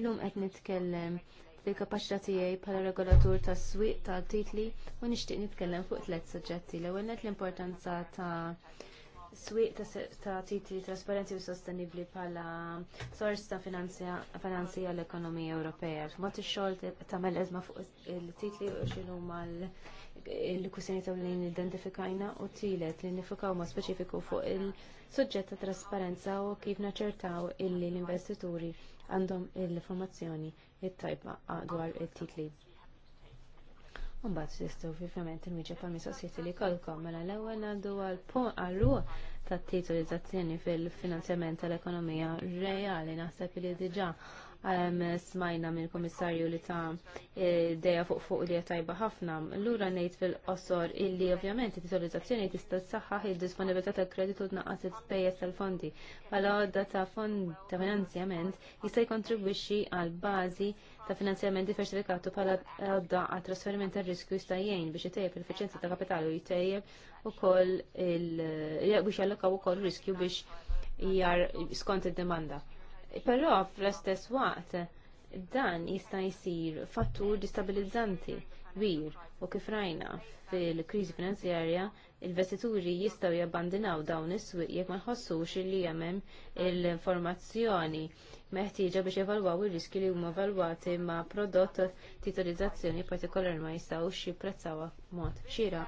Illum qed nitkellem fil-kapaċità tiegħi bħala regolatur tas-swieq tal-titli u nixtieq nitkellem fuq tliet suġġetti. l għanet l-importanza ta' swieq ta' titli trasparenti u sostenibli bħala sors ta' finanzi għall-ekonomija Ewropea. Mod ix-xogħol tagħmel ezma fuq il-titli u x'inhu mal il-kussjoni ta' li identifikajna u tielet li nifikaw ma' speċifiku fuq il-suġġett ta' trasparenza u kif naċertaw illi l-investituri għandhom il-informazzjoni it-tajba dwar it-titli Mbagħad tistgħu ovvjament miġeb għal mistoqsijiet li jkollkom mela l-ewwel għandu għall tat-titolizzazzjoni fil-finanzjament tal-ekonomija reali naħseb li diġà ehm, smajna mill komissarju li ta' dejja fuq fuq li tajba ħafna. Lura ngħid fil-qosor illi ovvjament titolizzazzjoni tista' tsaħħaħ id-disponibilità tal-kreditu tnaqqas il-spejjeż tal-fondi. Bħala mela għodda ta' fond ta' finanzjament jista' jkontribwixxi għal bażi ta' finanzjament diversifikatu bħala għadda għat trasferiment ta' riskju jistajjen biex jitejjeb l-efficienza ta' kapitalu jitejjeb u koll biex jallokaw u koll riskju biex jgħar skont il-demanda. Però fl-istess waqt dan jista' jsir fattur distabilizzanti wir u kif rajna fil-kriżi finanzjarja il-vestituri jistaw jabbandinaw dawn is-swieq jekk ma jħossux li jemem il-informazzjoni il-informazzjoni meħtieġa biex evalwaw ir-riski li huma valwati ma' prodott titolizzazzjoni partikolari ma jistgħux jipprezzawha mod xira.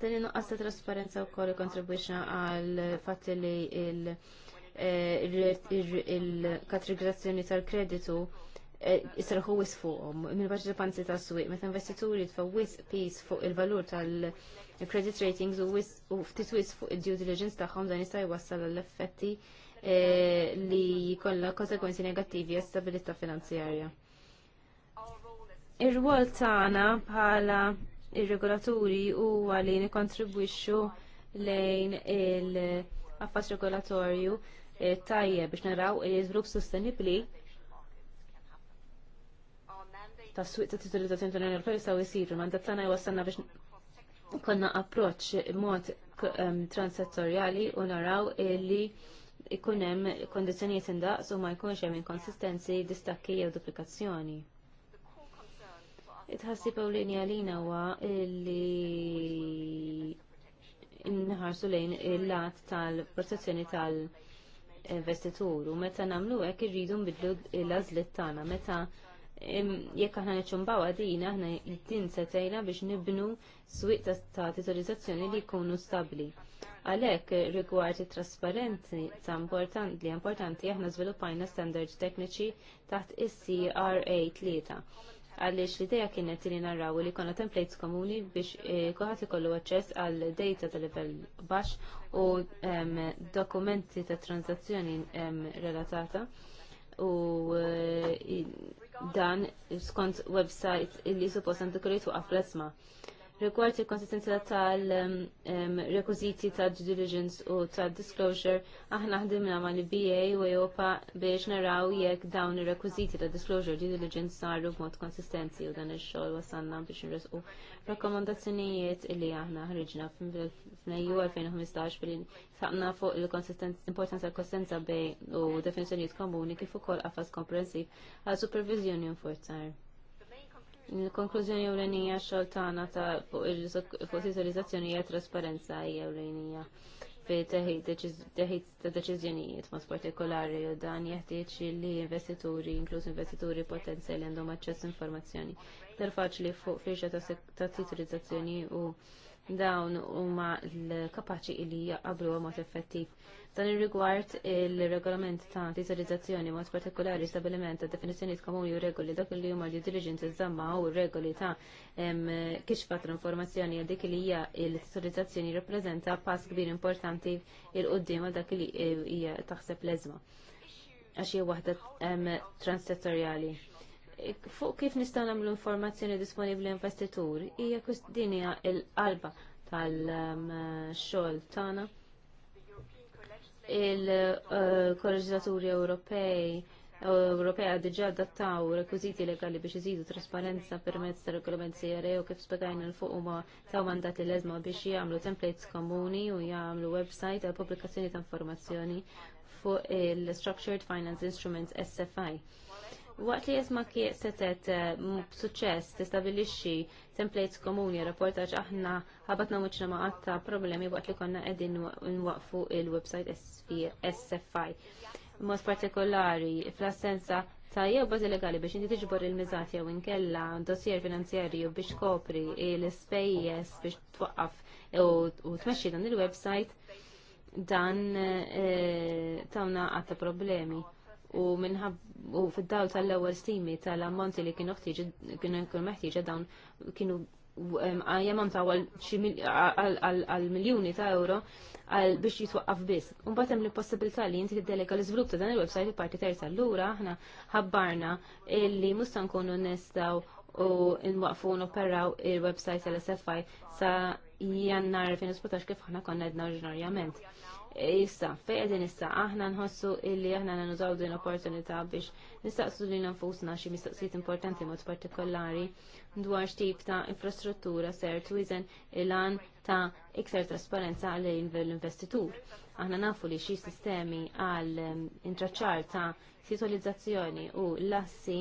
Dan inqas ta' trasparenza wkoll kontribwixxa għal fatti li eh, il-kategorizzazzjoni tal-kreditu jisraħu eh, wis fuqhom minn parċipanti tas-swieq meta investituri tfa' wis pis fuq il-valur tal-credit ratings u ftit wis fuq id-due diligence tagħhom dan jista' jwassal għall effetti Eh, li jkollha konsekwenzi negattivi għas stabilità finanzjarja. Ir-rwol tagħna bħala ir-regolaturi huwa li nikkontribwixxu lejn il affas regolatorju eh, tajjeb biex naraw il-żvilupp sostenibbli tas suq ta' titolizzazzjoni tal unjoni Ewropea jistgħu jsiru mandat tagħna jwassalna biex konna approċċ mod eh, transettorjali u naraw li ikun hemm kondizzjonijiet indaqs u ma jkunx hemm inkonsistenzi, distakki jew duplikazzjoni. Itħassib u linja lina huwa li nħarsu lejn il-lat tal-protezzjoni tal vestituru u meta nagħmlu hekk irridu nbidlu l-għażliet tagħna meta jekk aħna niċċumbaw għadina aħna jittin setejna biex nibnu swieq ta' titolizzazzjoni li jkunu stabbli Għalhekk rigward it-trasparenti ta' importanti li importanti aħna żviluppajna standards tekniċi taħt ICRA cra 3 għaliex l-ideja kienet li narraw li konna templates komuni biex eh, kuħat ikollu aċċess għal data ta' livell baxx u dokumenti ta' transazzjoni relatata u eh, dan skont website illi suppost għandu kollu l-esma. Rigward il-konsistenza tal-rekwiziti ta' due diligence u ta' disclosure, aħna ħdimna ma' l-BA u Europa biex naraw jekk dawn il-rekwiziti ta' disclosure due diligence saru b'mod konsistenti u dan il-xol wasanna biex nresqu rakkomandazzjonijiet li aħna ħriġna f'Mejju 2015 billi saqna fuq l-importanza tal-konsistenza bej u definizjonijiet komuni kif ukoll qafas komprensiv għal supervizjoni u forzar. Il-konklużjoni ewlenija xoltana ta' fuq sessualizzazzjoni hija trasparenza hija ewlenija fi teħid ta' deċiżjonijiet mod partikolari u dan jeħtieġ li investituri, inkluż investituri potenzjali għandhom aċċess informazzjoni. Iktar faċli fuq firxa ta' titolizzazzjoni u dawn huma l-kapaċi li jaqablu mod effettiv. Dan ir-rigward il-regolament ta' tesorizzazzjoni mod partikolari stabiliment ta' definizzjonijiet komuni u regoli dak li huma due diligence żamma u regoli ta' kixfa informazzjoni għal dik li hija l-tesorizzazzjoni rappreżenta pass kbir importanti il-qudiem għal dak li hija taħseb leżma għax hija waħda transsettorjali fuq kif nistgħu nagħmlu informazzjoni disponibbli investitur hija din hija l-qalba tal-xogħol um, tagħna. Il-Korreġizaturi Ewropej Ewropea diġà adattaw rekwiżiti legali biex iżidu trasparenza permezz ta' regolament CRE u kif spiegajna l fuq huma taw mandati l-eżma biex jagħmlu templates komuni u jagħmlu website għal pubblikazzjoni ta' informazzjoni fuq il-Structured Finance Instruments SFI Waqt li jesma setet b'suċċess eh, tistabilixxi templates komuni rapportaġ aħna ħabatna muċna ma' għatta problemi waqt li konna qegħdin nwaqfu il-website SFI. Mod partikolari, fl-assenza tajjeb bażi legali biex inti tiġbor il-miżat jew inkella dossier finanzjarju biex kopri l-ispejjeż biex twaqqaf u tmexxi dan il-website dan eh, tawna għatta problemi u minħab u fid-dawl tal-ewwel stimi tal-ammonti li kienu ħtieġ kienu jkun meħtieġa dawn kienu jemam ta' għal miljoni ta' euro għal biex jitwaqqaf biss. Unbat hemm l-possibilità li inti tiddelika l-iżvilupp ta' dan il-website il-parti terza. Allura aħna ħabbarna li musta nkunu nestaw u nwaqfu noperaw il-website tal-SFI sa' jannar 2017 kif aħna konna edna oriġinarjament. Issa, fej għedin issa, aħna nħossu illi aħna nużaw din opportunità biex nistaqsu li nfusna xi mistaqsijiet importanti mod partikolari dwar xtip ta' infrastruttura ser twizen il-għan ta' iktar trasparenza għal l-investitur. Aħna nafu li xi sistemi għal ehm, intraċċar ta' titolizzazzjoni u lassi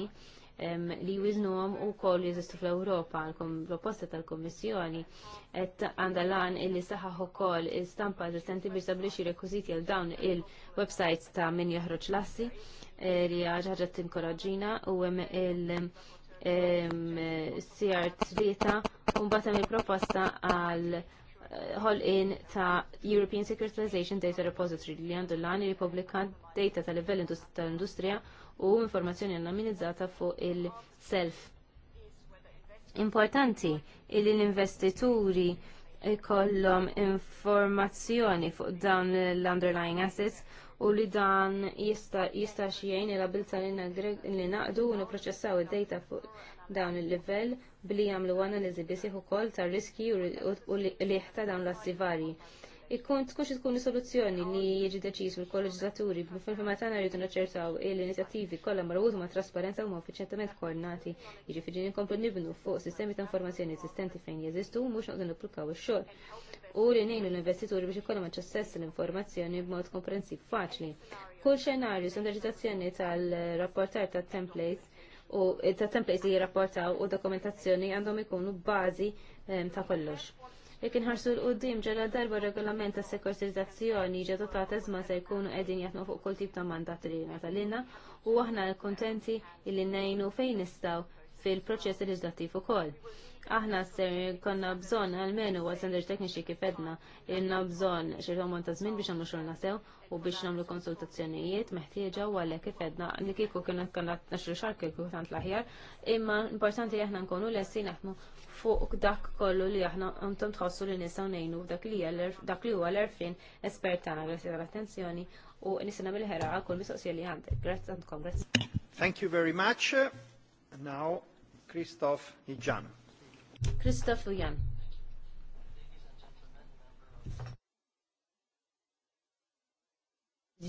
li jwiznuhom u koll jeżistu fl-Ewropa l-proposta tal-Kommissjoni qed għandha lan illi saħaħ ukoll il-stampa reżistenti biex tablixxi rekwiżiti għal dawn il-websites ta' min jaħroġ lassi eh, li ħaġa tinkoraġina u hemm il- CR 3 un mbagħad hemm il-proposta għal eh, in ta' European Securitization Data Repository li għandu l-għani li publika data tal-level tal-industrija u informazzjoni anonimizzata fuq il-self. Importanti il l-investituri kollom informazzjoni fuq dawn l-underlying assets u li dan jista' jgħin il-abilta li naqdu u nipproċessaw id-data fuq dawn il-livell billi jagħmlu li zibisiħu ukoll tar-riski u li jħta dawn l-assivari. varji ikun tkunx tkun soluzzjoni li jiġi deċiż mill-kolleġislaturi fil ma tagħna rridu naċċertaw il-inizjattivi kollha marbuta ma' trasparenza u ma' effiċjentament koordinati. Jiġifieri nkomplu nibnu fuq sistemi ta' informazzjoni eżistenti fejn jeżistu mhux noqgħdu nipplukaw ix-xogħol u li ngħinu l-investituri biex ikollhom aċċess l-informazzjoni b'mod komprensiv faċli. Kull xenarju standardizzazzjoni tal-rapportar ta' templates u ta' templates li jirrapportaw u dokumentazzjoni għandhom ikunu bażi ta' kollox. Jekk inħarsu l-qoddim ġala darba regolament ta' sekuritizzazzjoni ġa dotata iżma se jkunu qegħdin jaħdmu fuq kull tip ta' mandat li jingħatalina u aħna kontenti illi ngħinu fejn nistgħu fil-proċess leġislattiv ukoll. Aħna ser konna bżon għal-menu għal sender tekniċi kif edna inna bżon xirħom ta' biex nagħmlu xorna sew u biex nagħmlu konsultazzjonijiet meħtieġa u għalhekk kif edna li kiku kena konna naxru xar kiku tant l imma importanti jahna aħna nkunu lessi naħnu fuq dak kollu li aħna intom tħossu li nisaw nejnu dak li huwa l-erfin espertana għal grazzi għal attenzjoni u nisina bil-ħera għal kull mistoqsija li għandek. Grazie għandkom, grazzi. Thank you very much. Now, Christoph Hidjan. Kristof Jan.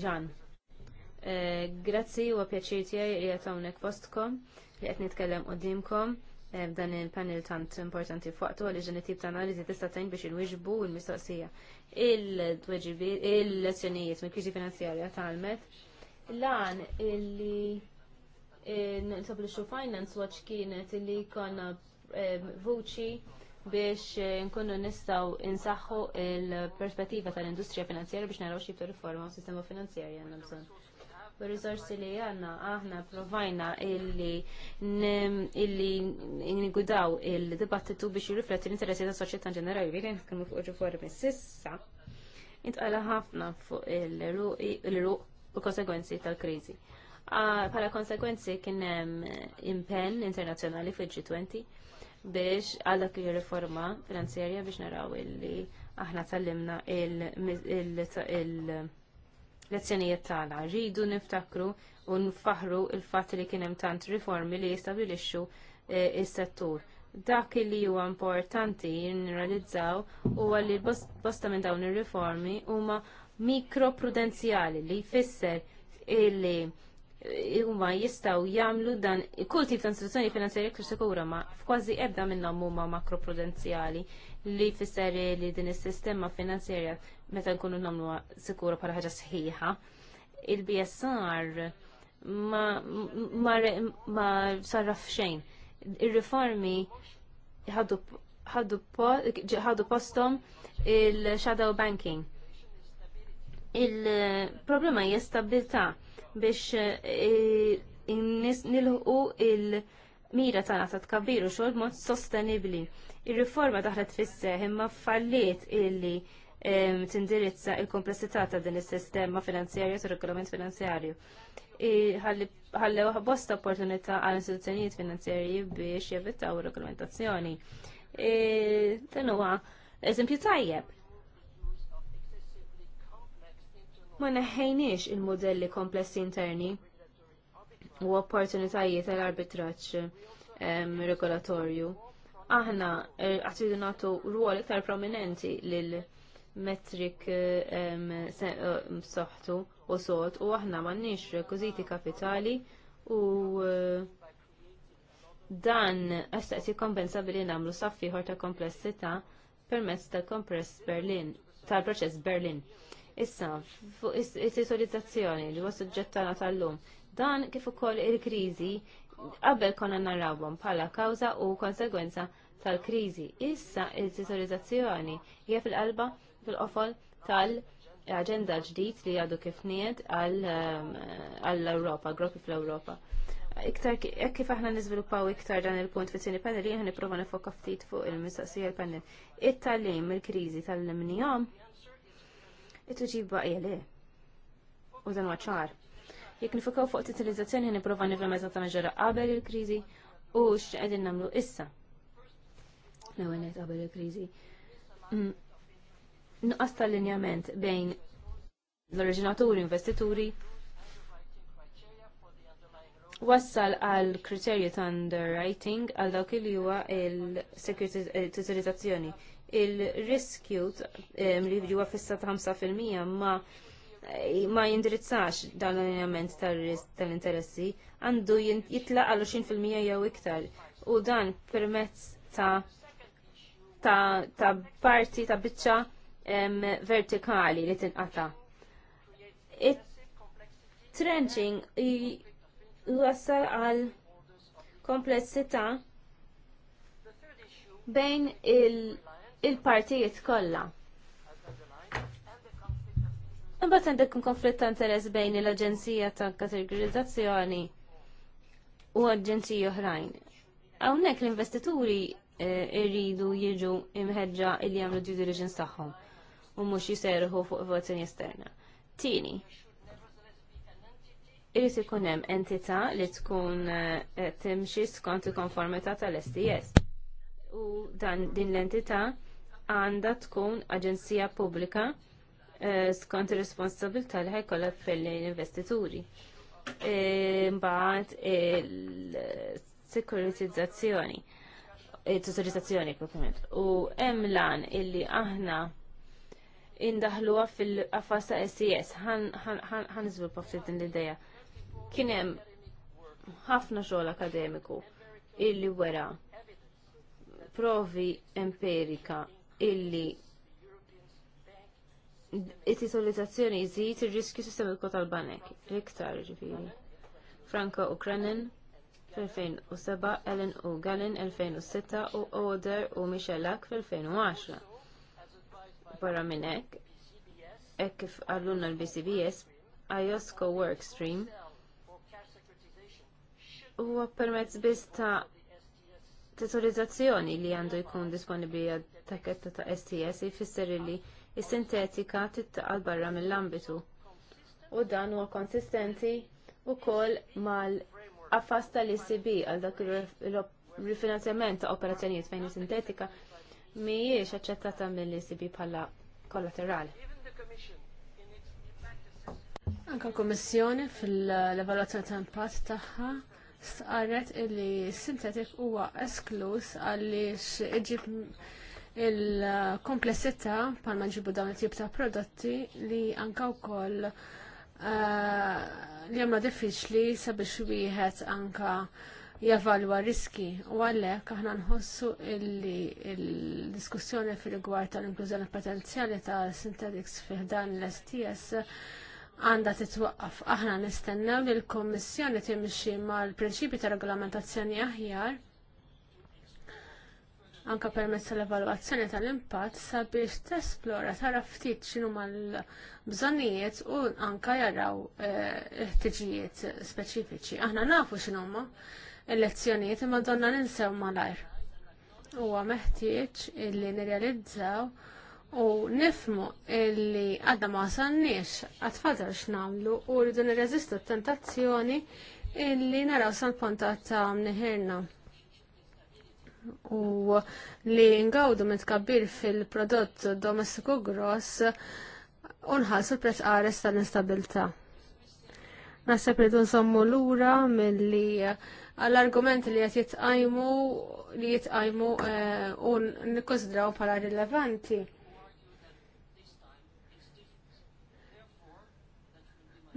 Ġan. Grazzi u għapjaċir tijaj li għatawnek postkom li għet nitkellem qoddimkom dan il-panel tant importanti fuqtu għalli ġeni tip ta' analizi tista' tajn biex il-wiġbu u il mistoqsija Il-lezzjonijiet mill kriżi finanzjarja talmet lan illi n-tabli finance watch kienet illi konna Eh, voċi biex eh, nkunu nistaw insaħħu il-perspettiva tal-industrija finanzjarja biex naraw xibtu riforma u sistema finanzjarja għanna bżon. Bil-rizorsi li għanna, aħna provajna illi illi ngudaw il-dibattitu biex jirrifletti l-interessi ta' soċjetà ġenerali li nkunu fuq riformi sissa. Intqala ħafna fuq il-ruq u konsegwenzi tal-krizi. Pala konsegwenzi kien hemm impenn internazzjonali fil-G20 biex għallak li riforma finanzjerja biex naraw illi aħna tallimna il-lezzjonijiet tagħna. Rridu niftakru u nfaħru il-fatt li kien hemm tant riformi li jistabilixxu eh, is-settur. Dak li huwa importanti nirrealizzaw huwa li bosta minn dawn ir-riformi huma mikroprudenzjali li jfisser illi huma jistgħu jagħmlu dan kull tip ta' istituzzjoni finanzjarja kif sikura ma f'kważi ebda minnhom huma makroprudenzjali li jfisser li din is-sistema finanzjarja meta nkunu nagħmlu sikura bħala ħaġa sħiħa. Il-BSR ma, ma, ma sarraf xejn. Ir-riformi ħadu postom il-shadow banking. Il-problema hija stabilta' biex eh, nilħu il- mira tagħna ta' tkabbiru xogħol mod sostenibbli. Ir-riforma daħlet fisse imma falliet illi tindirizza il-komplessità ta' din is-sistema finanzjarju ta' regolament finanzjarju. Ħallew bosta opportunità għal istituzzjonijiet finanzjarji biex jevitaw regolamentazzjoni. E, dan huwa eżempju tajjeb ma neħħejniex il-modelli komplessi interni u opportunitajiet tal-arbitraċ regolatorju. Aħna eh, għatridu natu ruol iktar prominenti lil metrik soħtu u sot u aħna mannix rekwiziti kapitali u eh, dan għastaqsi kompensa billi namlu saffiħor ta' komplessita permezz tal-kompress Berlin, tal-proċess Berlin. Issa, fuq is li huwa suġġett tal-lum, dan kif ukoll il-kriżi qabel konna narrawhom bħala kawża u konsegwenza tal-kriżi. Issa il-sisolizzazzjoni hija fil-qalba fil-qofol tal- agenda ġdid li għadu kif niet um, għall-Europa, gruppi fl-Europa. Iktar, jekk kif aħna niżviluppaw iktar dan il-punt fit-tieni panel, jħan niprofa nifokka ftit fuq il-mistaqsija il panel It-talim, il-kriżi tal-limnijom, it-tuġiba li. U dan waċar. Jek nifukaw fuq titalizzazzjoni niprofa mezzat ta' ġara qabel il-kriżi u x'qegħdin nagħmlu issa. L-ewwel qabel il krizi mm. Nuqqas tal-linjament bejn l-oriġinaturi investituri wassal għal kriterju ta' underwriting għal dawk li huwa l-securitizzazzjoni il-riskju eh, li jiġu fissa ta' 5% ma eh, ma jindirizzax dan l-allineament tal-interessi għandu jitlaq għal 20% jew iktar u dan permezz ta' ta', ta parti ta' biċċa vertikali li tinqata. trenching jwassal għal komplessità bejn il- il-partijiet kollha. Imbagħad għandek konflitt ta' interess bejn l-Aġenzija ta' Kategorizzazzjoni u aġenziji oħrajn. Hawnhekk l-investituri eh, irridu jiġu imħeġġa li jagħmlu due diligence tagħhom u mhux jiserħu fuq votazzjoni esterna. Tieni, irrid ikun hemm entità li tkun eh, timxi skont il-konformità tal-STS. U dan din l-entità għandha tkun aġenzija pubblika eh, skont ir-responsabilità li ħajkollha fil investituri eh, Mbagħad il-sekuritizzazzjoni, il-tutorizzazzjoni propriment. U hemm lan illi aħna indaħluha fil-qafas ta' SES, e ħan iżviluppa ftit din l-idea. Kien hemm ħafna xogħol akademiku illi wera provi empirika illi it-titolizzazzjoni jżid il riskju sistemiku tal-banek, l-iktar ġifiri. Franco Ukranin fil-2007, Ellen u Gallin 2006 u Oder u Michelak fil-2010. Barra minnek, ek kif għallunna l-BCBS, IOSCO Workstream u għapermetz biss ta' tesorizzazzjoni li għandu jkun disponibli għad taketta ta' STS jfisser li is-sintetika tittaqal barra mill-ambitu. U dan huwa konsistenti wkoll mal-affas tal isib għal dak il-rifinanzjament ta' operazzjonijiet fejn is-sintetika mhijiex aċċettata mill-ECB bħala kollaterali. Anka l-Kommissjoni fil-evaluazzjoni ta' impatt tagħha sqarret illi sintetik huwa esklus għaliex iġib il-komplessità palma ġibu dawn it-tip ta' prodotti li anka wkoll eh, li hemm diffiċli sabiex wieħed anka javalwa riski u għallek aħna nħossu illi il-diskussjoni fil-rigward tal-inklużjoni potenzjali ta' synthetics fiħdan l-STS għandha titwaqqaf. Aħna nistennew li l-Kommissjoni timxi mal-prinċipi ta' regolamentazzjoni aħjar anka permezz l-evalwazzjoni tal-impatt sabiex tesplora tara ftit x'inhu mal-bżonnijiet u anka jaraw eh, ħtiġijiet speċifiċi. Aħna nafu x'inhuma elezzjonijiet imma donna ninsew malajr. Huwa meħtieġ illi nirrealizzaw u nifmu illi għadda ma wasalniex għatfadar x'namlu u rridu nirreżistu t-tentazzjoni illi naraw sal-ponta ta' mniħirna u li ngawdu minn tkabbir fil-prodott domestiku gross unħassu l-prezz għares tal-instabilta. Nasib rridu nżommu l-ura mill-li eh, għall-argument li jgħat jitqajmu li jitqajmu eh, u nikkonsidraw pala rilevanti.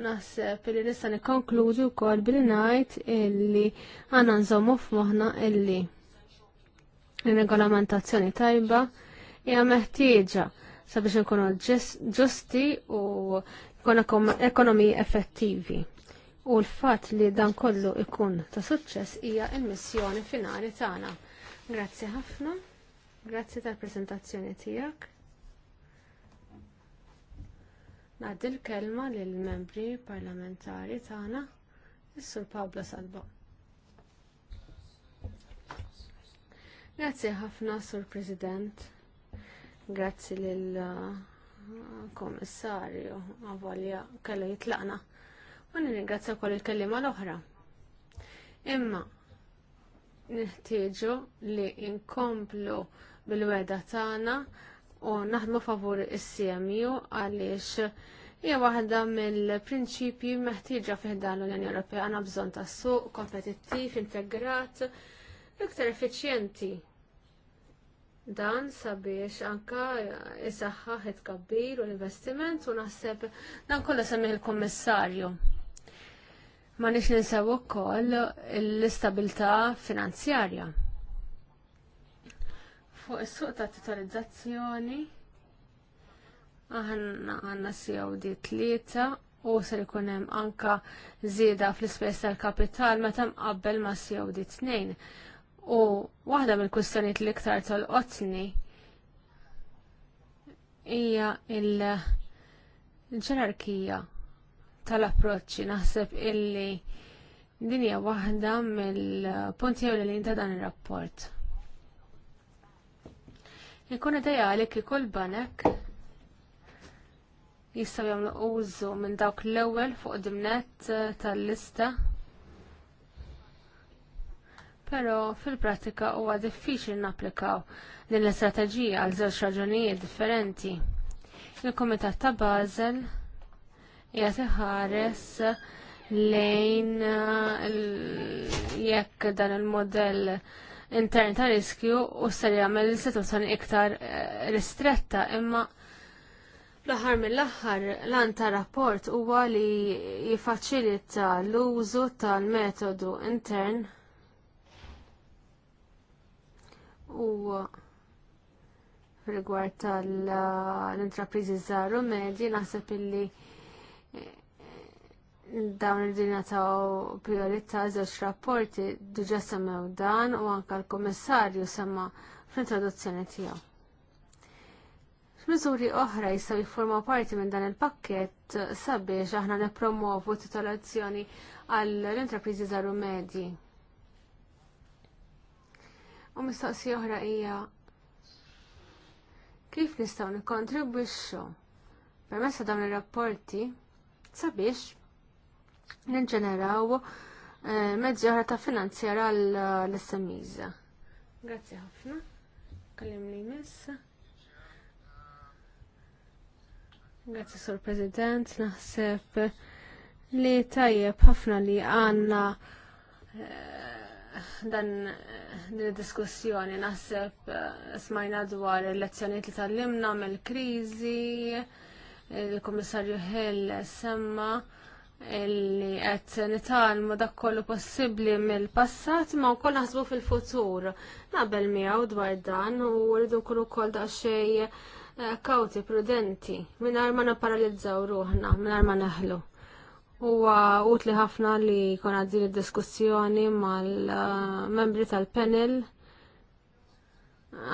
Naħseb li nista' nikkonkludu wkoll billi ngħid illi għandna nżommu f'moħħna illi ir-regolamentazzjoni tajba hija meħtieġa sabiex nkunu ġusti u jkun ekonomiji effettivi. U l-fatt li dan kollu ikun ta' suċċess hija l-missjoni finali tagħna. Grazzi ħafna, grazzi tal-preżentazzjoni tiegħek. Ngħaddi l-kelma lill membri parlamentari tagħna is-Sur Pablo Salbo. Grazzi ħafna Sur President. Grazzi lill uh, komissarju għavolja kellu jitlaqna. U nirringrazzja wkoll il-kelliema l-oħra. Imma nħtieġu li inkomplu bil-weda tagħna u naħdmu favur is-CMU għaliex hija waħda mill-prinċipji meħtieġa fiħdan l-Unjoni Ewropea għandna bżonn ta' suq kompetittiv, integrat, iktar effiċjenti. Dan sabiex anka isaħħaħ it-kabbir u l-investiment u naħseb dan kollha semmiħ il-Kummissarju. Ma nix ninsew ukoll l-istabilità finanzjarja fuq is-suq ta' titolizzazzjoni aħna għandna COD tlieta u se jkun hemm anka żieda fl-ispejs tal-kapital meta mqabbel ma' COD tnejn. U waħda mill-kwistjonijiet l-iktar tal-qotni hija l ġerarkija tal-approċċi naħseb illi dinja waħda mill-punti ewlenin ta' dan ir-rapport. Ikun ideali kieku l-banek jistgħu jagħmlu użu minn dawk l-ewwel fuq dimnet eh, tal-lista. Però fil-pratika huwa diffiċli napplikaw din l-istrateġija għal żewġ raġunijiet differenti. Il-Kumitat ta' Basel qiegħed iħares lejn eh, jekk dan il-modell intern ta' riskju u ser jagħmel situazzjoni iktar eh, ristretta imma L-aħħar mill-aħħar lan ta' rapport huwa li jifacilita l-użu tal-metodu intern u rigward tal-intrapriżi eh, zaru medji naħseb illi eh, dawn il dinja ta' priorita' żewġ rapporti diġa semmew dan u anka l-Komissarju semma fl-introduzzjoni tiegħu. F'miżuri oħra jistgħu jiffurmaw parti minn dan il-pakkett sabiex aħna nippromovu titolazzjoni għall intrapriżi żaru medji. U mistoqsija oħra hija kif nistgħu nikkontribwixxu permezz dawn ir-rapporti sabiex ninġeneraw eh, mezzi oħra ta' finanzjar għall-SMEs. Grazzi ħafna. Kallim li jmiss. Grazzi Sur President, naħseb li tajjeb ħafna li għanna eh, dan eh, din diskussjoni naħseb smajna dwar il-lezzjoniet li tal-limna mill-krizi, il-Komissarju Hill semma li qed nitalmu dak kollu possibbli mill-passat ma wkoll naħsbu fil-futur. Naqbel miegħu dwar dan u rridu nkunu wkoll daqsxejn eh, kawti prudenti mingħajr ma napparalizzaw ruħna, mingħajr ma naħlu. Huwa utli ħafna li jkun din id-diskussjoni mal-membri tal-panel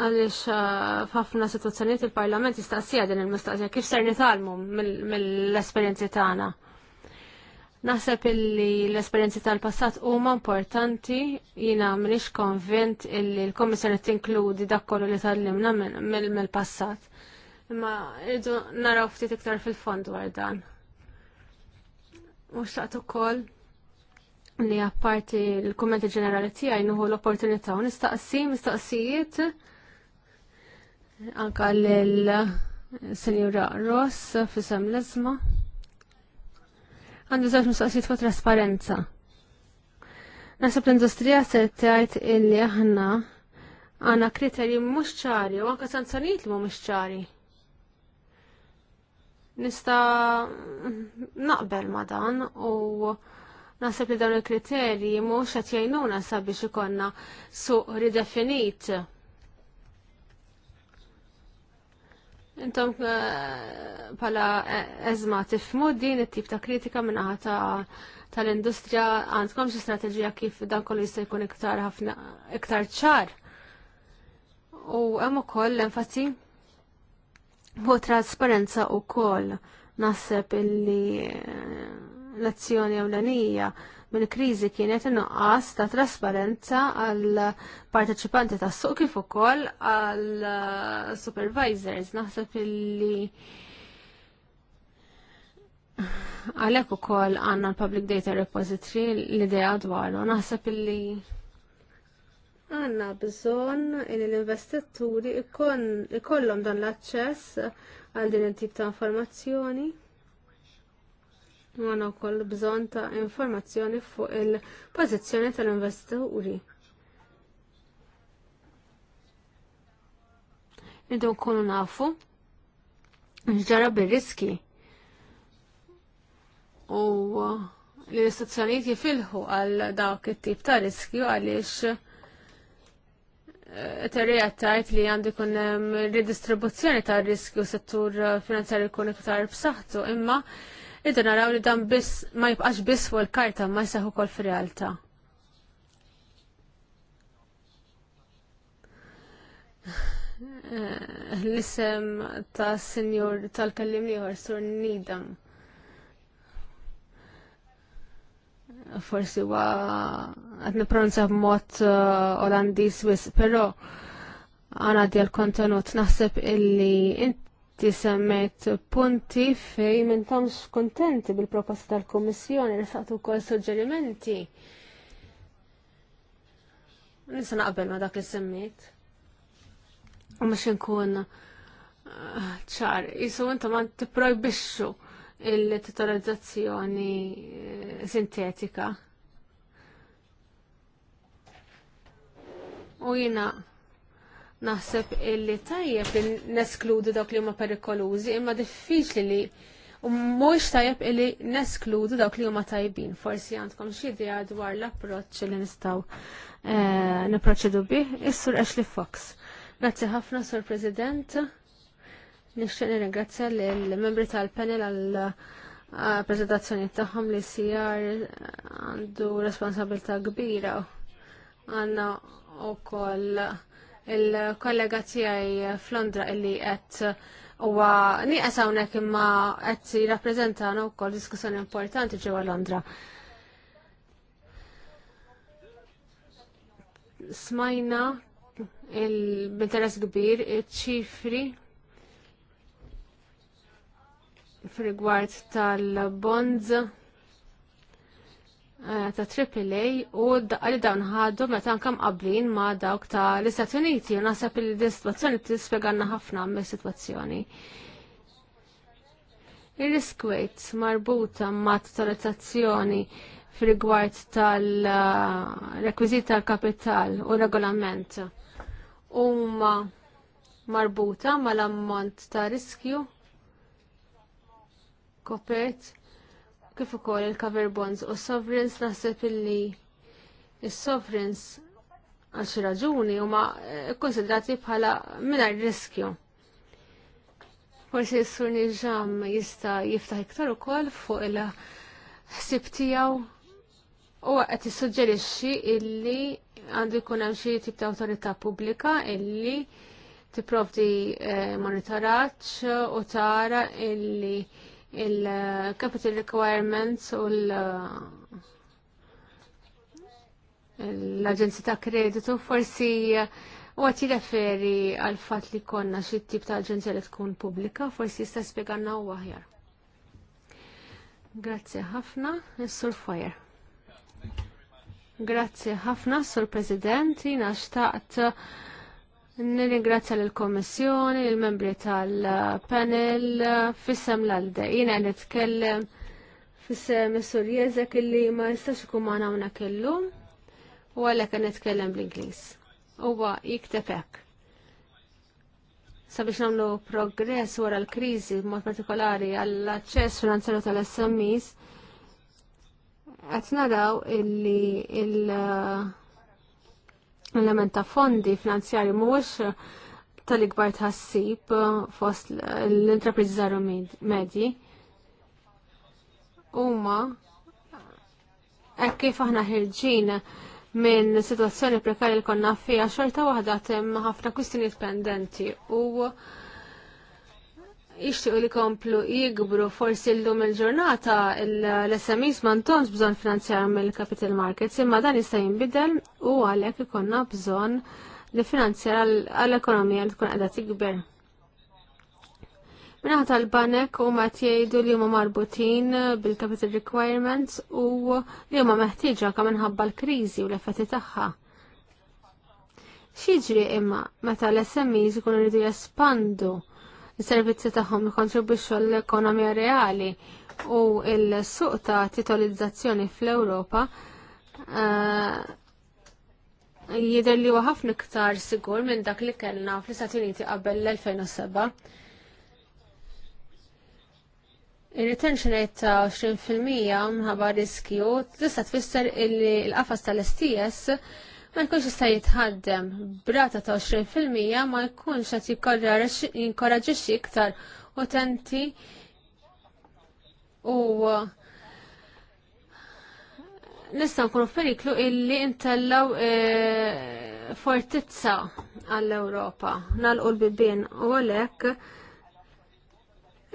għaliex eh, f'ħafna situazzjoniet il-Parlament jistaqsija din il-mistaqsija kif ser nitalmu mill-esperjenzi tagħna. Naħseb illi l-esperienzi tal-passat huma importanti, jina mniex konvint illi l komissjoni tinkludi dak kollu li limna mill-passat. Imma rridu naraw ftit iktar fil-fond dwar dan. Mux taqtu ukoll li apparti l-kummenti ġenerali tiegħi nuhu l-opportunità u nistaqsi mistaqsijiet anka l-Senjura Ross fisem l-izma. Għandu żewġ mistoqsijiet fuq trasparenza. Nasab l-industrija se tgħid illi aħna għandna kriterji mhux ċari u anke sanzjonijiet li mhumiex ċari. Nista naqbel ma dan u naħseb li dawn il-kriterji mhux qed jgħinuna sabiex ikonna suq ridefinit Intom eh, pala eh, ezma tifmu din it-tip ta' kritika minnaħa ta' tal-industrija għandkom xi strateġija kif dan kollu jista' jkun iktar ħafna iktar ċar. U hemm ukoll enfasi fuq trasparenza wkoll naħseb illi eh, l-azzjoni ewlenija mill-kriżi kienet inqas ta' trasparenza għal parteċipanti tas suq kif ukoll għal eh, supervisors naħseb illi għalhekk u għandna għanna l-Public Data Repository l-idea dwaru. Naħseb li għanna bżon illi l-investituri ikollhom dan l acċess għal din tip ta' informazzjoni għana wkoll bżonn ta' informazzjoni fuq il-pożizzjoni tal-investituri. Nidu nkunu nafu ġara bir-riski u li l-istazzjonijiet jifilħu għal dawk it-tip ta' riskju għaliex eh, terrija tajt li għandu kun redistribuzzjoni ta' riskju settur finanzjari kun iktar b'saħħtu imma Idda naraw li dan biss ma jibqax biss fuq il-karta ma jseħħu kol fir-realtà. Eh, l-isem ta' senjur tal-kellim liħor sur nidam. Forsi wa għad b b'mod eh, Olandis wis, pero għana di l-kontenut naħseb illi int tisemmet punti fej tamx kontenti bil-proposta tal-Kommissjoni li saqtu kol suġġerimenti. Nisa naqbel ma dak li semmit. U mux nkun eh, ċar, jisu inta ma t-projbixxu il-titolizzazzjoni eh, sintetika. U jina naħseb illi tajjeb li neskludu dawk li huma perikolużi, imma diffiċli li u mhux tajjeb illi neskludu dawk li huma tajbin. Forsi għandkom xi idea dwar l-approċċ li nistgħu eh, niproċedu bih, is-sur Ashley Fox. Grazzi ħafna, Sur President. Nixtieq nirringrazzja lill-membri tal-panel għal eh, prezentazzjoni tagħhom li sijar għandu responsabilità kbira għandna wkoll il-kollega tiegħi f'Londra illi qed huwa nieqes hawnhekk imma qed jirrappreżentana wkoll diskussjoni importanti ġewwa Londra. Smajna il-interess kbir iċ-ċifri fil tal-bonds Eh, ta' AAA u li dawn ħaddu meta nkam qablin ma' dawk ta' l-Istati Uniti u naħseb li din situazzjoni tispjegalna ħafna mis-sitwazzjoni. Ir-riskwejt marbuta ma' totalizzazzjoni fil gwart tal-rekwizita tal-kapital u regolament huma marbuta mal-ammont ta' riskju kopert kif ukoll il-cover bonds u sovereigns naħseb illi is-sovereigns għal xi raġuni huma kkonsidrati eh, bħala mingħajr riskju. Forsi s-sur Nijam jista' jiftaħ iktar ukoll fuq il-ħsib tiegħu u qed issuġġerixxi illi għandu jkun hemm xi tip ta' awtorità pubblika illi tipprovdi eh, monitoraġġ u tara illi il-capital requirements u uh, l-agenzi ta' kreditu forsi uh, u għati referi għal fat li konna xi tip ta' aġenzja li tkun pubblika, forsi jista' spjegana u aħjar. Grazzi ħafna, Sur Fire. Grazie ħafna, Sur President, jina xtaqt Nirringrazzja l-Komissjoni, il-membri tal-panel, fissem l alde Jina nitkellem fissem Sur Jezek illi ma jistax ikun ma nawna kellu u għallek nitkellem bl-Inglis. Uwa jikteb Sabiex nagħmlu progress wara l-kriżi mod partikolari għall-aċċess finanzjarju tal smis qed naraw illi il- uh, l-element ta' fondi finanzjari mhuwiex tal-ikbar tħassib fost l-intrapriżi żaru medji. Huma hekk kif aħna ħirġin minn situazzjoni prekarja li konna fija xorta waħda hemm ħafna kwistjonijiet pendenti u jixtiequ li komplu jikbru forsi llum il-ġurnata l-SMEs m'għandhomx bżonn finanzjarum mill-capital markets imma dan jista' jinbidel u għalhekk ikonna bżonn li finanzjar għall-ekonomija li tkun qiegħda tikber. Minna tal-banek u ma jgħidu li huma marbutin bil-capital requirements u li huma meħtieġa kemm minħabba l-kriżi u l-effetti tagħha. Xiġri imma meta l-SMEs ikunu jridu jespandu il-servizzi tagħhom jikontribwixxu l-ekonomija reali u s suq ta' titolizzazzjoni fl-Ewropa eh, jidher li huwa ħafna iktar sigur minn dak li kellna fl-Istati Uniti qabel l-2007. Il-retention rate ta' 20% minħabba riskju tista' tfisser li l-qafas tal-STS ma jkunx jista' jitħaddem brata ta' 20% ma jkunx qed jinkoraġixxi iktar utenti u nista' nkunu f'periklu illi ntellgħu eh, fortizza għall-Ewropa nagħlqu l-bibien u għalhekk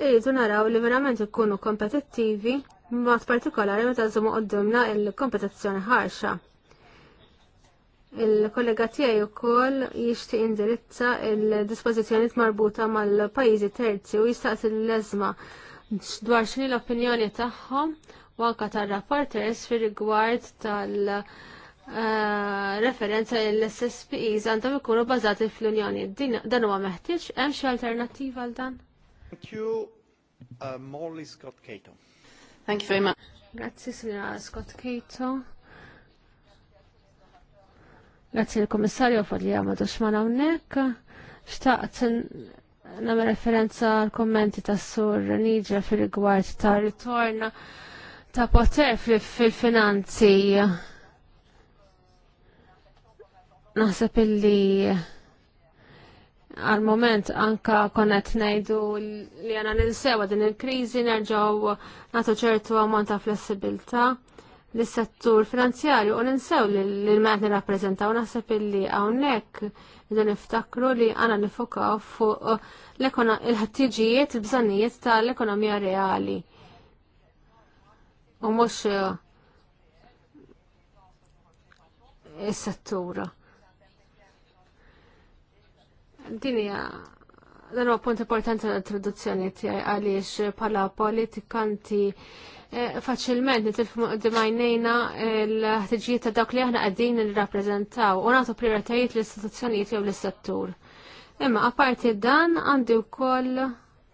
Iridu naraw li verament ikunu kompetittivi mod partikolari meta żomu qoddimna l kompetizzjoni ħarxa. Il-kollega tiegħi wkoll jixtieq indirizza il-dispożizzjonijiet marbuta mal-pajjiżi terzi u jistaqsi l-leżma dwar x'inhi l-opinjoni tagħhom u anke tar-rapporters fir-rigward tal- eh, referenza l-SSPEs għandhom ikunu bażati fl-Unjoni. Dan huwa meħtieġ, hemm xi alternattiva għal dan? Thank you, uh, Molly Scott Cato. Thank you very much. Grazzi, signora Scott Cato. Grazzi l commissario fuq li għamadu xman hawnhekk. Xtaqt nagħmel referenza al commenti tas-sur Nigia fir riguard ta' ritorn ta' poter fil-finanzi. Naħseb illi għal-moment anka konet nejdu li għana ninsewa din il-krizi nerġaw natu ċertu għamont ta' flessibilta l-settur finanzjarju u ninsew li l-meħni rappresentaw naħseb illi għawnek id iftakru li għana nifokaw fuq l-ħattiġijiet, l-bżannijiet ta' l-ekonomija reali. U mux eh, il settura Dinja, dan u punt importanti l-introduzzjoni tiegħi għaliex pala politikanti Eh, faċilment d dimajnejna eh, l-ħtiġijiet ta' dak li aħna qegħdin rapprezentaw u nagħtu prioritajiet l-istituzzjonijiet jew l-settur. Imma apparti dan għandi wkoll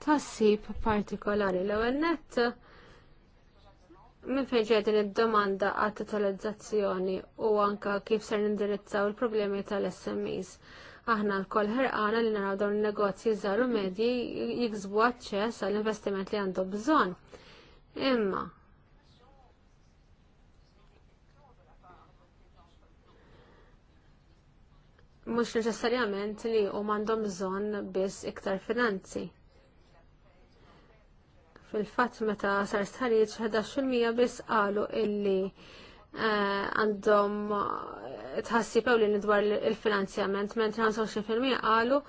tassib partikolari l-ewwel minn fejn ġedin id-domanda għat totalizzazzjoni u anka kif ser nindirizzaw il-problemi tal-SMEs. Aħna l-koll ħerqana li naraw dawn negozji zaru medji jiksbu aċċess għall-investiment li għandu bżonn Imma. Mhux neċessarjament li u mandom bżonn biss iktar finanzi. fil fatt meta sar sarriċ 11% biss qalu illi eh, għandhom eh, tħassipew li nidwar il-finanzjament, mentre 25% qalu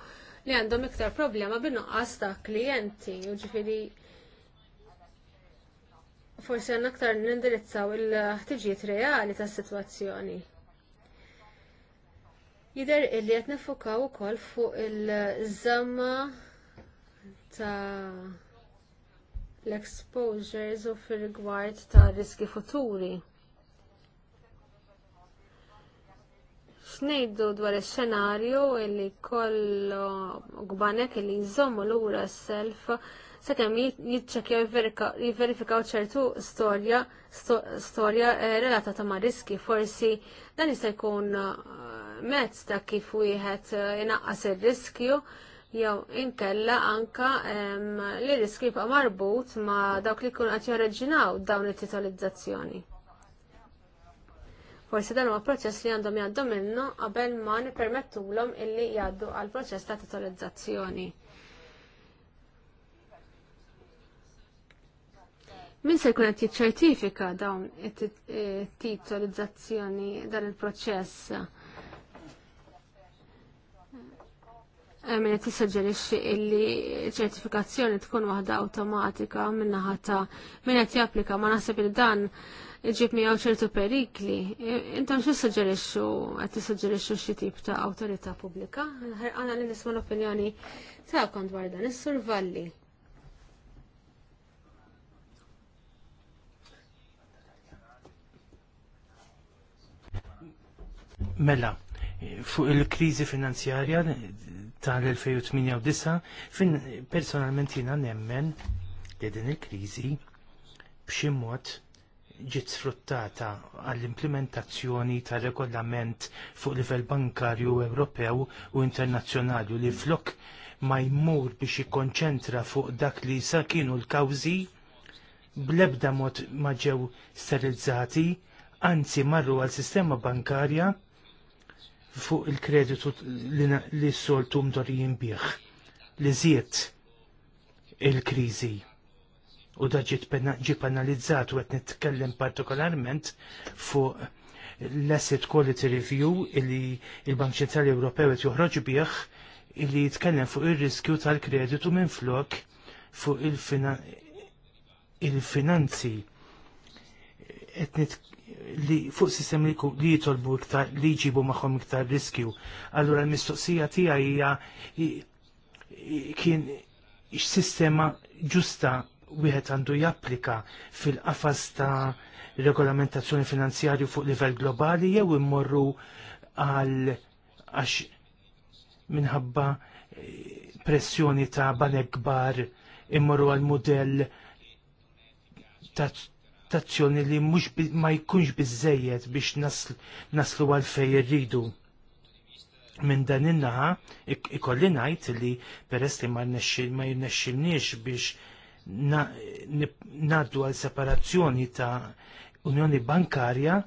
li għandhom iktar problema bin ta' klijenti, u ġifiri forsi għanna aktar nindirizzaw il-ħtiġijiet reali ta' situazzjoni. Jider illi qed nifukaw ukoll fuq il-żamma ta' l-exposures u fil-rigward ta' riski futuri. Xnejdu dwar il-xenarju illi kollu gbanek illi jżommu l-ura s-self sakemm jiċċekkjaw jiverifikaw ċertu storja storja eh, relata ta' riski. Forsi dan jista' jkun eh, mezz ta' kif wieħed eh, inaqqas ir-riskju jew inkella anka li riski jibqa' marbut ma' dawk li jkunu qed jorreġinaw dawn it-titolizzazzjoni. Forsi dan huwa proċess li għandhom jgħaddu minnu qabel ma nippermettulhom illi jgħaddu għal proċess ta' titolizzazzjoni. Min se jkun qed jiċċertifika dawn it-titolizzazzjoni eh, dan il-proċess? Eh, min qed illi ċertifikazzjoni tkun waħda awtomatika minna ta' min qed japplika ma naħseb li dan iġib miegħu ċertu perikli. Eh, intom xi suġġerixxu qed tissuġġerixxu xi tip ta' awtorità pubblika? Għana li nisma' l-opinjoni ta' dwar dan is-survalli. Mela, fuq il-krizi finanzjarja tal-2008 fin personalment jina nemmen li din il-krizi b'xi mod ġiet sfruttata għall-implementazzjoni tar regolament fuq livell bankarju Ewropew u internazzjonali li flok ma jmur biex jikkonċentra fuq dak li sa kienu l-kawżi bl-ebda mod ma ġew sterilizzati, anzi marru għal sistema bankarja fuq il-kreditu li s-soltum dor jimbieħ li ziet il-krizi. U da ġi penalizzat u għet nitkellem partikolarment fuq l-Asset Quality Review illi il-Bank Ċentrali Ewropew qed joħroġ bieħ illi jitkellem fuq ir-riskju tal-kreditu minn flok fuq il-finanzi. Il li fuq sistem li, li jitolbu iktar li jġibu magħhom iktar riskju. Allura l-mistoqsija tiegħi hija kien x-sistema ġusta wieħed għandu japplika fil-qafas ta' regolamentazzjoni finanzjarju fuq livell globali jew immorru għal għax minħabba eh, pressjoni ta' banek kbar immorru għal modell ta' tazzjoni li mux ma jkunx bizzejiet biex nasl, naslu għalfej irridu. Minn dan innaħa, ikolli najt li peress li ma jnexxilniex biex naddu għal separazzjoni ta' Unjoni Bankarja,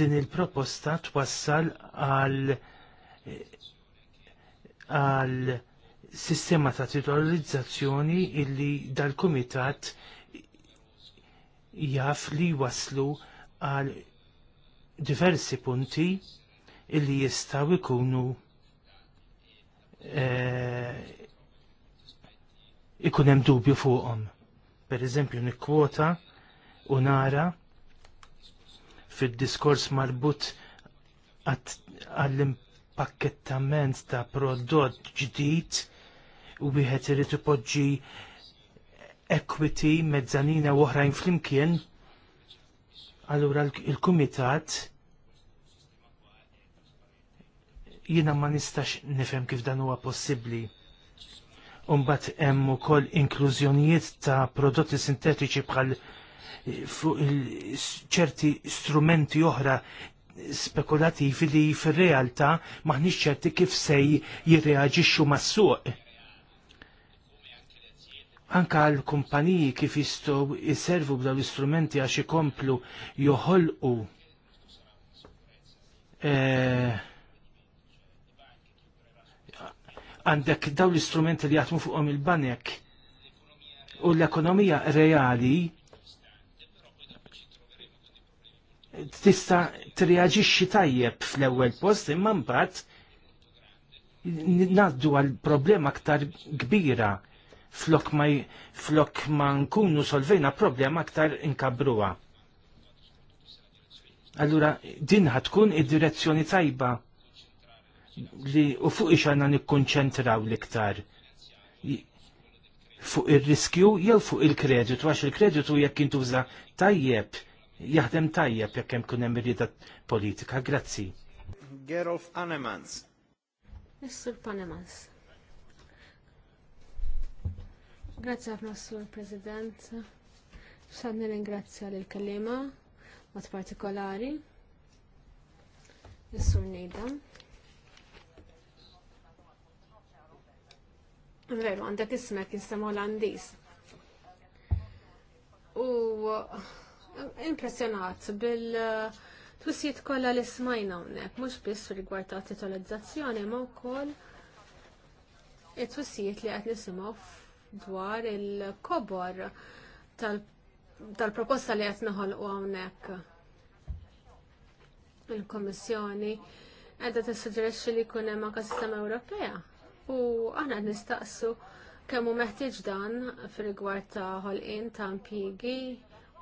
din il-proposta twassal għal għal sistema ta' titolizzazzjoni illi dal-Kumitat jaf li waslu għal diversi punti illi jistaw ikunu eh, ikun hemm dubju fuqhom. Per eżempju nikkwota u nara fid-diskors marbut għall-impakkettament ta' prodott ġdid u wieħed irid ipoġġi equity mezzanina u oħrajn flimkien, allura il-kumitat jiena ma nistax nifhem kif dan huwa possibbli. Umbat hemm ukoll inklużjonijiet ta' prodotti sintetiċi bħal eh, ċerti strumenti oħra spekulativi li fir-realtà maħniex ċerti kif se jirreaġixxu mas-suq anka għal kumpaniji kif jistgħu jiservu b'daw l-istrumenti għax ikomplu joħolqu eh, għandek daw l-istrumenti li jaħdmu fuqhom il-banek u l-ekonomija reali tista triaġixxi tajjeb fl-ewwel post imma mbagħad ngħaddu għal problema aktar kbira flok ma, flok ma nkunu solvejna problema aktar inkabruha. Allura, din ħatkun id-direzzjoni tajba li u fuq ixana nikkonċentraw l-iktar fuq il-riskju jew fuq il-kreditu, għax il-kreditu jekk intuża tajjeb, jaħdem tajjeb jekk hemm kun hemm politika. Grazzi. Gerolf Anemans. Mr. Panemans. Grazie a sur President. Xadni ringrazzja l kalima mat partikolari. Is-sur Nejda. Veru, għandak ismek jinsem Olandis. U impressionat bil twissijiet kollha li smajna unnek, mhux biss rigward ta' titolizzazzjoni ma' wkoll it-twissijiet li qed nisimgħu dwar il-kobor tal-proposta li qed u hawnhekk. il għedda t-sugġerisġi li jkun hemm sistema Ewropea. U aħna nistaqsu kemm hu meħtieġ dan fil rigward ta' ħolqien ta' impjigi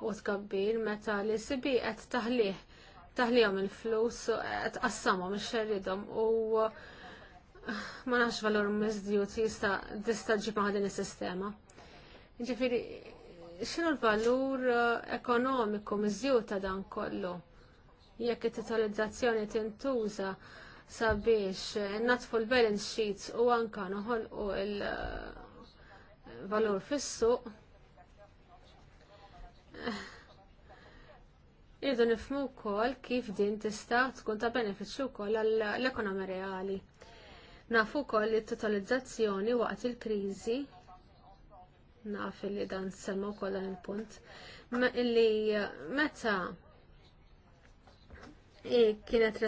u tkabbir meta li sibi qed taħliħ taħlihom il-flus qed qassamhom ix-xerridhom u ma nafx valur mizdjut jista tista' ġib ma' din is-sistema. Ġifieri, x'inhu l-valur uh, ekonomiku miżjud ta' dan kollu? Jekk it-titolizzazzjoni tintuża sabiex natfu l-balance sheets u anka u l uh, valur fis-suq. nifmu nifhmu wkoll kif din tista' tkun ta' benefiċċju wkoll għall-ekonomi reali. Nafu wkoll li t totalizzazzjoni waqt il-kriżi naf li dan semma wkoll dan il-punt eh, meta eh, eh, kienet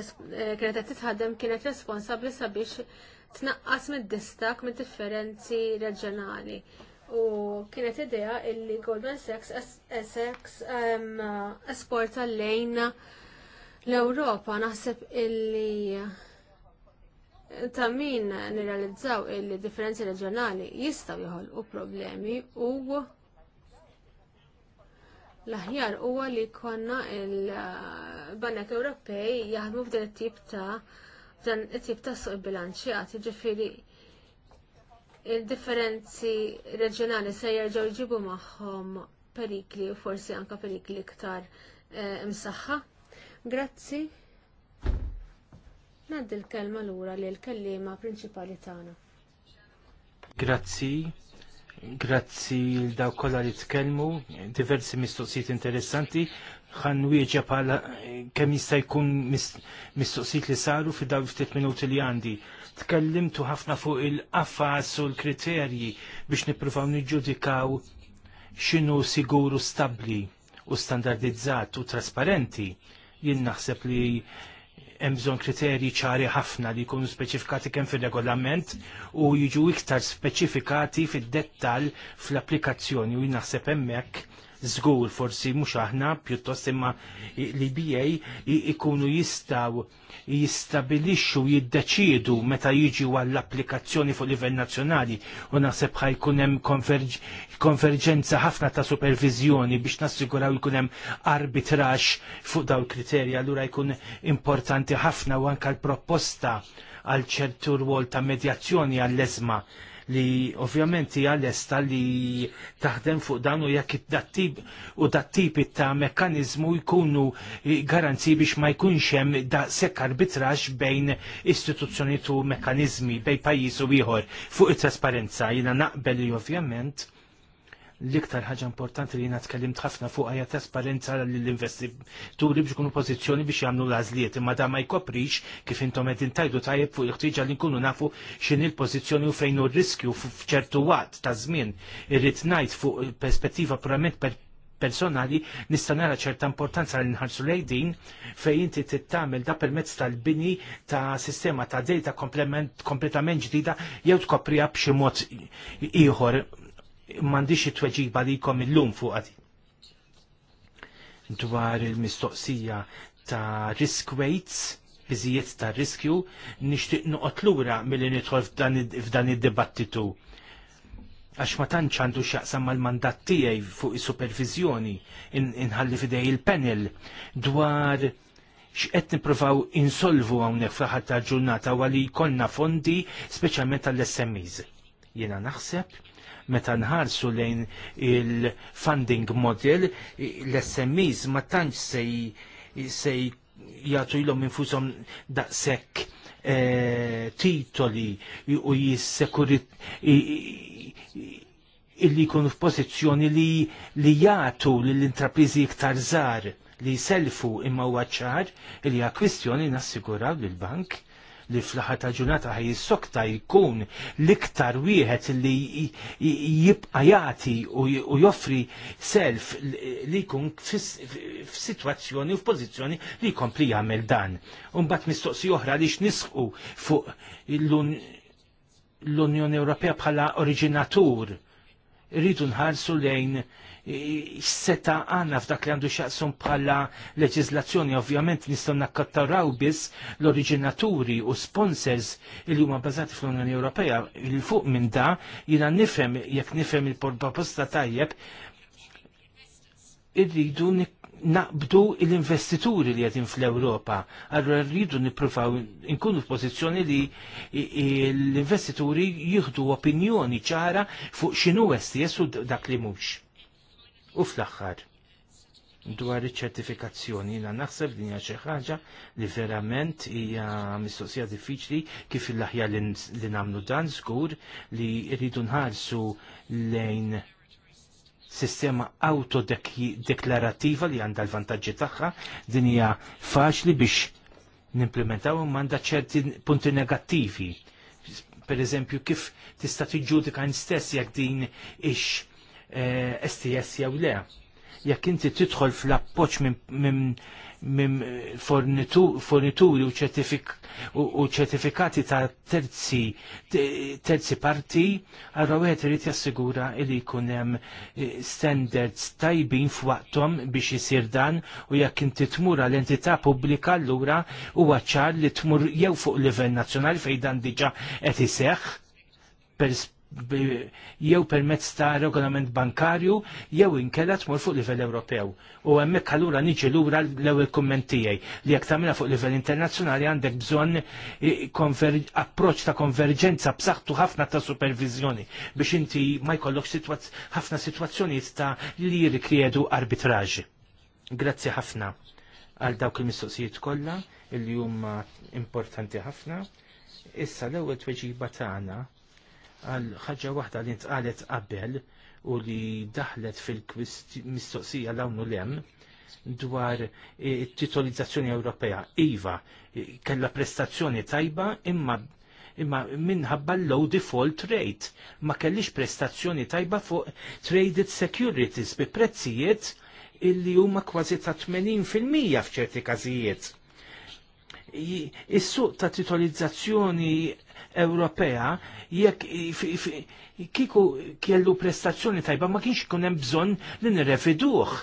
qed titħaddem kienet responsabbli sabiex tnaqqas mid-distak mid differenzi reġjonali. U kienet idea illi Goldman Sachs Essex esporta lejn l-Ewropa naħseb illi ta' min nirrealizzaw il-differenzi reġjonali jistaw joħolqu problemi u l-aħjar huwa li konna il-Banek Ewropej jaħdmu f'dan it-tip ta' f'dan it-tip ta' suq bilanċjat, ġifieri il-differenzi reġjonali se jerġgħu jġibu magħhom perikli u forsi anke perikli iktar eh, imsaħħa. Grazzi. Naddi l-kelma lura li l-kellima prinċipali tagħna. Grazzi, grazzi l-daw kolla li tkellmu, diversi mistoqsijiet interessanti, xan wieġa pala kemm jista' jkun mistoqsijiet li saru fi daw ftit minuti li għandi. Tkellimtu ħafna fuq il-qafas u l-kriterji biex nippruvaw niġġudikaw x'inhu siguru stabbli u standardizzat u trasparenti jien naħseb li hemm bżonn kriterji ċari ħafna li jkunu speċifikati kemm fir-regolament u jiġu iktar speċifikati fid-dettall fl-applikazzjoni u jinaħseb hemmhekk Zgur forsi mhux aħna pjuttost imma li BA ikunu jistaw jistabilixxu jiddeċiedu meta jiġu għall-applikazzjoni fuq livell nazzjonali u naħseb jkun hemm konverġenza ħafna ta' supervizjoni biex nassiguraw jkun hemm arbitrax fuq daw kriterja kriterji allura jkun importanti ħafna u anke l-proposta għal ċertu rwol ta' medjazzjoni għall-ezma li ovvjament hija lesta li taħdem fuq dan u jekk dat u dat-tip ta' mekkaniżmu jkunu garanzi biex ma jkunx hemm daqshekk arbitraġġ bejn istituzzjonijiet u mekkaniżmi bejn pajjiż u ieħor fuq it-trasparenza jiena naqbel li ovvjament L-iktar ħaġa importanti li natkellimt ħafna fuq hija trasparenza l-investituri biex ikunu pożizzjoni biex jagħmlu l-għażliet, imma da ma jkoprix kif intom qed intajdu tajjeb fuq il-ħtieġa li nkunu nafu x'in il-pożizzjoni u fejn hu r-riskju f'ċertu waqt ta' żmien. Irrid ngħid fuq perspettiva purament personali nista' nara ċerta importanza li nħarsu lejdin fejn inti tittamel da permezz tal-bini ta' sistema ta' data kompletament ġdida jew tkopriha b'xi mod ieħor mandiċi tweġiba li kom il-lum fuq Dwar il-mistoqsija ta' risk weights, biżijiet ta' riskju, nixtieq noqgħod lura milli nidħol f'dan id-dibattitu. Għax ma tantx għandu x'jaqsam mal-mandat tiegħi fuq is-supervizjoni inħalli fidej il-panel dwar x'qed nippruvaw insolvu hawnhekk fl-aħħar ta' ġurnata għalli li jkollna fondi speċjalment tal-SMEs Jena naħseb meta nħarsu lejn il-funding model, l-SMEs ma tantx sej sej jgħatu ilhom infushom daqshekk e, titoli u jissekurit illi jkunu f'pożizzjoni li li jagħtu lill-intrapriżi iktar żgħar li jselfu imma huwa ċar li hija kwistjoni nassiguraw lill-bank li fl-ħat ta' ġunata ħaj jissokta jkun l-iktar wieħed li jibqa jati u joffri self li jkun f'sitwazzjoni u f'pożizzjoni li jkompli jagħmel dan. Imbagħad mistoqsi oħra li x'nisqu fuq l-Unjoni Ewropea bħala oriġinatur rridu nħarsu lejn seta għanna f'dak li għandu xaqsum bħala leġizlazzjoni, ovvjament nistgħu nakkattaraw biss l-oriġinaturi u sponsors li huma bazati fl-Unjoni Ewropea. Il-fuq minn da jiena nifhem jekk nifhem il-proposta tajjeb irridu naqbdu l-investituri li għedin fl-Europa. Għarra rridu niprofaw nkunu f-pozizjoni li l-investituri jihdu opinjoni ċara fuq xinu għesti jessu dak li mux. U fl-aħħar, dwar iċ-ċertifikazzjoni, la naħseb din hija xi ħaġa li verament hija mistoqsija diffiċli kif il-aħjar li nagħmlu dan żgur li rridu nħarsu lejn sistema autodeklarativa li għandha l-vantaġġi tagħha din hija faċli biex nimplementaw imma għandha ċerti punti negattivi. Per eżempju, kif tista' tiġġudika stess jekk din ix STS eh, jew le. Jekk inti tidħol fl-appoġġ minn fornituri u ċertifikati ta' terzi terzi parti, għarrawet irid jassigura li jkun hemm eh, standards tajbin f'waqtom biex isir dan u jekk inti tmura l entità pubblika allura huwa ċar li tmur jew fuq livell nazzjonali fejn dan diġà qed iseħħ jew permezz ta' regolament bankarju jew inkella tmur fuq livell Ewropew. U hemmhekk allura niġi lura l-ewwel kumment tiegħi li jekk tagħmilha fuq livell internazzjonali għandek bżonn approċċ ta' konverġenza b'saħħtu ħafna ta' supervizjoni biex inti ma jkollok ħafna sitwazzjonijiet ta' li jirrikjedu arbitraġi. Grazzi ħafna għal dawk il-mistoqsijiet kollha il-jum importanti ħafna. Issa l-ewwel tweġiba tagħna għal ħaġa waħda li ntqalet qabel u li daħlet fil-mistoqsija l-għawnu lem dwar e, titolizzazzjoni Ewropea. Iva, kella prestazzjoni tajba imma imma minħabba low default rate. Ma kellix prestazzjoni tajba fuq traded securities bi prezzijiet illi huma kważi ta' 80% f'ċerti każijiet. Is-suq ta' titolizzazzjoni Ewropea jekk kiku kellu prestazzjoni tajba ma kienx ikun hemm bżonn li nirrefiduh.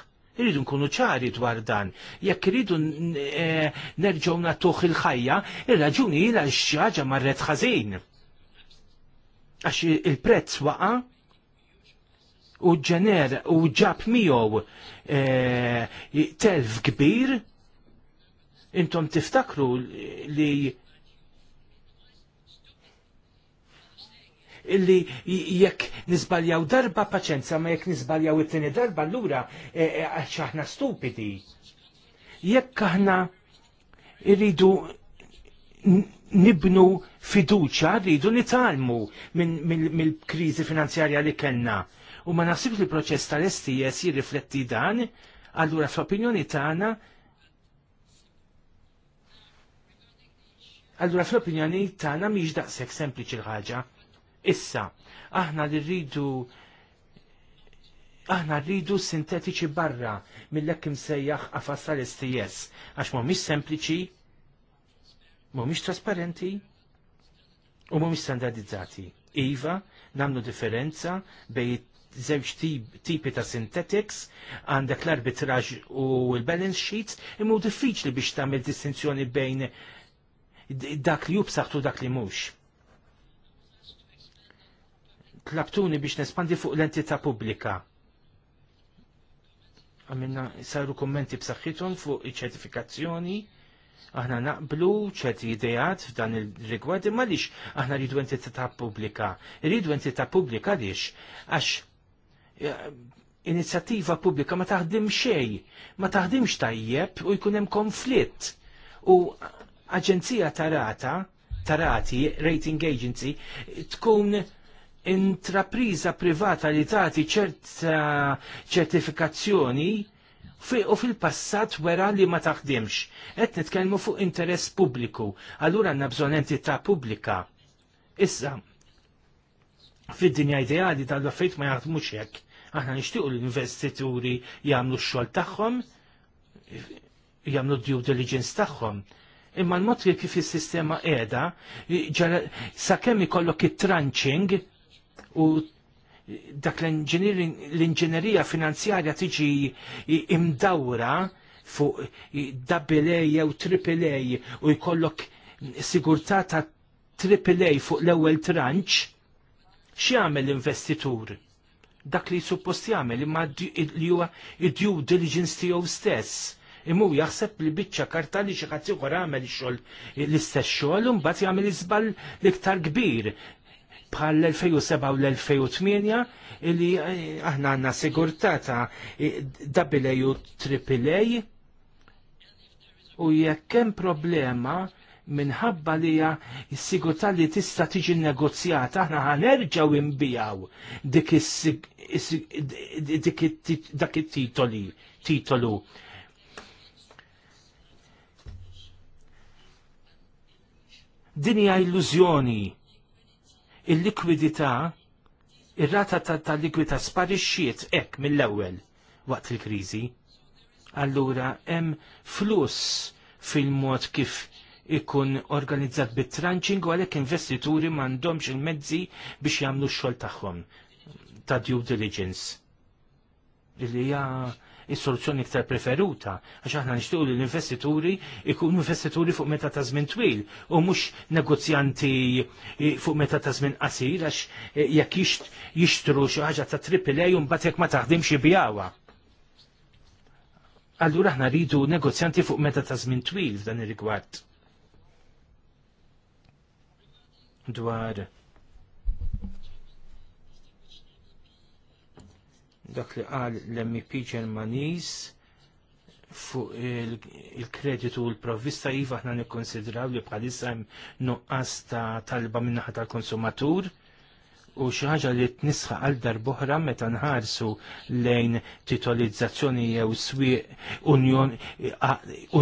Irridu nkunu ċari dwar dan. Jekk irridu e, nerġgħu natuħ il-ħajja, ir-raġuni ilha x'ħaġa marret ħażin. Għax il-prezz waqa' u ġener u ġab miegħu e, telf kbir intom tiftakru li illi jekk nisbaljaw darba paċenza ma jekk nisbaljaw it-tieni darba allura e, e, għax aħna stupidi. Jekk aħna irridu nibnu fiduċa, rridu nitalmu mill-kriżi finanzjarja li kellna. U ma nasib li proċess tal-STS jirrifletti dan, allura fl-opinjoni tagħna Allora, fl-opinjoni tagħna mhix daqshekk sempliċi l-ħaġa. Issa, aħna li rridu aħna rridu sintetiċi barra mill-lek imsejjaħ għafas tal-STS, għax mhumiex sempliċi, mhumiex trasparenti u mhumiex standardizzati. Iva, namnu differenza bej żewġ tipi ta' synthetics, għandek l-arbitraġ u l-balance sheets, imma diffiċli biex tagħmel distinzjoni bejn dak li jubsaħtu dak li mhux tlabtuni biex nespandi fuq l entita pubblika. Għamilna saru kommenti b'saħħithom fuq iċ-ċertifikazzjoni, aħna naqblu ċerti idejat f'dan il-rigward imma lix aħna rridu entità pubblika. Rridu entità pubblika lix għax eh, inizjattiva pubblika ma taħdim xej, ma taħdimx tajjeb u jkun hemm konflitt. U aġenzija tarata, tarati, rating agency, tkun intrapriża privata li tagħti ċerta ċertifikazzjoni u fil-passat wera li ma taħdimx. Qed nitkellmu fuq interess pubbliku, allura għandna bżonn entità pubblika. Issa, fid-dinja ideali tal-affarijiet ma jaħdmux hekk. Aħna nixtiequ l-investituri jagħmlu x-xogħol tagħhom, jagħmlu due diligence tagħhom. Imma l-mod kif is-sistema qiegħda, sakemm ikollok it-tranching, u dak l-inġinerija finanzjarja tiġi imdawra fuq AA jew A, u jkollok sigurtà ta' Triple A fuq l-ewwel tranċ, jagħmel l-investitur? Dak li suppost jagħmel imma li huwa due diligence tiegħu stess. Imu jaħseb li biċċa karta li xi ħadd ieħor għamel xogħol l-istess xogħol u mbagħad jagħmel iżball l-iktar kbir bħal l-2007 u l-2008 illi eh, aħna għanna sigurtata ta' AA u AAA u jekk hemm problema minħabba li s-sigurtà li tista' tiġi negozjata aħna ħanerġgħu imbijaw dik dak it-titoli titolu. Dinja illużjoni il-likwidità, ir-rata tal-likwidità sparixxiet hekk mill-ewwel waqt il-kriżi. Allura hemm flus fil-mod kif ikun organizzat bit-tranching u għalhekk investituri m'għandhomx il-mezzi biex jagħmlu x-xogħol tagħhom ta' due diligence. Illi hija is-soluzzjoni iktar preferuta għax aħna nixtiequ li l-investituri ikunu investituri fuq meta ta' żmien twil u mhux negozjanti eh, fuq meta ta' żmien qasir għax eh, jekk jixtru xi ħaġa ta' triple A u mbagħad jekk ma taħdimx jibjawha. Allura aħna rridu negozjanti fuq meta ta' żmien twil f'dan ir-rigward. Dwar dak li qal l-MP Ġermaniż fuq il-kreditu u l-provvista iva aħna nikkonsidraw li bħalissa hemm nuqqas ta' talba min-naħa tal-konsumatur u xi ħaġa li nisħa għal darbohra meta nħarsu lejn titolizzazzjoni jew swieq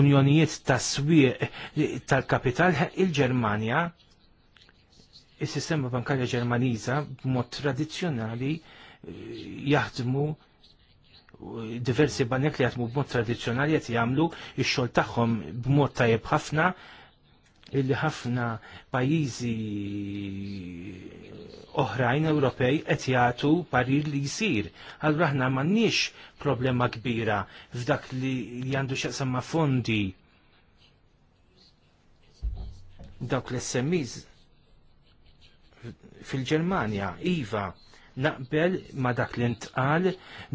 unjonijiet ta' swieq tal-kapital il-Ġermanja il sistema bankarja Ġermaniża b'mod tradizzjonali jaħdmu diversi banek li jaħdmu b'mod tradizzjonali qed jagħmlu x-xogħol tagħhom b'mod tajjeb ħafna illi ħafna pajjiżi oħrajn Ewropej qed jagħtu parir li jsir. Allura aħna m'għandniex problema kbira f'dak li għandu x'jaqsam ma' fondi dawk l smis fil ġermanja IVA, naqbel ma dak li ntqal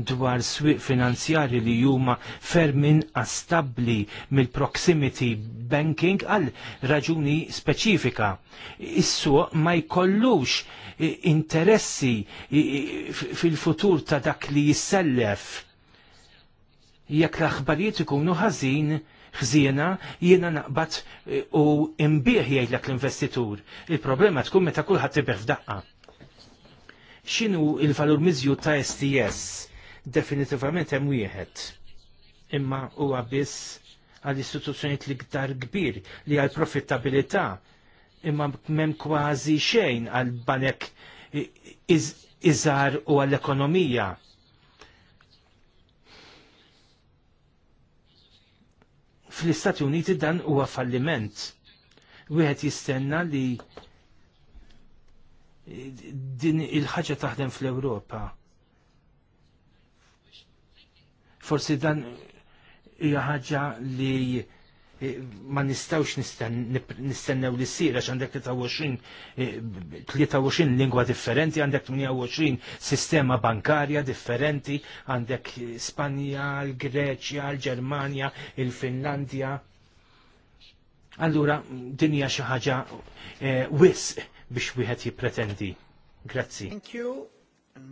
dwar swieq finanzjari li huma fermin astabli mill-proximity banking għal raġuni speċifika. Is-suq ma jkollux eh, interessi eh, eh, fil-futur ta' dak li jissellef. Jekk l-aħbarijiet ikunu ħażin, ħżiena jiena naqbad u imbieħ jgħidlek l-investitur. Il-problema tkun meta kulħadd ibeħ f'daqqa x'inhu il-valur miżju ta' STS? Definitivament hemm wieħed. Imma huwa biss għal istituzzjonijiet li gdar kbir li għal profittabilità imma m'hemm kważi xejn għal banek iżar u għall ekonomija Fl-Istati Uniti dan huwa falliment. Wieħed jistenna li din il-ħaġa taħdem fl-Ewropa. Forsi dan hija ħaġa li eh, ma nistawx nistennew li s għax għandek 23 eh, lingwa differenti, għandek 28 sistema bankarja differenti, għandek Spanja, l-Greċja, l-Germania, il-Finlandja. Allura, dinja xi ħaġa eh, wisq biex wieħed jippretendi. Grazzi. Thank you.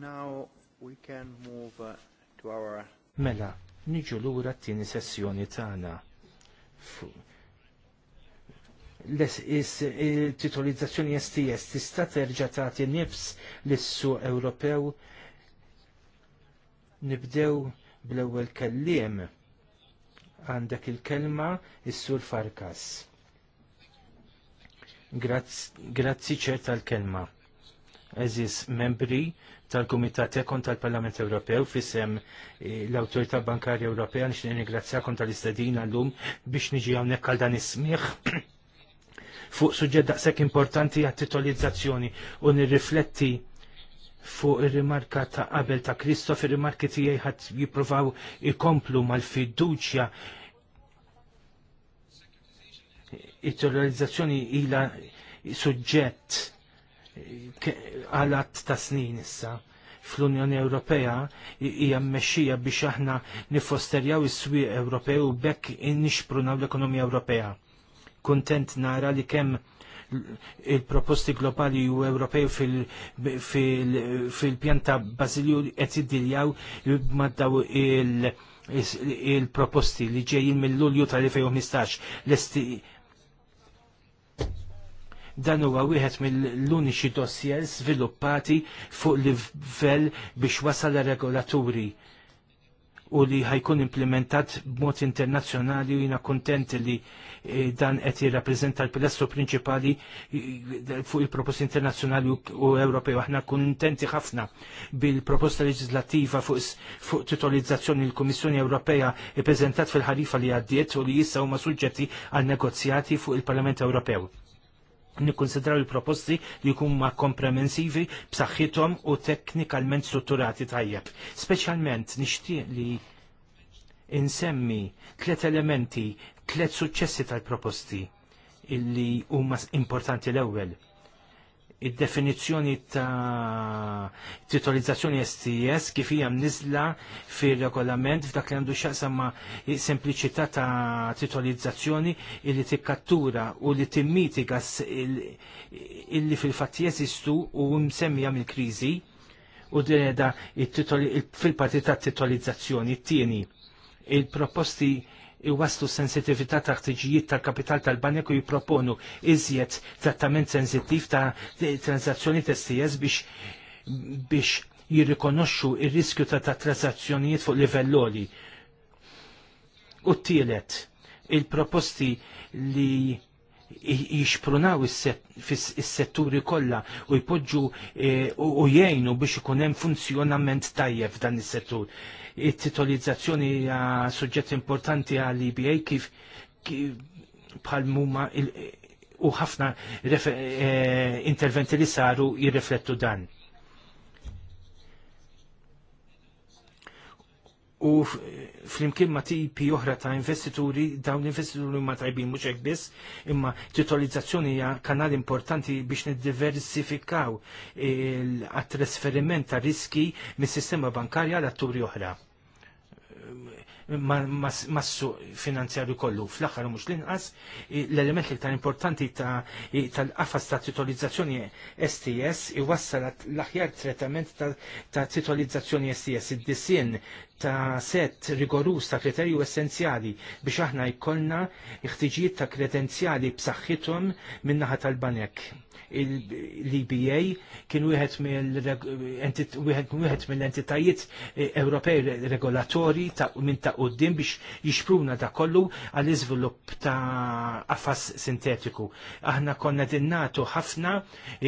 Now we can move uh, to our Mela, niġu lura t-tieni sessjoni tagħna. Titolizzazzjoni STS tista' terġa' tagħti nifs lis-suq Ewropew nibdew bl-ewwel kelliem għandek il-kelma is-sur Farkas. Grazzi ċer tal-kelma. Eżis membri tal-Kumitat Ekon tal-Parlament Ewropew fissem eh, l-Autorità Bankarja Ewropea nix ningrazzjakom tal-istedina l-lum biex niġi hawnhekk għal dan ismiħ fuq suġġett daqshekk importanti għat-titolizzazzjoni u nirrifletti fuq ir-rimarka ta' qabel ta' Kristof ir-rimarki tiegħi ħadd jippruvaw ikomplu mal-fiduċja it-terrorizzazzjoni ila suġġett għalat ta' snin issa fl-Unjoni Ewropea hija mmexxija biex aħna nifosterjaw is-swieq Ewropew u bekk nixprunaw l-ekonomija Ewropea. Kuntent nara li kemm il-proposti globali u Ewropej fil-pjanta Basilju qed jiddiljaw ma' daw il-proposti li ġejjin mill-Lulju tal-2015 Dan huwa wieħed mill-uniċi dossier sviluppati fuq livell biex wasal regolaturi u li ħajkun implementat b'mod internazzjonali u jina kuntenti li eh, dan qed jirrappreżenta l-pilastru prinċipali eh, fuq il-proposti internazzjonali u Ewropew. Aħna kuntenti ħafna bil-proposta leġislattiva fuq titolizzazzjoni l-Kummissjoni Ewropea ippreżentat fil-ħarifa li għaddiet u li issa huma suġġetti għal negozjati fuq il-Parlament Ewropew nikkonsidraw il-proposti li ma komprehensivi b'saħħithom u teknikalment strutturati tajjeb. Speċjalment nixtieq li insemmi tliet elementi, tliet suċċessi tal-proposti illi huma importanti l-ewwel il definizzjoni ta' titolizzazzjoni STS kif hija mniżla fir-regolament f'dak li għandu x'aqsam ma' sempliċità ta' titolizzazzjoni illi tikkattura u li timmitiga illi fil-fatt jeżistu u msemmija mill-kriżi u direda fil-parti ta' titolizzazzjoni t-tieni il-proposti iwaslu sensitivita ta' ħtiġijiet tal-kapital tal-banek u jiproponu iżjed trattament sensittiv ta' transazzjoni testijes biex biex jirrikonoxxu ir-riskju ta' ta' transazzjonijiet fuq livell U t-tielet, il-proposti li jixprunaw is-setturi kollha u jpoġġu e, u jgħinu biex ikun hemm funzjonament tajjeb f'dan is-settur. It-titolizzazzjoni hija suġġett importanti għal iba e kif bħal muma u ħafna e, interventi li saru jirriflettu dan. u flimkien ma tipi e oħra ta' investituri, dawn investituri ma tajbin mhux hekk biss, imma titolizzazzjoni hija kanal importanti biex niddiversifikaw għat-trasferiment ta' riski mis-sistema bankarja għal atturi oħra. Massu finanzjarju kollu. Fl-axar mux l-inqas, l-element li ta' importanti tal-qafas ta' titolizzazzjoni STS iwassal l-aħjar trattament ta' titolizzazzjoni STS. Id-disien ta' set rigorus ta' kriterju essenzjali biex aħna jkollna ħtiġijiet ta' kredenzjali b'saħħithom min-naħa tal-banek. Il-EBA kien wieħed mill-entitajiet eh, Ewropej regolatori minn ta' qudiem biex jixpruna da' kollu għall iżvilupp ta' qafas sintetiku. Aħna konna dinnatu ħafna eh,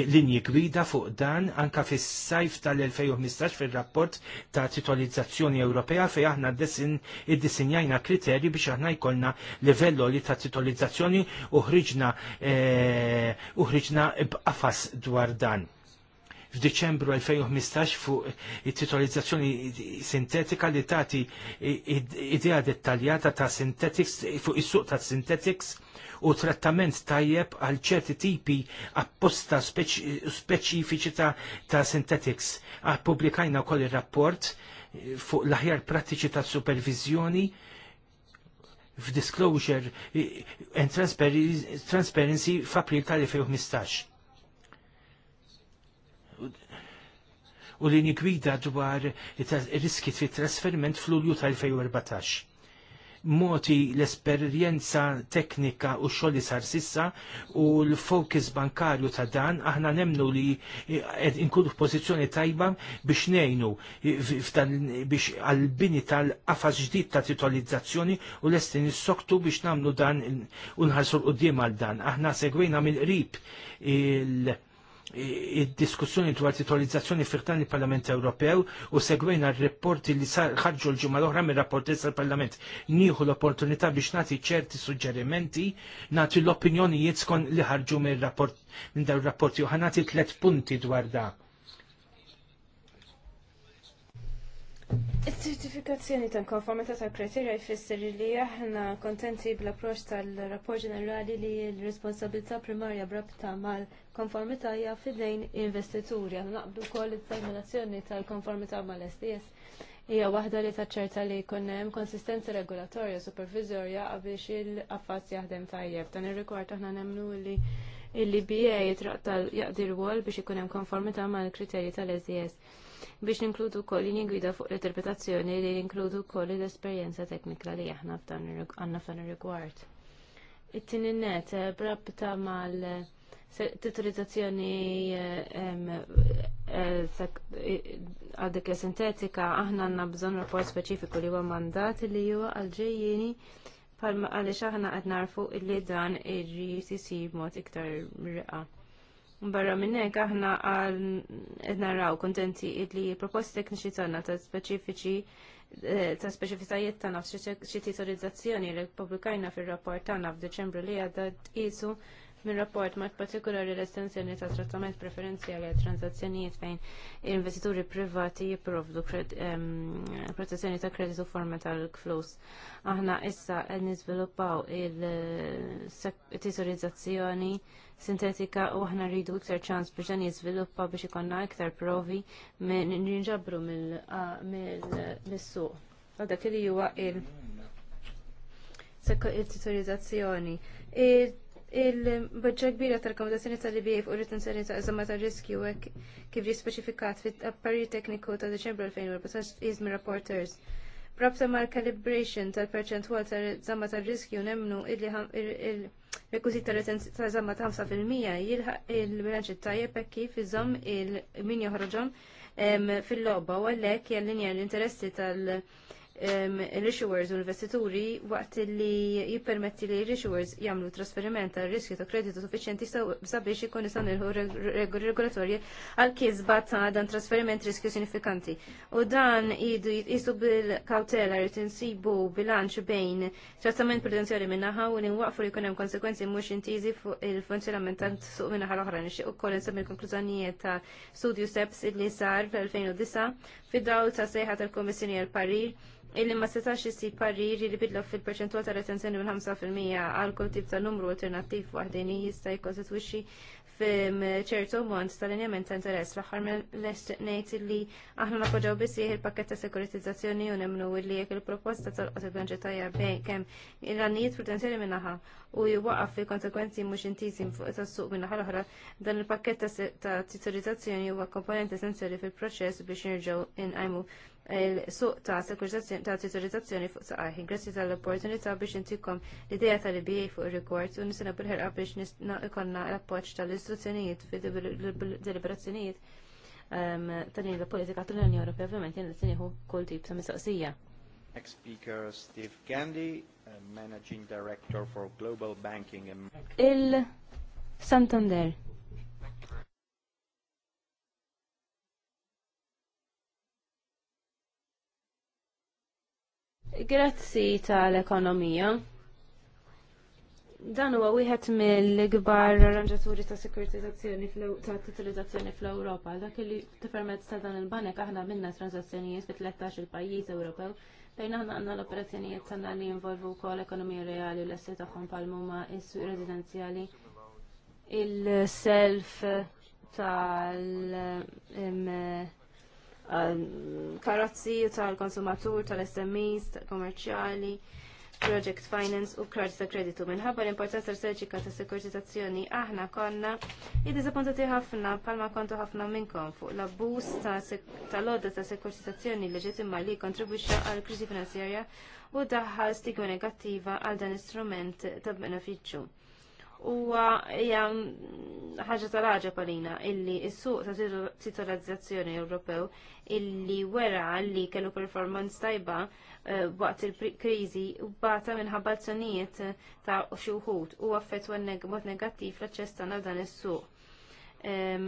linji gwida fuq dan anka fis-sajf tal-2015 fir-rapport ta' titolizzazzjoni Ewropej Ewropea fej aħna id-disinjajna kriterji biex aħna jkollna livello li ta' titolizzazzjoni uħriġna eh, uħriġna b'qafas dwar dan. F'Diċembru 2015 fuq it-titolizzazzjoni sintetika li tagħti idea dettaljata ta' Synthetics fuq is-suq ta' Synthetics u trattament tajjeb għal ċerti tipi apposta speċifiċi ta', ta sintetics. Ah, Pubblikajna wkoll ir rapport fuq l-aħjar prattiċi ta' supervizjoni f'disclosure and transparency f'April tal-2015. U li gwida dwar riski fit trasferiment fl-Ulju tal-2014 moti l-esperjenza teknika u xoll li sar sissa u l-focus bankarju ta' dan aħna nemnu li inkunu f'pożizzjoni tajba biex nejnu biex għal-bini tal-qafas ġdid ta' titolizzazzjoni u l-estin soktu biex namlu dan unħarsu l-qoddim għal dan. Aħna segwejna mill-qrib il- id-diskussjoni dwar titolizzazzjoni fiħtan il-Parlament Ewropew u segwejna r-reporti li ħarġu l-ġimgħa l-oħra mir rapporti tal-Parlament. Nieħu l-opportunità biex nagħti ċerti suġġerimenti, nagħti l-opinjonijiet skont li ħarġu mir rapport minn dawn rapporti u ħanati tliet punti dwar dak. Il-certifikazzjoni ta' konformità tal kriterja jfisser li aħna kontenti bl-approċ tal-rapport ġenerali li l-responsabilità primarja brabta mal-konformità hija fidejn investituri. Aħna naqbdu wkoll id-determinazzjoni tal-konformità mal-SDS hija waħda li taċċerta li jkun hemm konsistenza regolatorja supervizorja għabiex il-affazz jaħdem tajjeb. Dan ir-rigward aħna nemmnu li il-BA jitraqta jaqdi rwol biex ikun hemm konformità mal kriterji tal sds biex ninkludu wkoll li gwida fuq l-interpretazzjoni li ninkludu wkoll l-esperjenza teknika li aħna għanna f'dan ir-rigward. It-tieni net eh, brabta mal titolizzazzjoni eh, eh, għadek sintetika aħna għandna bżonn rapport speċifiku li huwa mandat li huwa għal-ġejjieni għaliex aħna qed narfu li dan irrid isib mod iktar riqa. Barra minnek aħna għal naraw kontenti li proposti tekniċi tagħna ta' speċifiċi eh, ta' speċifitajiet tagħna f'xi titolizzazzjoni li publikajna fir-rapport tagħna f'Deċembru li għadha tqisu mir rapport mat partikolari l-estensjoni ta' trattament preferenzjali għal transazzjonijiet fejn investituri privati jipprovdu protezzjoni ta' kreditu forma tal-flus. Aħna issa niżviluppaw il-tesorizzazzjoni sintetika u aħna rridu iktar ċans biex dan jiżviluppa biex ikonna iktar provi minn nġabru mill-suq. Għadda kelli huwa il- il Il-bħġa kbira tal-komodazzjoni tal-IBA fuq retenzjoni ta' eżamma ta' riskju kif ġi speċifikat fit appari tekniku ta' Deċembru 2014 izmi reporters. Rabta mal calibration tal-perċentwal ta' zamma tal-riskju nemnu il-rekwizit tal-zamma ta' 5% jilħaq il-bilanċ tajjeb kif iżom il-min joħroġom fil-logħba u għalhekk jallinja l-interessi tal- l-issuers u l-investituri waqt li jippermetti li l-issuers jagħmlu trasferiment għal riskju ta' kreditu suffiċjenti sabiex ikun nistgħu nilħu regolatorji għal kisba ta' dan trasferiment riskju sinifikanti. U dan idu jitqisu bil-kautela li tinsibu bilanċ bejn trattament prudenzjali minnaħa u li nwaqfu li jkun hemm konsekwenzi mhux intizi fuq il-funzjonament ta' suq minnaħa l-oħra. Nixtieq ukoll insemmi l-konklużjonijiet ta' studju steps li sar fl-2009 fidaw ta' sejħa tal-Komissjoni għal parir illi ma setax jissi parir li bidla fil-perċentwal ta' retenzjoni minn 5% għal kull tip ta' numru alternattiv waħdini jista' jikkonstitwixxi Eh, ċertu mont tal-injament ta' interess l-aħħar mill-lest ngħid li aħna nappoġġaw bisih il-pakket ta' sekuritizzazzjoni u nemmnu li jekk il-proposta tolqot għanġa banġetajja bejn kemm il-għannijiet potenzjali minnaħa u jwaqaf fi konsekwenzi mhux intisim fuq tas-suq minnaħa l-oħra dan il-pakket ta' sekuritizzazzjoni huwa komponent essenzjali fil-proċess biex nirġgħu inqajmu il-suq ta' ta' fuq saqajħin. Grazzi tal-opportunità biex intikom l-ideja tal-IBA fuq il-rekord u nisina bil-ħerqa biex ikonna l-appoċ tal-istruzzjonijiet fi deliberazzjonijiet ehm, tal la politika tal-Unjoni Ewropea ovvjament t tiniħu kull tip ta' mistoqsija. Next speaker Steve Gandy, Managing Director for Global Banking and Il Santander. Grazzi tal-ekonomija. Dan huwa wieħed mill-kbar arranġaturi ta' sekuritizzazzjoni ta' titolizzazzjoni fl-Ewropa. Dak li permezz ta' dan il-banek aħna minna transazzjonijiet fi 13-il pajjiż Ewropew fejn aħna għandna l-operazzjonijiet tagħna li jinvolvu wkoll ekonomija reali u l-assi tagħhom bħalmuma is-suq residenzjali il-self tal Ehm, karozzi tal-konsumatur, tal-SMEs, tal-kommerċjali, project finance u cards ta' kreditu. Minħabba l-importanza r-serċika ta' sekuritizzazzjoni aħna konna id-dizappuntati ħafna palma kontu ħafna minnkom fuq l bus tal loda ta' sekuritizzazzjoni leġitimma li kontribuċa għal kriżi finanzjarja u daħħal stigma negattiva għal dan istrument ta' benefiċċju huwa hija ħaġa tal-ħaġa palina illi s-suq ta' titolizzazzjoni Ewropew illi wera li kellu performance tajba eh, waqt il-kriżi u bata minħabba azzjonijiet ta' xi wħud u affettwa mod negattiv l-aċċess dan is-suq ehm,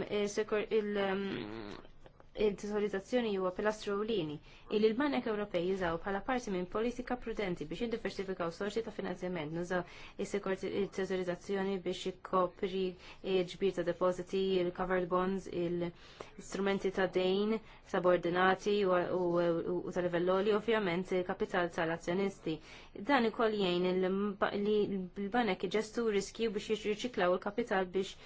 il-tesorizzazzjoni huwa pilastru ewlieni illi l-Banek Ewropej jużaw bħala parti minn politika prudenti biex jiddiversifikaw sorsi ta' finanzjament, nużaw il-tesorizzazzjoni biex jikkopri ġbir ta' depositi, il-covered bonds, il-strumenti ta' dejn sabordinati u ta' livelloli, ovvjament kapital tal-azzjonisti. Dan ikoll jgħin il l-banek iġestu riskju biex jirċiklaw il-kapital biex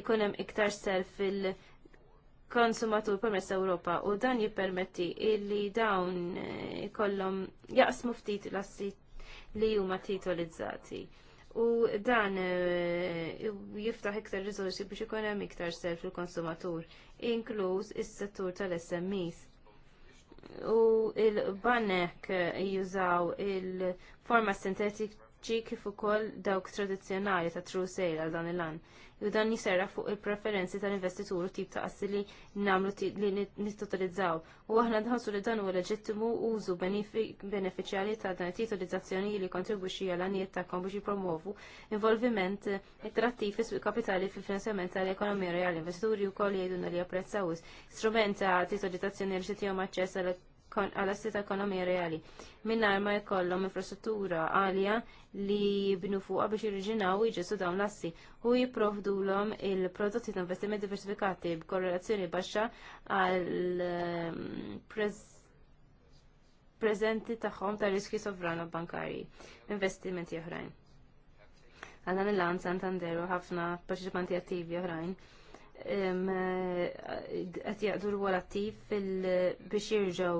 ikun hemm iktar self fil- konsumatur permess Ewropa u dan jippermetti illi dawn eh, kollom jaqsmu ftit l li huma titolizzati. U dan eh, jiftaħ iktar riżorsi biex ikun hemm iktar self il-konsumatur, inkluż is-settur tal-SMEs u il-banek eh, jużaw il-forma sintetik ġi kif ukoll dawk tradizzjonali ta' true sale għal dan il lan U dan jiserra fuq il-preferenzi tal-investitur u tip ta' assi li namlu li nittotalizzaw. U aħna nħossu li dan huwa leġittimu użu beneficjali ta' dan titolizzazzjoni li kontribwixxi għal anijiet tagħkom biex jippromovu involviment attrattiv fis kapitali fil-finanzjament tal-ekonomija reali. Investituri wkoll jgħidu li japprezzawis strument ta' titolizzazzjoni li xitihom aċċess għal għal-asset ekonomija reali. Minnar ma jkollhom infrastruttura għalja li jibnu fuqha biex jirriġinaw jġesu dawn l-assi u jipprovdulhom il-prodotti ta' investiment diversifikati b'korrelazzjoni baxxa għal ehm, preżenti tagħhom ta' riski sovrano bankarji, investimenti oħrajn. dan il-lan Santander u ħafna parċipanti attivi oħrajn qed jaqdu rwol attiv biex jirġgħu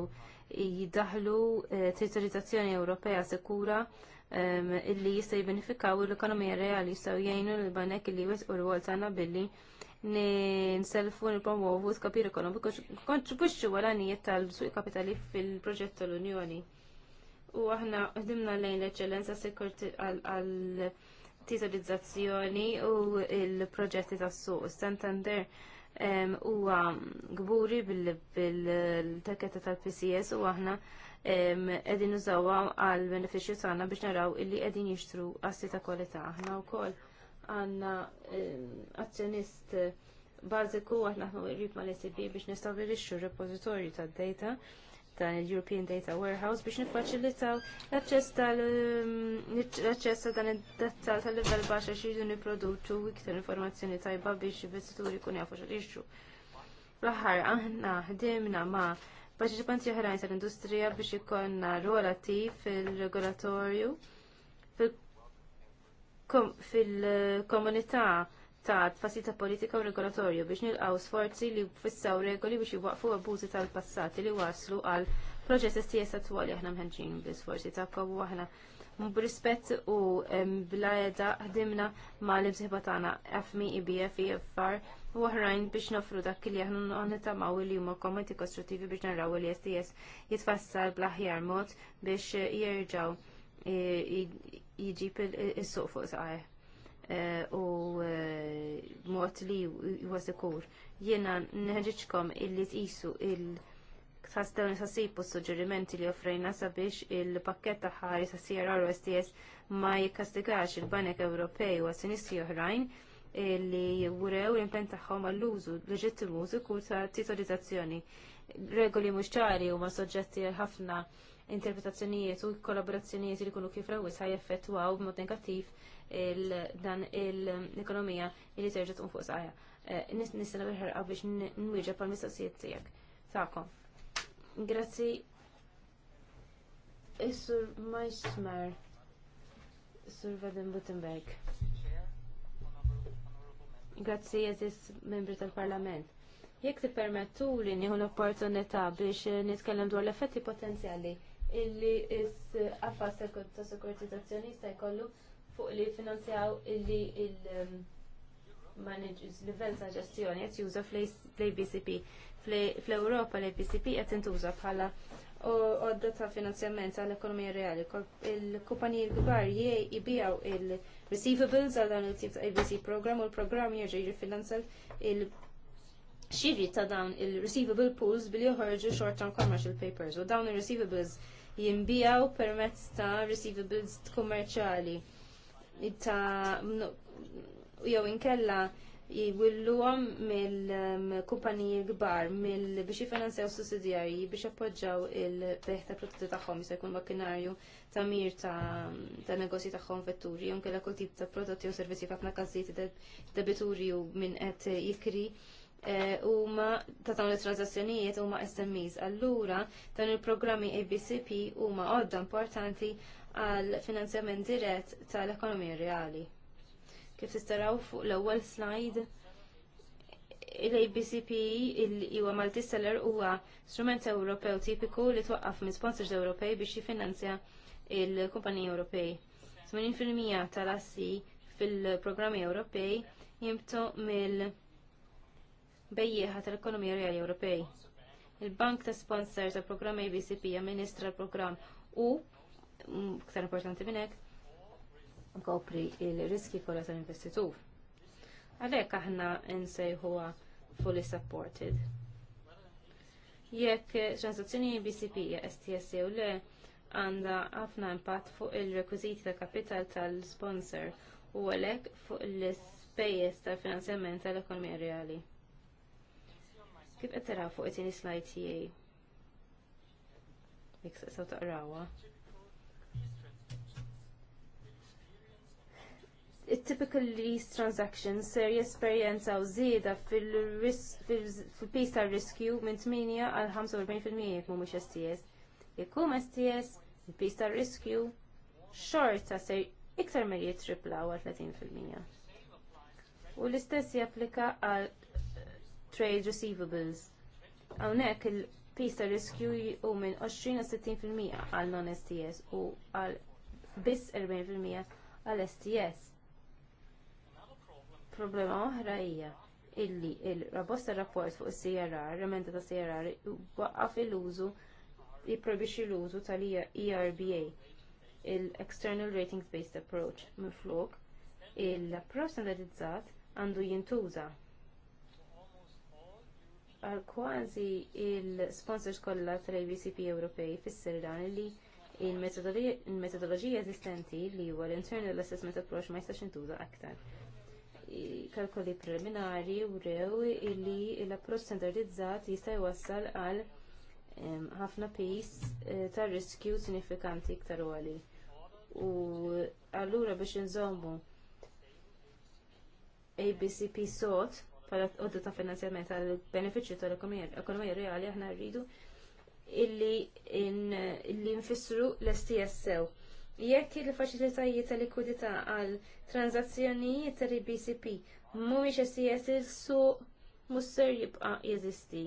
jidaħlu eh, territorizzazzjoni Ewropea sekura illi jista' jibenifikaw l-ekonomija reali jistgħu jgħinu l banek illi jwet u rwol tana billi n-promovu skapir ekonomiku kontribwixxu għal-għanijiet tal-suq kapitali fil-proġett tal-Unjoni. U aħna ħdimna lejn l sekurti għal titolizzazzjoni u il-proġetti tas-suq. Santander huwa għaburi bil-taketta tal-PCS u aħna qegħdin użawa għal benefiċċju tagħna biex naraw illi qegħdin jixtru assi ta' kwalità aħna wkoll għandna azzjonist bażiku aħna qrib mal-ECB biex nistabilixxu r repożitorju tad-data dan il-European Data Warehouse biex nifaċilitaw l-aċċess tal um, ta' dan id data tal-livell baxxa xi jridu niprodutu iktar informazzjoni tajba biex investituri kun jafu x'għalixxu. L-aħħar aħna ħdimna ma' paċiċipanti oħrajn tal-industrija biex ikollna relattiv fil-regolatorju fil-komunità fil regolatorju fil komunità ta' tfasita politika u regolatorju biex nilqaw sforzi li fissaw regoli biex jwaqfu abbużi tal-passati li waslu għal proċess STS attwali aħna mħenġin bl-sforzi ta' kobu aħna b'rispett u bl-għeda ħdimna ma' l-imsiħba tagħna FMI, IBF, e IFR e u oħrajn biex nofru dak li aħna nitamaw li huma kommenti kostruttivi biex naraw li STS jitfassal bl-aħjar mod biex jerġgħu e, jiġi il-suq fuq saqajh. Eh, u eh, mod li huwa sikur. Jiena nħeġġkom illi tqisu il tħastewni sasibu s-suġġerimenti li offrejna sabiex il pakketta ta' ħari sa' CRR STS ma jikkastigax il-Banek Ewropej u għas-sinistri oħrajn li jwurew l-impen għall-użu leġittimu sikur ta' titolizzazzjoni. Regoli mhux ċari huma soġġetti ħafna interpretazzjonijiet u kollaborazzjonijiet li jkunu kifrawis rawis ħaj effettwaw b'mod negattiv dan l-ekonomija li terġa' tqum fuq sajja. Eh, Nistenna bil-ħerqa biex nwieġeb pal-mistoqsijiet tiegħek. Tagħkom. Grazzi. Is-sur Meissmer, Sur Vaden Buttenberg. Grazzi jazis membri tal-Parlament. Jekk tippermettu li nieħu l-opportunità biex nitkellem dwar l-effetti potenzjali illi is affas ta' sekuritizazzjoni jista' jkollu fuq li finanzjaw illi il-managers um, livell ta' ġestjoni qed juża fl-ABCP. Fl-Ewropa l-ABCP qed intuża bħala għodda ta' finanzjament għall ekonomija reali. Il-kumpaniji l-kbar jibijaw il-receivables għal dan il-tip ta' ABC program u l-program jirġa' jirfinanzjal il xiri ta' dawn il-receivable pools billi joħorġu short-term commercial papers u dawn il-receivables jimbijaw permezz ta' receivables kummerċali ta' jew inkella għom mill-kumpaniji um, kbar mill biex jifinanzjaw sussidjarji biex appoġġaw il-beħ ta' prodotti tagħhom jista' jkun makkinarju ta' mir ta' negozji tagħhom vetturi jom kella kull tip ta' prodotti u servizzi f'ħafna każijiet debituri u minn qed jikri eh, huma ta' dawn it-transazzjonijiet huma SMEs. Allura dan il-programmi ABCP huma għodda importanti għal finanzjament dirett tal-ekonomija reali. Kif tistaraw fuq l-ewwel slide, l-ABCP e, il-iwa Maltisteller huwa strument Ewropew tipiku li twaqqaf minn sponsors Ewropej biex jifinanzja il-kumpaniji Ewropej. 80% tal-assi fil-programmi Ewropej jimtu mill-bejjeħa tal-ekonomija reali Ewropej. Il-Bank ta' Sponsor tal-programm ABCP jamministra l-programm u ktar importanti minn hekk kopri il-riski kollha tal-investitur. Għalhekk aħna nsejħuha fully supported. Jekk transazzjoni BCP STS e u le għandha ħafna impatt fuq il-rekwiżiti ta' kapital tal-sponsor u għalhekk fuq l-ispejjeż tal-finanzjament tal-ekonomija reali. Kif qed fuq it-tieni jiej? tiegħi? Jekk seqsaw rawa. it-typical lease transactions ser jesperjenzaw żieda fil-pis tar-riskju minn 8 għal 45% jekk mhumiex STS. Jekk hum STS, il-pis tar-riskju xorta ser iktar mill jitriplaw għal 30%. U l-istess japplika għal eh, trade receivables. Hawnhekk il-pis tar-riskju hu minn 20 għal 60% għal non-STS u għal biss 40% għal STS Problema oħra hija illi il-rabosta rapport fuq is-CRR, remenda ta' CRR, waqqa il-użu, jipprobixi l-użu tal-ERBA, il-External Ratings Based Approach, minflok, il-approach standardizzat għandu jintuża għal kważi il-sponsors kollha tal-ABCP Ewropej fisser dan li il-metodoloġija eżistenti li huwa l-internal assessment approach ma jistax intuża aktar kalkoli preliminari u rew li l approċċ standardizzat jista' jwassal għal ħafna pis eh, ta' riskju sinifikanti iktar għali. U allura biex nżommu ABCP sot pala għoddu ta' finanzjament tal-beneficju tal-ekonomija reali aħna rridu illi, illi nfissru l-STS sew. Jekk il-faċilitajiet tal-likwidità għal tranzazzjonijiet tal-BCP mhumiex SIS il-suq musser jibqa' jeżisti.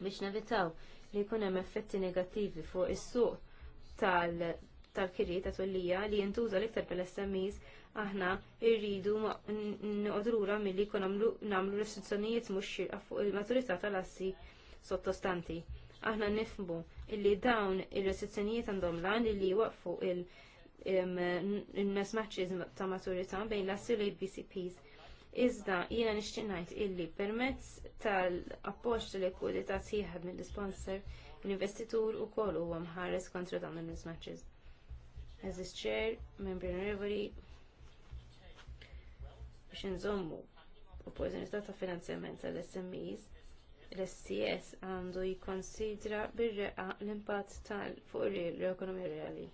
Biex nevitaw li jkun hemm effetti negattivi fuq is-suq tal kiriet ta' tullija li jintuża l-iktar bil-SMEs aħna irridu n milli mill-li kon namlu restrizzjonijiet mux xirqa fuq il-maturità tal-assi sottostanti. Aħna nifmu illi dawn il restrizzjonijiet għandhom lan illi waqfu il-mass ta' maturità bejn l-assil u l abcps Iżda jiena nishtinajt illi permezz tal-appoġġ tal ta' sieħed mill-isponsor l-investitur ukoll u mħares kontra dawn il mismatches matches. Aziz Chair, Membri Onorevoli, biex nżommu opportunità ta' finanzjament tal-SMEs l-STS għandu jikkonsidra bir-reqa l-impatt tal fuq l-ekonomija reali.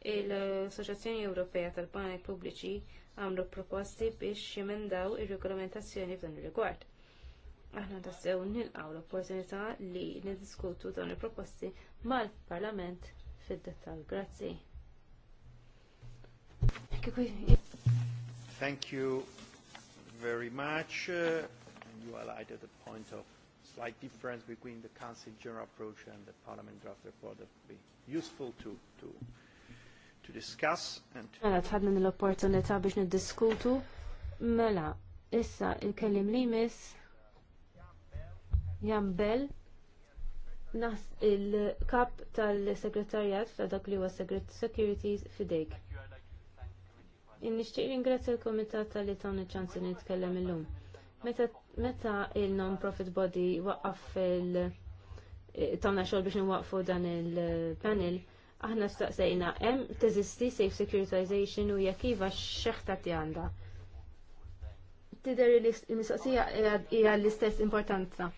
Il-Soċjazzjoni Ewropea tal-Panek Pubbliċi għamlu proposti biex jemendaw ir-regolamentazzjoni f'dan ir-rigward. Aħna tassew nilqaw l-opportunità li niddiskutu dawn il-proposti mal-Parlament fid-dettall. Grazzi. Thank you very much. Uh, you highlighted the point of slight difference between the Council general approach and the Parliament draft report that would be useful to, to, to discuss. and to Mela, tħadna l-opportunità biex niddiskutu. Mela, issa il-kellim li miss Bell nas il-kap tal-segretarjat ta' dak li huwa Secret Securities fidejk. Nixtieq ringrazzja l-Komitat tal-li tawni ċansi nitkellem illum. Meta Meta il-non-profit body waqqaf il-tonna eh, xol biex nwaqfu dan il-panel, aħna staqsejna hemm teżisti safe securitization u jekk iva x'eħta għandha. Tidher il-mistoqsija hija l-istess importanza.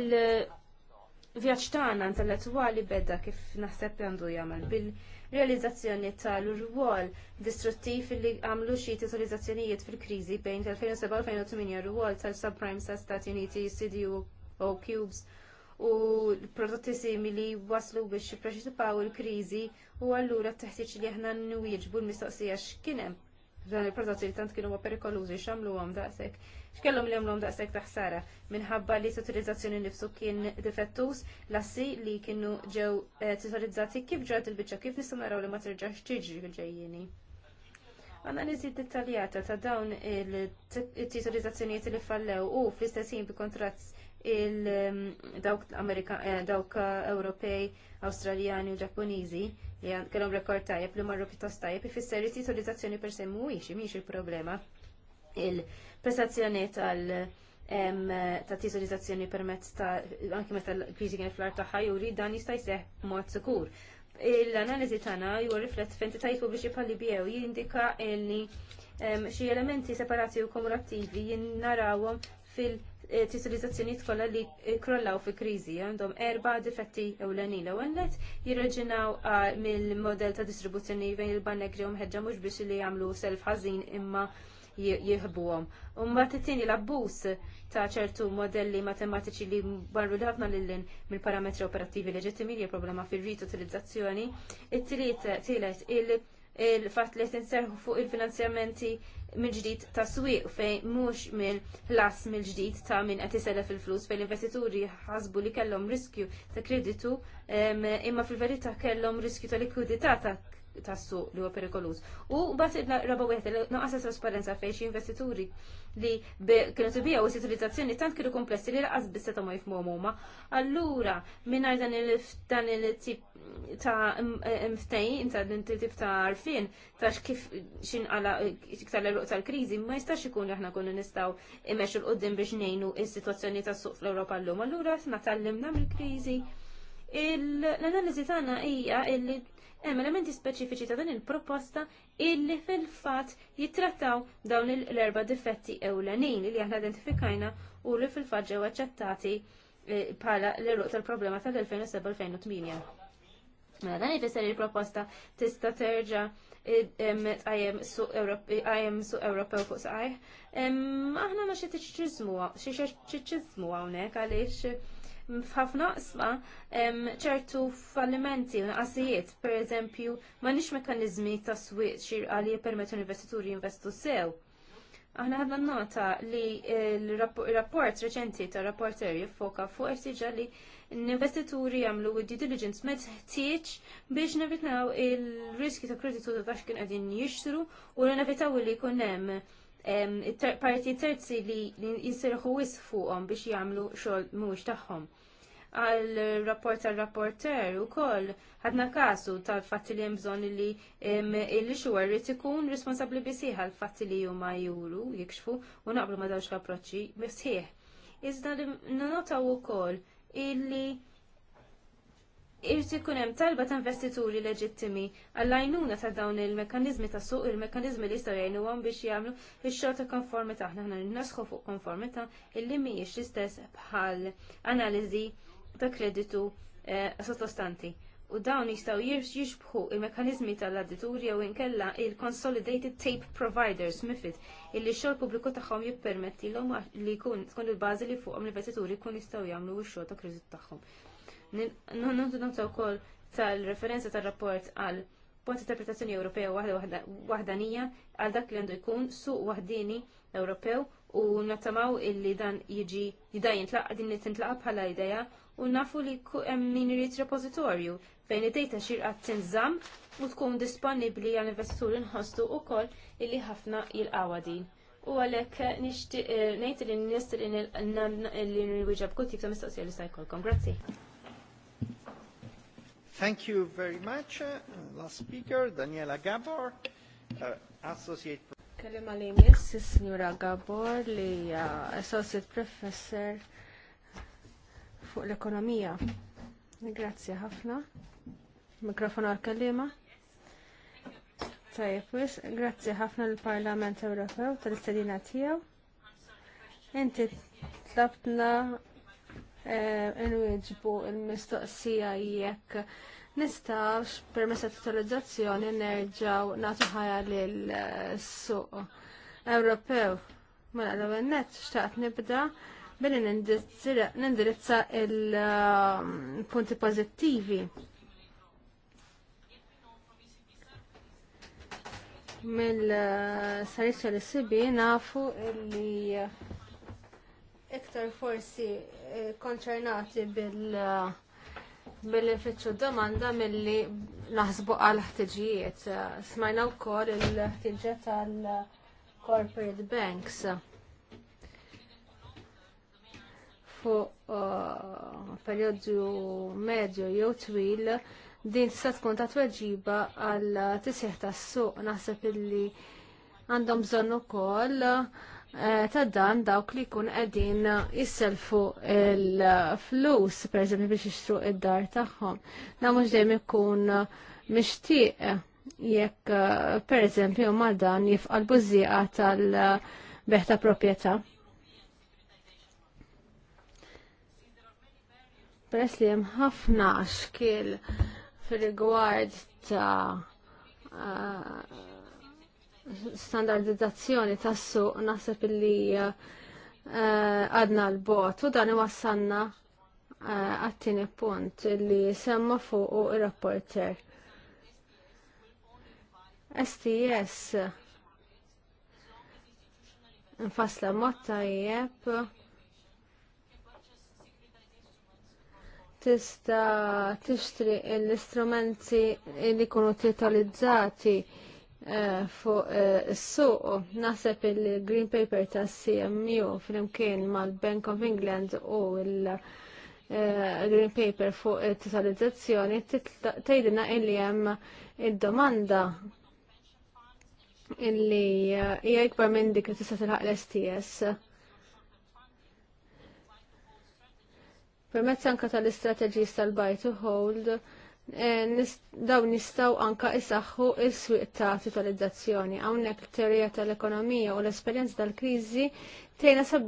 Il-vjaġġ tagħna intellettwali beda kif naħseb għandu jagħmel bil- realizzazzjoni tal-rwol distruttiv li għamlu xi titolizzazzjonijiet fil-kriżi bejn 2007-2008 rwol tal-subprime sa' Stati Uniti, CDU o Cubes u prodotti simili waslu biex jippreċipaw il-kriżi u allura teħtieġ li aħna nwieġbu l-mistoqsija x'kien hemm dan il-prodotti li tant kienu perikolużi x'għamluhom daqshekk x'kellhom li jagħmlhom daqshekk ta' ħsara minħabba li s utilizzazzjoni nifsu kien difettus lassi li kienu ġew eh, tutorizzati kif ġrat il-biċċa kif nistgħu naraw li ma terġax tiġri fil-ġejjieni. nizid dettaljata ta' dawn il-titolizzazzjonijiet li fallew u fl-istess bi bikontrazz il-dawk mm, eh, dawk Ewropej, Awstraljani u Ġappuniżi li kellhom rekord tajjeb li marru pjuttost tajjeb ifisser it-titolizzazzjoni per se mhuwiex mhix il-problema il-prestazzjoni tal- ta' tisurizzazzjoni permezz ta' anke meta l-kriżi kien fl-art ta' ħajuri dan jista' jseħħ b'mod sikur. L-analiżi tagħna jur riflett f'entitajiet pubbliċi bħalli bjew jindika li xi elementi separati u kumulattivi jinnarawhom fil- tisurizzazzjonijiet kollha li krollaw fi kriżi għandhom erba' difetti ewlenin l-ewwel nett jirreġinaw mill-modell ta' distribuzzjoni bejn il-banek li hom ħeġġa mhux biex li jagħmlu self ħażin imma U Umma t-tini l-abbus ta' ċertu modelli matematiċi li barru ħafna lillin mill-parametri operattivi leġittimi li problema fil utilizzazzjoni, It-tielet il-fat li tinserħu fuq il-finanzjamenti mill-ġdid ta' swieq fejn mhux mill-ħlas mill-ġdid ta' min qed iselef il-flus fejn l-investituri ħasbu li kellhom riskju ta' kreditu imma fil-verità kellhom riskju ta' likwidità ta' tas-suq li huwa perikoluż. U mbagħad raba wieħed li naqas trasparenza fejn xi investituri li kienu u s sitwizzazzjoni tant kienu komplessi li laqas biss seta' ma jifhmuhom huma. Allura mingħajr dan il-dan il-tip ta' mftejn ta' din tip ta' arfin ta' kif xinqala iktar l-eruq tal-kriżi ma jistax ikun li aħna konnu nistgħu imexxu l-qudiem biex ngħinu is-sitwazzjoni tas-suq fl-Ewropa llum. Allura aħna mill-kriżi l-analiżi tagħna hija li hemm elementi speċifiċi ta' din il-proposta illi fil-fatt jittrattaw dawn l-erba' difetti ewlenin li aħna identifikajna u li fil-fatt ġew aċċettati eh, bħala l-eruq tal-problema tal-2007-2008. Mela dan ifisser li l-proposta tista' terġa' għajem su Ewropew fuq saqajh. Aħna ma xi tiċċiżmu hawnhekk għaliex f'ħafna qsma ċertu fallimenti u naqasijiet, pereżempju m'għandniex mekkaniżmi ta' swieq xirqa li jippermettu investituri jinvestu sew. Aħna ħadna nota li il rapport reċenti ta' rapporter jiffoka fuq ertiġa li l-investituri jagħmlu due diligence met ħtieġ biex nevitaw il-riski ta' kreditu ta' kien qegħdin jixtru u nevitaw li jkun hemm parti terzi li jisirħu wis fuqhom biex jagħmlu xogħol mhuwiex tagħhom għal rapport għal rapporter u koll ħadna kasu tal-fatti li jemżon li illi xuwer rrit ikun responsabli bisiħ għal-fatti li juma juru jikxfu u naqblu ma dawx l-approċċi mifsħieħ. Iżda n-nota u koll illi irrid ikun hemm talba ta' investituri leġittimi għall-għajnuna ta' dawn il-mekkaniżmi ta' suq, il-mekkaniżmi li jistgħu jgħinuhom biex jagħmlu x xogħol ta' konformità aħna nasħu fuq konformità illi mhijiex l-istess bħal analiżi ta' kreditu eh, sottostanti. U dawn jistgħu jiġbħu il-mekanizmi tal-addituri jew inkella il-Consolidated Tape Providers mifid illi x-xogħol pubbliku tagħhom jippermetti l li jkun tkun il-bażi li fuqhom l-investituri jkun jistgħu jagħmlu x-xogħol ta' kredit tagħhom. Nħondu nuntu wkoll tal-referenza tar-rapport għal punt interpretazzjoni Ewropea waħda waħdanija għal dak li għandu jkun suq waħdini Ewropew u nattamaw illi dan jiġi jidajen din li tintlaqa bħala ideja u nafu li hemm min irid repożitorju fejn id-data xirqa tinżamm u tkun disponibbli għal investituri nħossu wkoll illi ħafna jilqawa din. U għalhekk nixtieq eh, ngħid li nistri li nirwiġab kull tip ta' mistoqsija li se jkollkom. Grazzi. Thank you very much. Uh, last speaker, Daniela Gabor, uh, Associate Kellim għalim jess, signora Gabor, li associate professor fuq l-ekonomija. Grazzi ħafna. Mikrofon għal-kellima. Tajjeb, grazzi ħafna l-Parlament Ewropew tal-istedina tiegħu. Inti tlabtna eh, inwieġbu il-mistoqsija jekk nistax permessa totalizzazzjoni nerġaw natu ħajja lil suq Ewropew. Mela l-ewwel nett xtaqt nibda billi nindirizza il-punti pozittivi. Mill-sarissa li sibi nafu li iktar forsi eh, konċernati bil- mill domanda domanda milli naħsbu għal ħtiġijiet. Smajna wkoll il-ħtiġiet għal corporate banks. fuq uh, perjodu medju jew twil din tista' tkun ta' tweġiba għal tisjeħ tas-suq naħseb illi għandhom bżonn ukoll uh, ta' dan dawk li jkun qegħdin jisselfu l flus pereżempju biex jixtru id-dar tagħhom. na mhux dejjem ikun mixtieq jekk uh, pereżempju ma' dan jifqalbu żieqa tal-beħ proprjetà. Peress li jem ħafna xkil fir-rigward ta' eh, standardizzazzjoni tas-suq naħseb li eh, għadna l-bot u dan iwassanna eh, għattini punt li semma fuq u il-rapporter. STS infasla mod tajjeb tista tixtri l-istrumenti li kunu titalizzati eh, fuq is-suq. Eh, Naħseb il-Green Paper tas CMU flimkien mal-Bank of England u l-Green eh, Paper fuq it titalizzazzjoni tgħidilna illi hemm il domanda illi hija ikbar minn dik tista' tilħaq l-STS. Permezz anka tal-istrateġis tal-buy to hold, eh, dawn nistaw anka isaħħu il-swiq ta' titolizzazzjoni. Hawnhekk teorija tal-ekonomija u l-esperjenza tal-kriżi tejna sab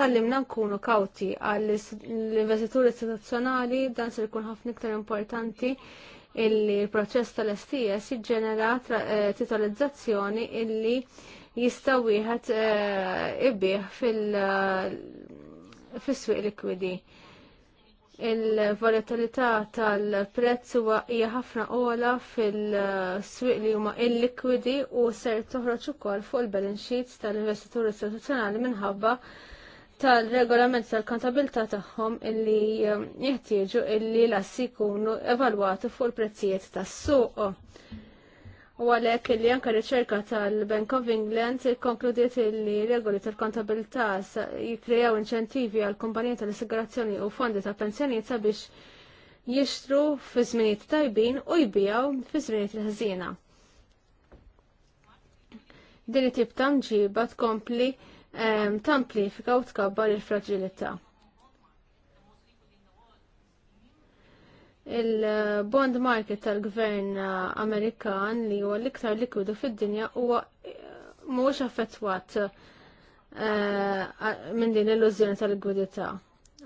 tal-limna nkunu kawti għall investituri istituzzjonali dan se jkun ħafna iktar importanti illi l-proċess tal-STS jiġġenera eh, titolizzazzjoni illi jista' wieħed eh, ibbieħ fil-swieq likwidi il-volatilità tal-prezz huwa hija ħafna ogħla fil-swieq li huma illikwidi u ser toħroġ ukoll fuq il-balance sheets tal-investituri istituzzjonali minħabba tal-regolament tal kontabilità tagħhom illi eh, jeħtieġu illi lassi jkunu evalwati fuq il-prezzijiet tas-suq. U għalhekk li anke riċerka tal-Bank of England konkludiet li regoli tal-kontabilità jikrejaw inċentivi għal kumpaniji tal-assigurazzjoni u fondi ta' pensjonijiet sabiex jixtru fi żminijiet tajbin u jbijaw fi żminijiet l ħżina Din it-tip ta' mġiba tkompli tamplifika u tkabbar il-fragilità. il-bond market tal-gvern Amerikan li huwa l-iktar likwidu fid-dinja huwa eh, mhuwiex affettwat eh, minn din l-illużjoni tal-likwidità.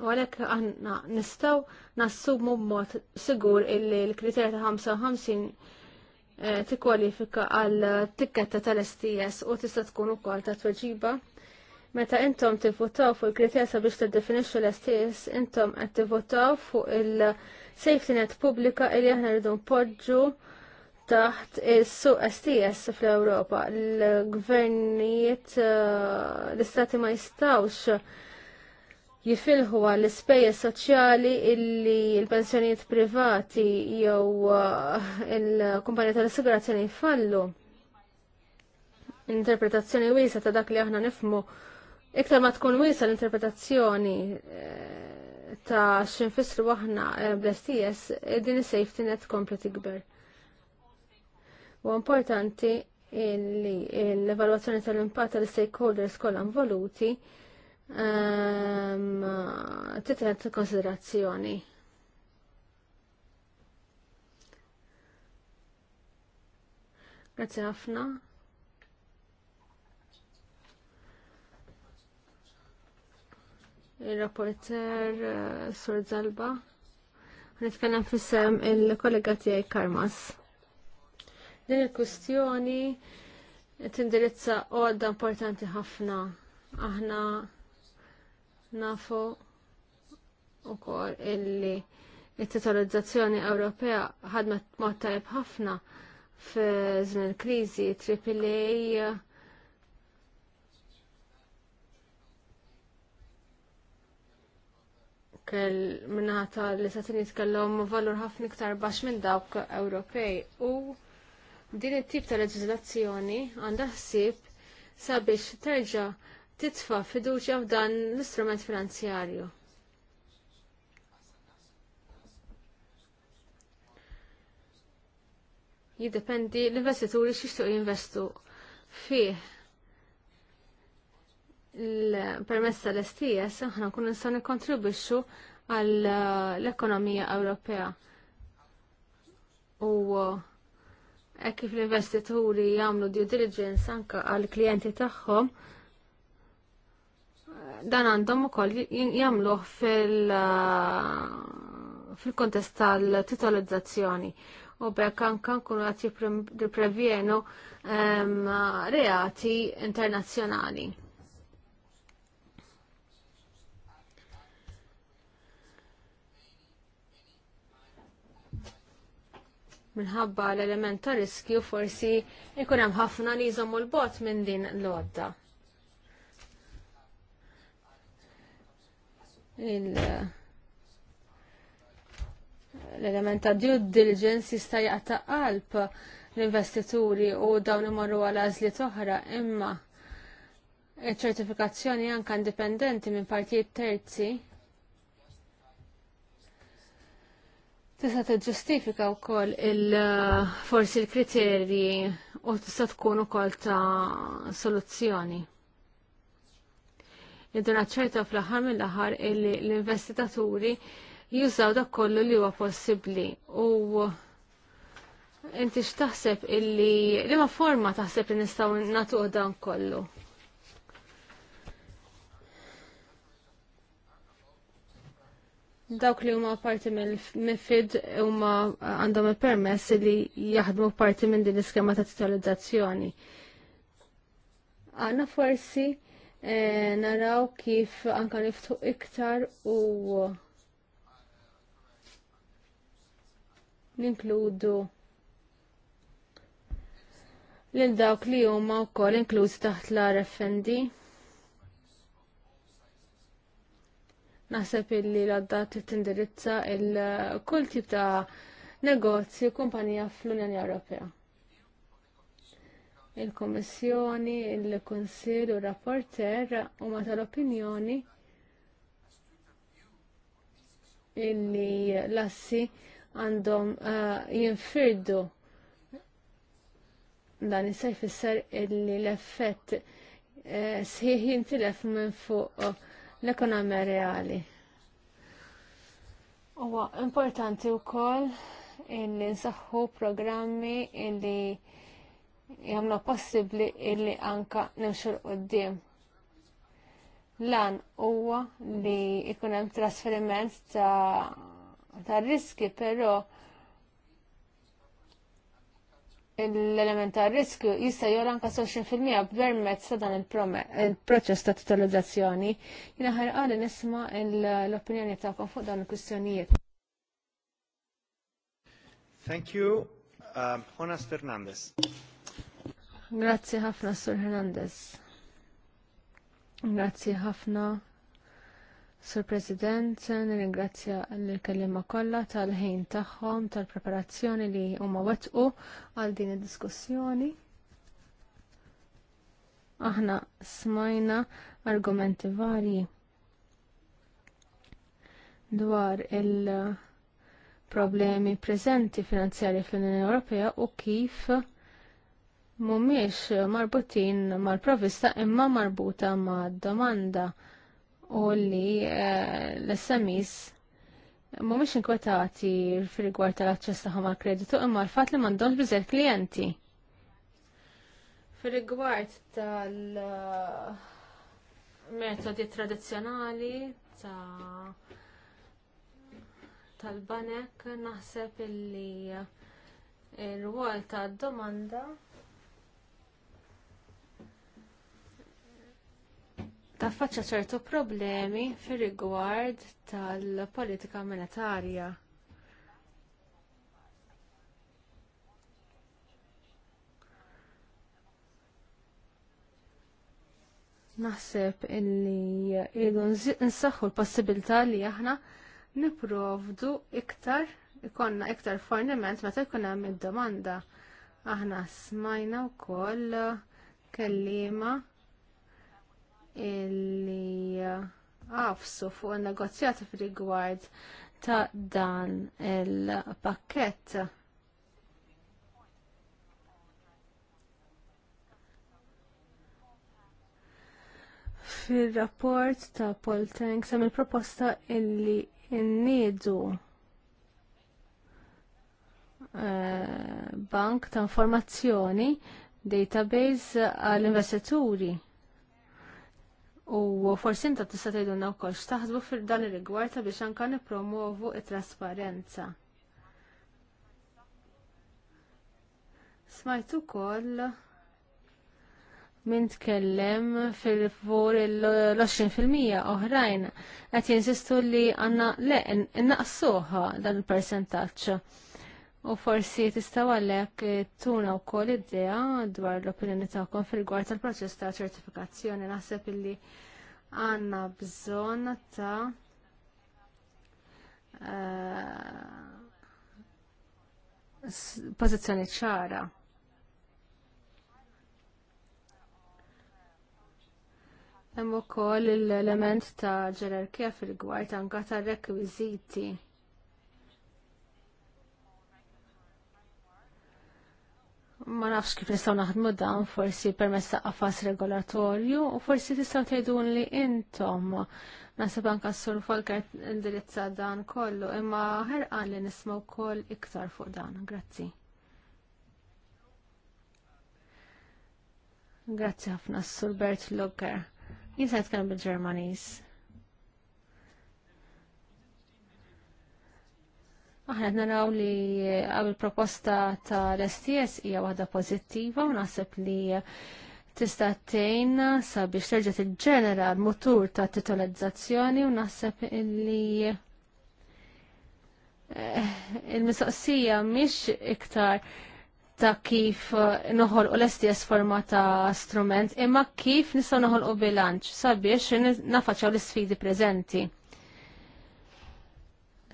U għalhekk aħna nistgħu nassumu b'mod sigur illi l-kriterja ta' 55 eh, tikkwalifika għal tikketta tal-STS u tista' tkun ukoll ta' tweġiba. Meta intom tivvotaw fuq il-kriterja sabiex tiddefinixxu l-STS, intom qed tivvotaw fuq il- safety net pubblika li aħna rridu npoġġu taħt is-suq STS fl-Ewropa. L-gvernijiet eh, l-istati ma jistawx jifilħu għall ispejjeż soċjali illi l-pensjonijiet privati jew eh, il-kumpanija tal-assigurazzjoni jfallu. Interpretazzjoni wiesa ta' dak li aħna nifmu iktar ma tkun wiesa l-interpretazzjoni eh, ta' xinfissru aħna eh, bl-STS din is-safety net komplet ikber. U importanti li l-evalwazzjoni tal-impatt tal-stakeholders kollha involuti ehm, titħed konsiderazzjoni. Grazie ħafna. il-rapporter eh, Sur Zalba. Nitkellem fissem il-kollega tiegħi Karmas. Din il-kustjoni tindirizza għodda importanti ħafna. Aħna nafu u kol illi il-titolizzazzjoni Ewropea ħadmet mod tajb ħafna fi żmien kriżi AAA kell minnata li t kellhom valur ħafna iktar baxx minn dawk Ewropej u din it-tip ta' leġiżlazzjoni għandha ħsieb sabiex terġa' titfa' fiduċja f'dan l-istrument finanzjarju. Jiddependi l-investituri x'jixtuq jinvestu fih l-permessa l-STS aħna nkunu nistgħu nikkontribwixxu għall-ekonomija Ewropea. U hekk kif l-investituri jagħmlu due diligence anke għall-klijenti tagħhom, dan għandhom ukoll jagħmluh fil- fil-kontest tal-titolizzazzjoni u bekk anke nkunu qed jippreprevjenu ehm, reati internazzjonali. minħabba l-element ta' riskju forsi ikun hemm ħafna li jżommu l-bot minn din l-għodda. l-element ta' due diligence jista' jaqta' qalb l-investituri u dawn imorru għal għażliet oħra imma ċertifikazzjoni anka indipendenti minn partijiet terzi tista' tiġġustifika wkoll il-forsi eh, l-kriterji u tista' tkun ukoll ta' soluzzjoni. Id-dun ċerta fl-aħħar mill-aħħar illi l-investitaturi jużaw dak kollu li huwa possibbli u inti x'taħseb illi liema forma taħseb li nistgħu nagħtuq dan kollu. dawk li huma parti mill-MIFID huma eh, għandhom il-permess li jaħdmu parti minn din l-iskema ta' titolizzazzjoni. Għanna forsi eh, naraw kif anka niftu iktar u ninkludu lil dawk li huma wkoll inklużi taħt l-RFND. Naħseb illi l-għadda tindirizza il-kull tip ta' negozju kumpanija fl-Unjoni Ewropea. il komissjoni il-Konsil u rapporter u ma tal-opinjoni illi lassi għandhom uh, jinfirdu dan jista' jfisser illi l-effett uh, sħiħ jintilef minn fuq uh, l-ekonomija reali. Huwa importanti wkoll illi nsaħħu programmi illi jagħmlu possibbli illi anka u d-dim. Lan huwa li ikunem hemm trasferiment ta' ta' riski però l-element ta' riskju jista' jor anka 20% permezz ta' dan il-proċess ta' totalizzazzjoni. Jina ħarqali nisma l-opinjoni tagħkom fuq dan il-kwistjonijiet. Thank you. Um, Jonas Fernandez. Grazie ħafna, Sur Hernandez. Grazie ħafna, Sur President, nirringrazzja l-kellima kollha tal-ħin tagħhom tal-preparazzjoni li huma wettqu għal din id-diskussjoni. Aħna smajna argumenti varji dwar il-problemi preżenti finanzjarji fl-Unjoni Ewropea u kif mhumiex marbutin mal-provista imma marbuta mad domanda u li eh, l-SMIs mhumiex inkwetati fil-rigward tal-aċċess tagħhom għall kreditu imma l-fatt li m'għandhomx biżgħet klijenti. Fil-rigward tal-metodi tradizzjonali ta' tal-banek naħseb illi il-rwol ta' domanda taffaċċa ċertu problemi fir rigward tal-politika monetarja. Naħseb illi ilu nsaħħu l-possibilità li aħna niprovdu iktar, ikonna iktar forniment meta jkun hemm id-domanda. Aħna smajna wkoll kelliema illi uh, għafsu fuq il-negozjati fil-rigward ta' dan il-pakket. Fil-rapport ta' Polteng sem il-proposta illi innidu uh, bank ta' informazzjoni database għall-investituri U forsi inta tista' tgħidulna wkoll x'taħsbu fil-dan ir-rigward ta' biex anke nippromovu t-trasparenza. Smajt ukoll min tkellem fil-fur l-20% oħrajn qed jinsistu li għandna le innaqsuha dan il-persentaġġ. U forsi tistaw għallek eh, tuna u koll id-dea dwar l-opinjoni ta'kom fil-gwar tal-proċess ta' ċertifikazzjoni. Naħseb illi għanna bżon ta' eh, pozizjoni ċara. Hemm ukoll l-element ta' ġerarkija fil-gwar anke ta' rekwiżiti ma nafx kif nistgħu naħdmu dan forsi permess ta' qafas regolatorju u forsi tistgħu tgħidun li intom naħseb anke s-sur Folker indirizza dan kollu imma ħerqan li nisma' wkoll iktar fuq dan. Grazzi. Grazzi ħafna s-sur Bert Locker. Jien se bil-Ġermaniż. Aħna naraw li eh, għab il-proposta tal-STS hija waħda pozittiva u naħseb li eh, tista' tgħinna sabiex terġa' tiġġenera l-mutur ta' titolizzazzjoni u naħseb li eh, il-mistoqsija mhix iktar ta' kif noħol u l-STS forma ta' strument, imma kif nisa' noħol u bilanċ sabiex nafaċaw l-sfidi prezenti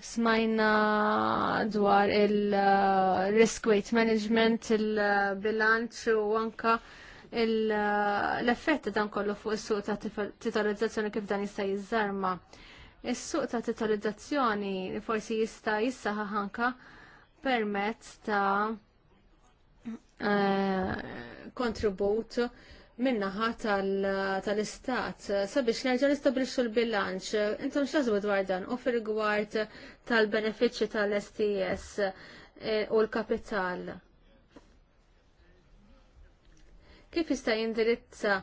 smajna dwar il-risk weight management, il-bilanċ u anka l-effett dan kollu fuq is-suq ta' titolizzazzjoni kif dan jista' jiżarma. Is-suq ta' titolizzazzjoni forsi jista' jissaħa anka permezz ta' eh, kontribut uh, minnaħa tal-istat sabiex nerġa' nistabilixxu l-bilanċ. Intom x'taħsbu dwar dan u fil-rigward tal-benefiċċji tal-STS eh, u l-kapital. Kif jista' jindirizza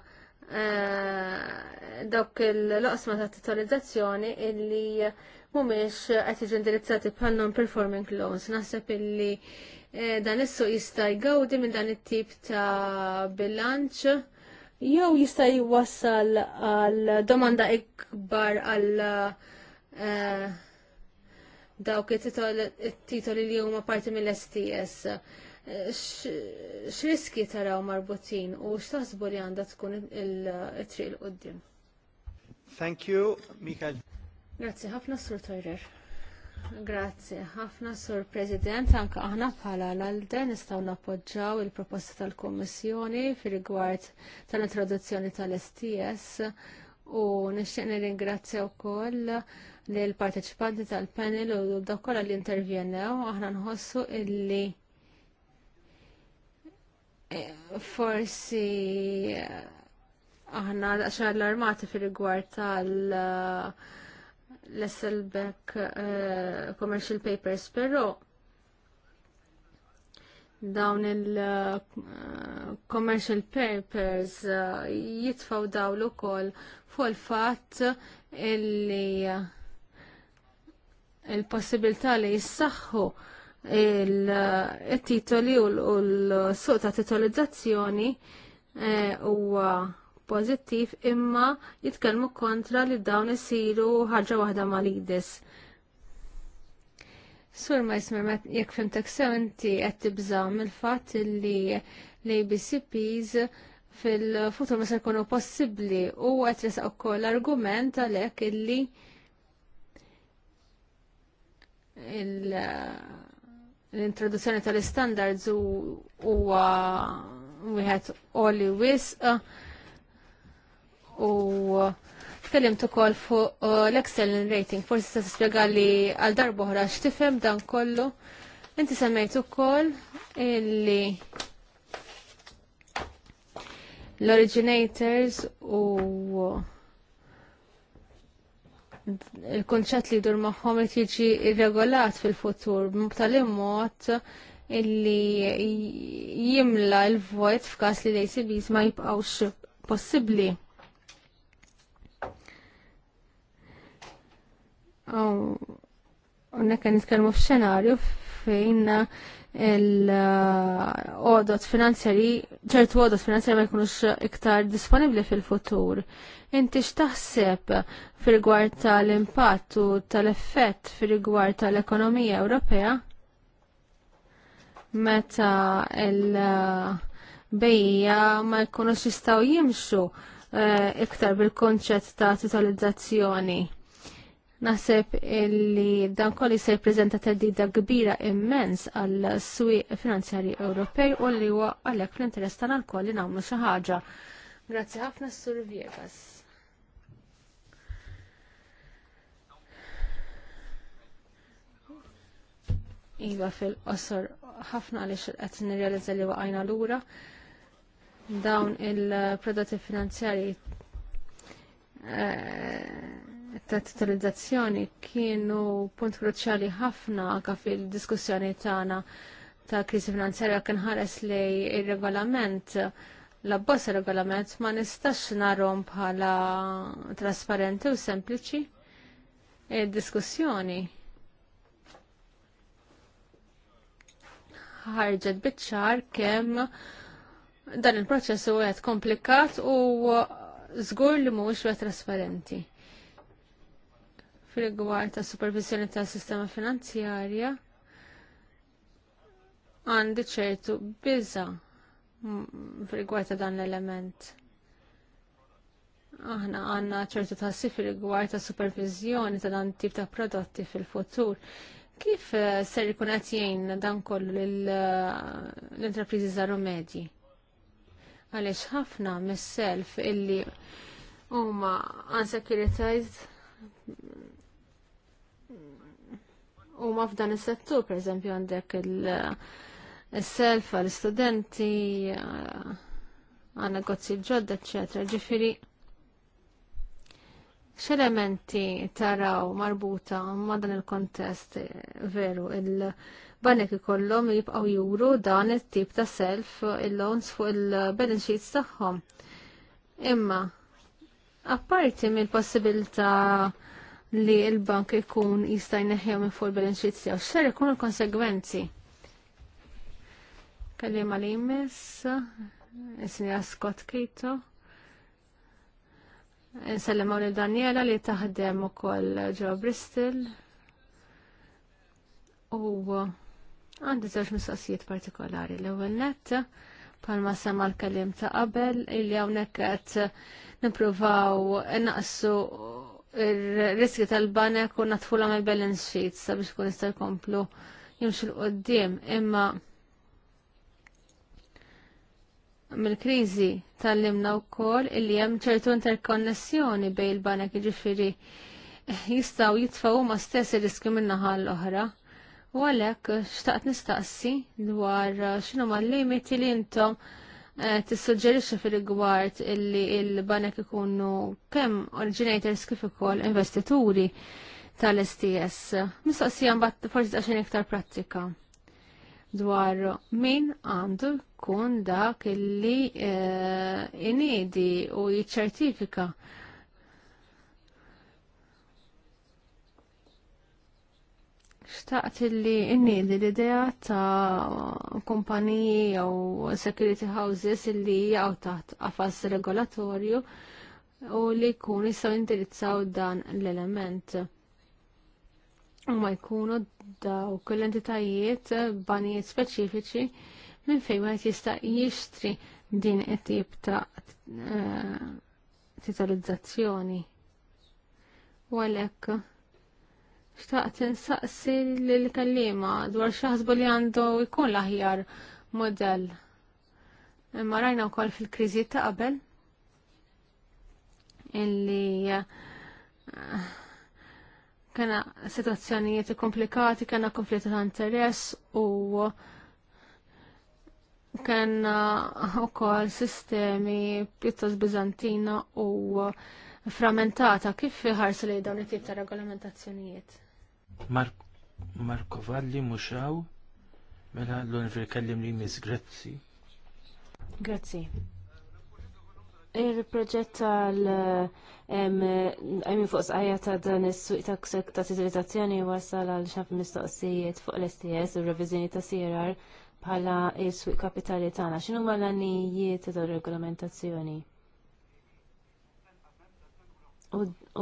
eh, dawk il-loqsma ta' titolizzazzjoni illi mhumiex qed jiġu indirizzati bħal non-performing loans. Naħseb illi eh, dan is jista' jgawdi minn dan it-tip ta' bilanċ jew jista' jwassal għal domanda ikbar għal eh, dawk it-titoli li huma parti mill-STS. X'riski taraw marbutin u x'taħsbu li għandha tkun it-triq il qudiem Thank you, Mikael. Grazie ħafna Sur Toirer. Grazzi. Ħafna sur President, anka aħna bħala l-Alde nistgħu nappoġġaw il-proposta tal-Kommissjoni fir-rigward tal-introduzzjoni tal-STS u nixtieq nirringrazzja wkoll lill parteċipanti tal-panel u dawk kollha li intervjenew aħna nħossu illi eh, forsi eh, aħna xar l-armati fil-rigward tal- uh, l-Esselbeck eh, Commercial Papers, però dawn il-commercial eh, papers eh, jitfaw dawlu kol fuq il-fat illi il-possibilità li jissaxħu il-titoli u l-suq ta' titolizzazzjoni huwa pożittiv imma jitkellmu kontra li dawn isiru ħaġa waħda malides. idis Sur ma jismer jekk fimtek sew inti qed tibża mill-fatt li l-ABCPs fil-futur ma se jkunu possibbli u qed resaq ukoll argument għalhekk illi l-introduzzjoni tal-standards huwa wieħed oli wisq u tkellimt ukoll fuq uh, l-excellent rating, forsi se spiega li għal darba oħra x'tifhem dan kollu. Inti semmejt ukoll illi l-originators u il-konċett li dur magħhom li tiġi irregolat fil-futur b'tal mod illi jimla l-vojt f'każ li l ma jibqgħux possibbli. Unnek kan nitkellmu f'xenarju fejn il-għodot finanzjari, ċertu għodot finanzjari ma jkunux iktar disponibli fil-futur. Inti x'taħseb fil-gwar tal impattu u tal-effett fil-gwar tal-ekonomija Ewropea? Meta il-bejja ma jkunux jistaw jimxu eh, iktar bil-konċett ta' totalizzazzjoni. Naħseb illi dan kolli se jippreżenta teddida kbira immens għal swieq finanzjari Ewropej u li huwa għalhekk fl-interess tagħna lkoll li nagħmlu xi ħaġa. Grazzi ħafna Sur Viegas. Iva fil-qosor ħafna għaliex qed nirrealizza li waqajna lura dawn il-prodotti finanzjari eh, ta' titolizzazzjoni kienu punt kruċjali ħafna ka fil-diskussjoni tagħna ta' kriżi finanzjarja kien ħares li ir-regolament l-abbozz regolament ma nistax narom bħala trasparenti u sempliċi il e diskussjoni ħarġet biċ-ċar kemm dan il-proċess u għed komplikat u zgur li mhuwiex għed trasparenti fil-gwar ta' supervisjoni ta' sistema finanzjarja għandi ċertu biza' fil-gwar ta' dan l-element. Aħna għanna ċertu tassi fil-gwar ta' supervizjoni ta' dan tip ta' prodotti fil-futur. Kif eh, ser ikun qed jgħin dan kollu eh, l-intrapriżi żaru medji? Għaliex ħafna mis-self illi huma unsecuritized u ma f'dan is-settur, per għandek il-self l studenti għan negozji ġodda, eccetera. Ġifiri, x'elementi taraw marbuta ma dan il-kontest veru il-banek ikollhom jibqgħu juru dan it-tip ta' self il-loans fuq il-balance sheets tagħhom. Imma apparti mill-possibilità li l-bank ikun jista' jneħħew minn fuq il-balance sheet tiegħu. X'ser ikunu l-konsegwenzi? Kelliem għal jmiss, is-sinja Scott Kito. Nsellem għal Daniela li taħdem ukoll ġo Bristol. U għandi żewġ mistoqsijiet partikolari. L-ewwel nett palma sema l-kellim ta' qabel illi hawnhekk qed nippruvaw naqsu il-riski tal-banek u natfula ma' balance sheet sabiex kun jista' jkomplu jimxu l-qoddim imma mill-krizi tal-limna u koll illi jem ċertu interkonnessjoni bej il-banek kħiġifiri jistaw jitfaw ma stess il-riski minnaħa l-oħra. U għalek xtaqt nistaqsi dwar xinu ma l-limiti li intom Eh, tissuġġerixxi fil gwart illi il-banek ikunu kemm originators kif ukoll investituri tal-STS. Mistoqsija mbagħad forsi għaxin iktar prattika dwar min għandu kun dak illi eh, inedi u jiċċertifika Xtaqt li inni li l-idea ta' kumpaniji jew security houses li jgħu taħt għafas regolatorju u li jkunu jistgħu indirizzaw dan l-element. U ma jkunu dawk l-entitajiet banijiet speċifiċi minn fejn ma jista' jixtri din it-tip ta' eh, titolizzazzjoni. U għalhekk Xtaqt insaqsi l-kallima dwar xaħsbu li għandu jkun l-aħjar model. Imma rajna wkoll fil-kriżi ta' qabel illi eh, kena situazzjonijiet komplikati, kena konflitti ta' interess u kena wkoll sistemi pjuttost Bizantina u frammentata kif ħarsu li dawn it-tip ta' regolamentazzjonijiet. Marko Valli muxaw, mela l-unver kellim li mis Grazzi. Grazzi. Il-proġett tal-għajmi fuq sqajja ta' dan is-suq ta' ksek ta' titolizzazzjoni wasal għal xaf mistoqsijiet fuq l-STS u revizjoni ta' CRR bħala is-suq kapitali tagħna. x'inhuma ma l-għannijiet ta' regolamentazzjoni?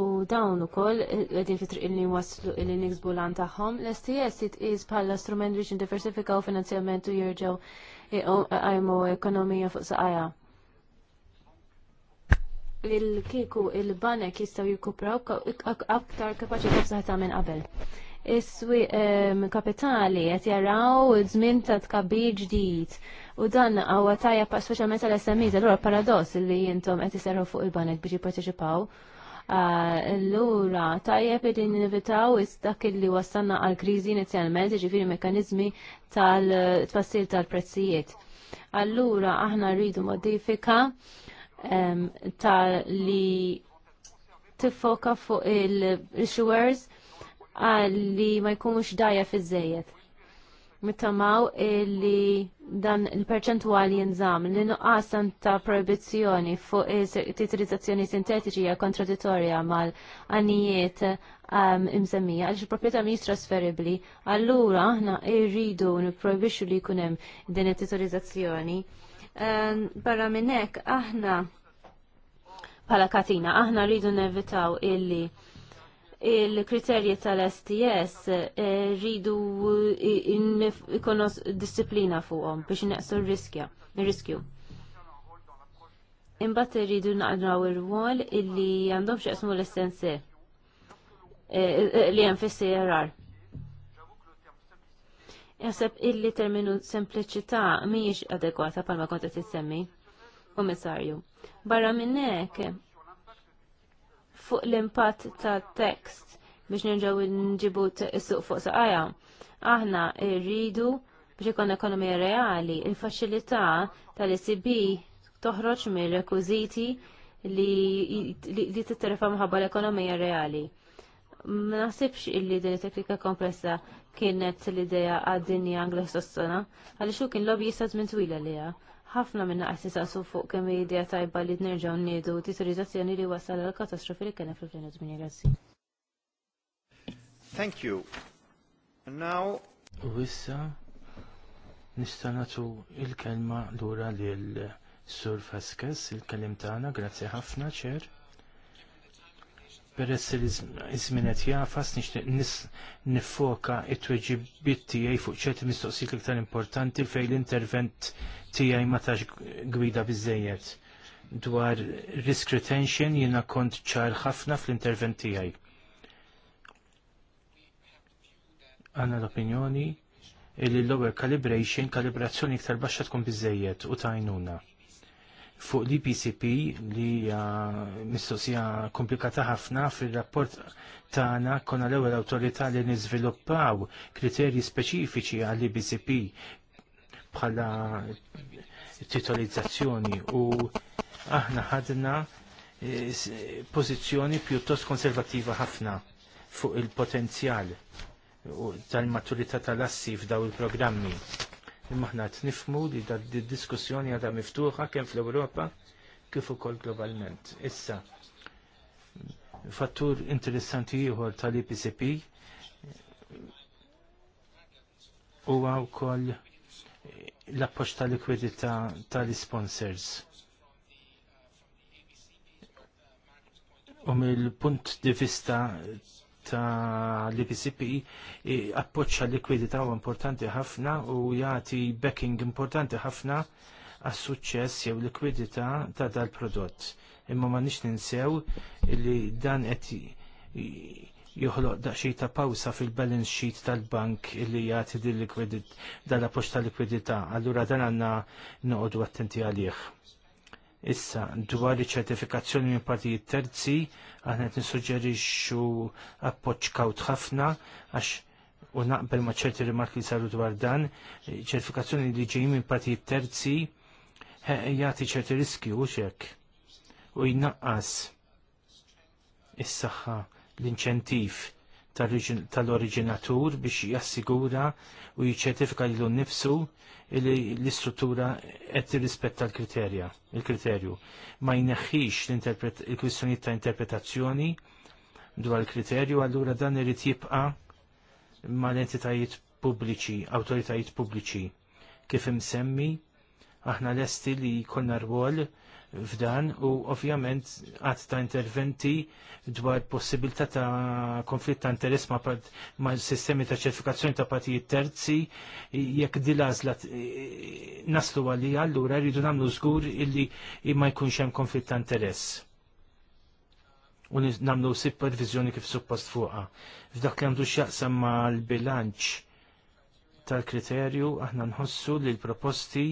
U dawn ukoll qegħdin fitriq li waslu illi niksbu lan tagħhom, l-STS jitqis bħala strument biex indiversifikaw finanzjament u jerġgħu għajmu ekonomija fuq saqajja. Il-kiku il-banek jistgħu jikupraw aktar kapaċi tafsaħta minn qabel. is kapitali qed jaraw żmien ta' tkabbir ġdid u dan huwa tajja speċjalment tal-SMEs, allura paradoss li jintom qed iserħu fuq il-banek biex jipparteċipaw Ah, allura, tajjeb li nivitaw istak li wassanna għal kriżi inizjalment, ġifiri mekanizmi tal-tfassil tal-prezzijiet. Allura, aħna rridu modifika tal-li tifoka fuq il-issuers li ma jkunux dajja fiż mittamaw li dan il-perċentwali jinżam li nuqqas ta' proibizzjoni fuq titrizzazzjoni sintetiċi hija kontradittorja mal-għanijiet um, imsemmija għaliex il-proprjetà mhijiex trasferibbli, allura aħna rridu nipprojbixxu li jkun hemm din it-titrizzazzjoni. Um, barra minn hekk aħna bħala katina aħna rridu nevitaw illi il-kriterji tal-STS eh, rridu ikonos disciplina fuqhom biex neqsu r-riskja, riskju Imbatt rridu naqdraw ir-rwol illi għandhom xaqsmu l-essensi eh, li hemm fis Jaseb Jaħseb illi terminu sempliċità mhijiex adegwata palma konta t tissemmi, komissarju. Barra minn hekk fuq l-impatt ta' tekst biex nirġaw nġibu suq fuq saqajja. Aħna rridu biex ikon ekonomija reali, il-faċilità tal-ECB toħroġ mir rekwiziti li titterefa mħabba l-ekonomija reali. Ma naħsibx illi din it-teknika kompressa kienet l-idea għad-dinja anglo-sassona, għalli kien lobby jistat minn twila li ħafna minna qed nisaqsu fuq kemm idea tajba li nerġgħu nniedu titorizzazzjoni li wasal għal katastrofi li kien fl 2008 grazzi. Thank you. And now issa nista' nagħtu il-kelma lura lil Sur Faskes, il-kelim tagħna, grazzi ħafna ċer. Peress li izminet jafas nixtieq nis nifoka it-tweġibiet tiegħi fuq ċerti mistoqsijiet iktar importanti fejn l-intervent tiegħi ma tax gwida biżejjed. Dwar risk retention jiena kont ċar ħafna fl-intervent tiegħi. Għanna l-opinjoni li l-lower calibration, kalibrazzjoni iktar baxxa tkun biżejjed u tajnuna fuq li PCP li mistoqsija komplikata ħafna fil-rapport tagħna konna l-ewwel awtorità li niżviluppaw kriterji speċifiċi għall BCP e bħala titolizzazzjoni u aħna ħadna eh, pożizzjoni pjuttost konservattiva ħafna fuq il-potenzjal tal-maturità tal-assi f'daw il-programmi Imma ħna nifmu li da diskussjoni għadha miftuħa kemm fl-Ewropa kif ukoll globalment. Issa, fattur interessanti ieħor tal-IPCP huwa wkoll l-appoġġ tal likwidita tal-sponsors. U mill-punt di vista ta' l-IPCP e, appoċċa likwidità u importanti ħafna u jagħti backing importanti ħafna għas suċċess jew likwidità ta' dal-prodott. Imma ma nix ninsew li dan qed joħloq daqsxejn ta' pawsa fil-balance sheet tal-bank illi jagħti din likwidit dal appoġġ ta' likwidità. Allura dan għandna noqogħdu attenti għalih. Issa, dwar iċ-ċertifikazzjoni minn partijiet terzi, aħna qed nissuġġerixxu appoġġ kawt ħafna għax u naqbel ma' ċerti rimark li saru dwar dan, ċertifikazzjoni li ġej minn partijiet terzi jagħti ċerti riski u xek u jnaqqas is-saħħa l-inċentiv tal-oriġinatur biex jassigura u jiċċertifika lilu nifsu li l-istruttura qed tirrispetta l-kriterja, il-kriterju. Ma jneħħix il-kwistjonijiet ta' interpretazzjoni dwar l kriterju allura dan irid jibqa' mal-entitajiet pubbliċi, awtoritajiet pubbliċi. Kif imsemmi, aħna lesti li jkollna rwol f'dan u ovvjament għad ta' interventi dwar possibilità ta' konflitt ta' interess ma', ma sistemi ta' ċertifikazzjoni ta' partijiet terzi jekk dilazla naslu għalli allura rridu nagħmlu żgur illi ma jkunx hemm konflitt ta' interess u namlu supervizjoni kif suppost fuqa. F'dak li għandu x'jaqsam ma' l-bilanċ tal-kriterju aħna nħossu li l-proposti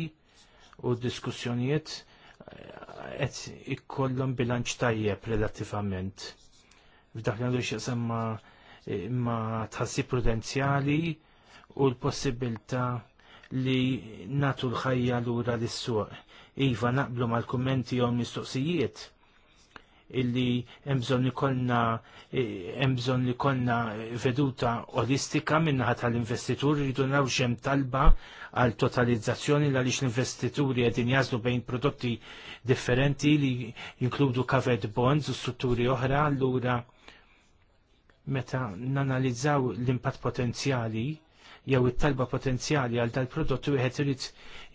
u d diskussjonijiet qed ikollhom bilanċ tajjeb relattivament. F'dak li għandu x'semma ma' tħassib prudenzjali u l-possibilità li natu l-ħajja lura l-suq. Iva naqblu mal-kummenti jew mistoqsijiet illi jemżon li konna jemżon li konna veduta olistika minnaħa tal-investitur rridu naw xem talba għal totalizzazzjoni la lix l-investituri għedin jazdu bejn prodotti differenti li jinkludu covered bonds u strutturi oħra allura meta nanalizzaw l-impatt potenzjali jew it-talba potenzjali għal tal prodott wieħed irid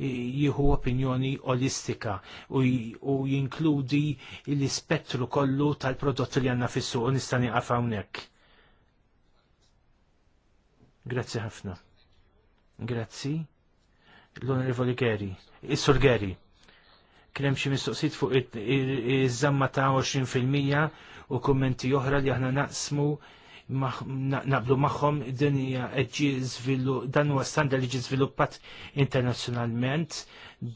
jieħu opinjoni olistika u jinkludi l-ispettru kollu tal-prodott li għandna fissu u nista' nieqaf hawnhekk. Grazzi ħafna. Grazzi. L-Onorevoli Geri, Is-Sur Geri krem xi mistoqsit fuq iż-żamma ta' 20% u kummenti oħra li aħna naqsmu naqblu magħhom din hija dan huwa standard li ġi żviluppat internazzjonalment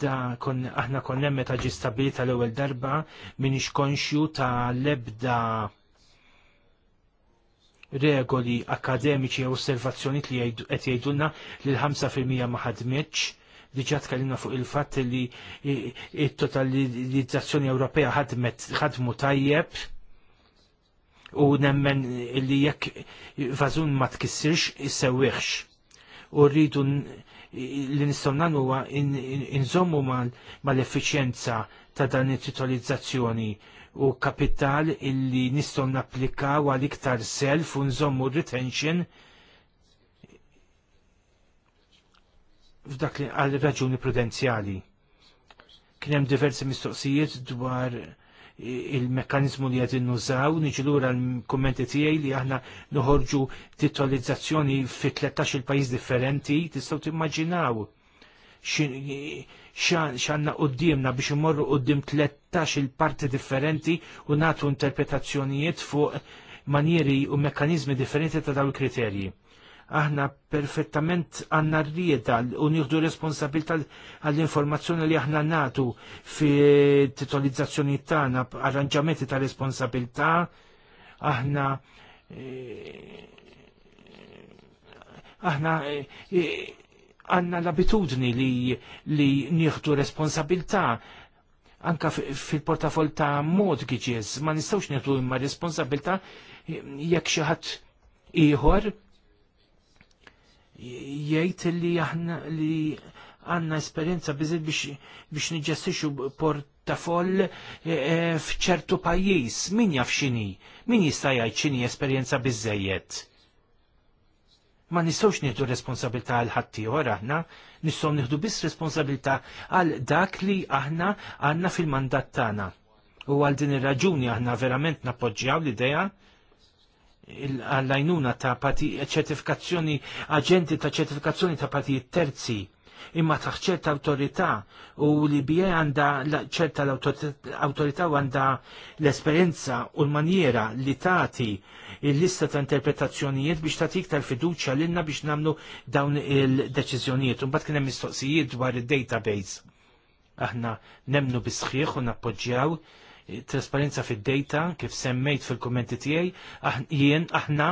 da kon aħna hemm meta ġi stabilita l-ewwel darba minix konxju ta' lebda regoli akademiċi u osservazzjoni li qed jgħidulna li l-5% ma ħadmitx diġa kalina fuq il-fatt li il totalizzazzjoni Ewropea ħadmet ħadmu tajjeb u nemmen li jekk fazun ma tkissirx issewwiħx. U rridu li nistgħu nagħmlu inżommu mal-effiċjenza ta' dan it-titolizzazzjoni u kapital illi nistgħu napplikaw għal iktar self u nżommu retention f'dak li għal raġuni prudenzjali. Kien hemm diversi mistoqsijiet dwar il mekanizmu li għadin nużaw, niġilura l-kommenti tijaj li aħna nħorġu titolizzazzjoni fi 13 il pajiz differenti, tistaw timmaġinaw xanna qoddimna biex imorru qoddim 13 il-parti differenti u natu interpretazzjonijiet fuq manieri u mekanizmi differenti ta' dawn il-kriterji aħna perfettament għanna rrieda u nieħdu responsabilta għall-informazzjoni li aħna natu fi titolizzazzjoni tagħna arranġamenti ta' responsabilta aħna eh, aħna eh, għanna l-abitudni li, li nieħdu responsabilta anka fil-portafol ta' mortgages, ma nistawx nieħdu imma responsabilta eh, jekk xi ħadd ieħor jgħid li aħna li għanna esperienza biżid biex, biex niġessixu portafoll e, e, fċertu pajjiż. Min jaf x'inhi Min jista' jgħid x'inhi esperjenza biżejjed? Ma nistgħux nieħdu responsabilità għal ħaddieħor aħna, nistgħu nieħdu biss responsabilità għal dak li aħna għandna fil-mandat tagħna. U għal din ir-raġuni aħna verament nappoġġjaw l-idea għall-għajnuna ta' pati ċertifikazzjoni, aġenti ta' ċertifikazzjoni ta' partijiet terzi imma taħt ċerta autorità u li bie għanda ċerta l-autorità u għanda l-esperienza u l-maniera li taħti il-lista ta' interpretazzjonijiet biex tati iktar fiduċa l-inna biex namlu dawn il-deċizjonijiet. Un bat kienem mistoqsijiet dwar il-database. Aħna nemnu bisħiħ u nappoġġjaw trasparenza fid-data kif semmejt fil-kommenti tiegħi jien aħna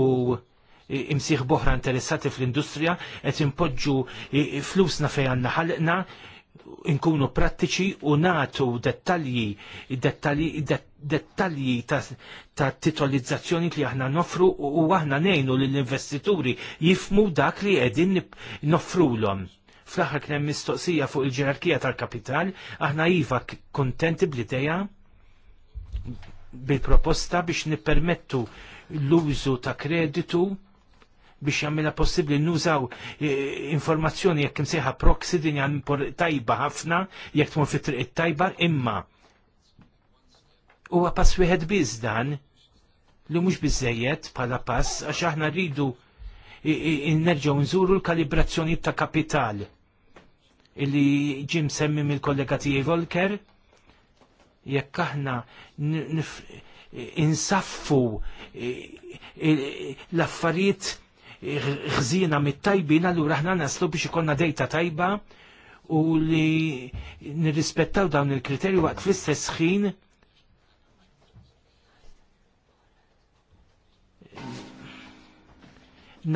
u imsieħ boħra interessati fl-industrija qed impoġġu flusna fejn għandna ħalqna inkunu prattiċi u natu dettalji, dettalji, ta', ta titolizzazzjoni li aħna nofru u aħna nejnu l-investituri jifmu dak li edin nofru l-om. Fl-aħħar kien mistoqsija fuq il-ġerarkija tal-kapital, aħna iva kontenti bl ideja bil-proposta biex nippermettu l-użu ta' kreditu biex jammila possibli nużaw eh, informazzjoni jekk imsejħa proxy din tajba ħafna jekk tmur fit triq tajba imma huwa pass wieħed biż dan li mhux biżejjed bħala pass għax aħna rridu nerġgħu nżuru l-kalibrazzjoni ta' kapital illi ġim semmi mill-kollega tiegħi Volker, jekk aħna insaffu e, e, l-affarijiet ħżina mit-tajbin, allura aħna naslu biex ikonna dejta tajba u li nirrispettaw dawn il-kriterju waqt fl-istess ħin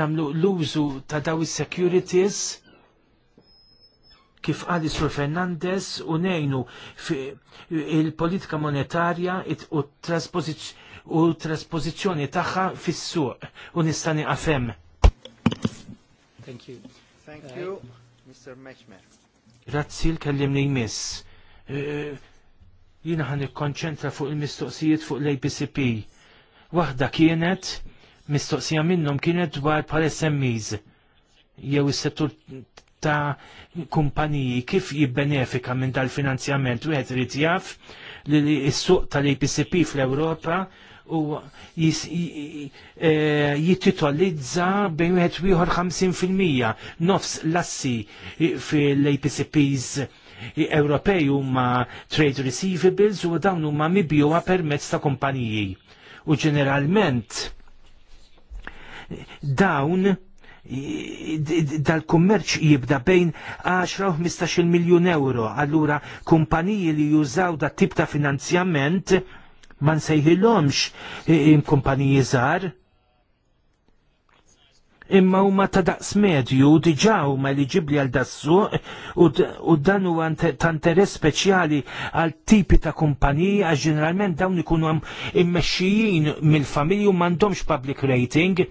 namlu l-użu ta' daw is-securities kif għali Sur Fernandez u nejnu il-politika monetarja u trasposizjoni taħħa fis-suq u nistani għafem. Thank you. Thank uh, you, Mr. Mechmer. Grazzi l-kellimni jmiss. Uh, jina ħan konċentra fuq il-mistoqsijiet fuq l-APCP. Waħda kienet, mistoqsija minnhom kienet dwar pal SMEs jew is-settur ta' kumpaniji kif jibbenefika minn dal-finanzjament u għed rrit jaf li s-suq tal-APCP fl-Europa u e, jittitolizza bejn wieħed wieħor 50% nofs lassi fil-APCPs Ewropej huma trade receivables u dawn huma mibjuwa permezz ta' kumpaniji. U ġeneralment dawn dal-kummerċ jibda bejn 10 u 15 miljon euro. Allura kumpaniji li jużaw da tip ta' finanzjament ma nsejħilhomx kumpaniji żgħar. Imma huma ta' daqs medju diġà huma li ġibli għal dassu u dan huwa ta' interess speċjali għal tipi ta' kumpaniji għax ġeneralment dawn ikunu hemm immexxijin mill-familju m'għandhomx public rating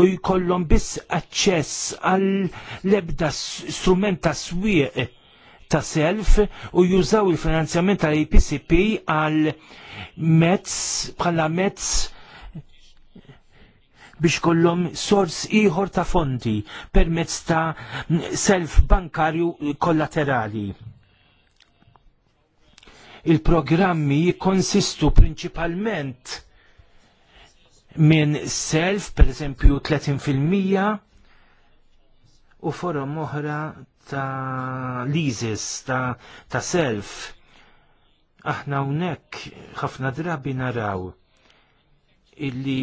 u jkollhom biss aċċess għall ebda strument ta' swieq ta' self u jużaw il-finanzjament tal IPCP għal mezz bħala mezz biex kollhom sors ieħor ta' fondi permezz ta' self bankarju kollaterali. Il-programmi konsistu prinċipalment minn self, per eżempju 30% u forom moħra ta' leases, ta', ta self. Aħna unek, ħafna drabi naraw illi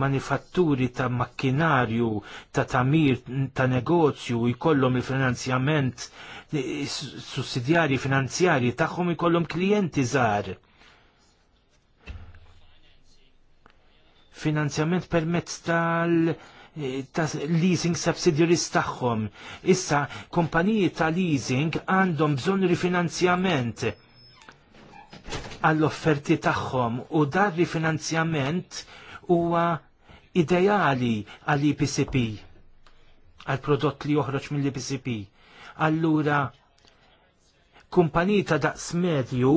manifatturi ta' makkinarju, ta' tamir, ta' negozju, jkollhom il-finanzjament eh, sussidjarji finanzjarji tagħhom ikollhom klijenti żgħar finanzjament permezz tal- eh, ta' leasing subsidiaries tagħhom. Issa kumpaniji ta' leasing għandhom bżonn rifinanzjament għall-offerti tagħhom u dar rifinanzjament huwa ideali għall-IPCP e għal prodott li joħroġ mill-IPCP. E Allura kumpaniji ta' daqs medju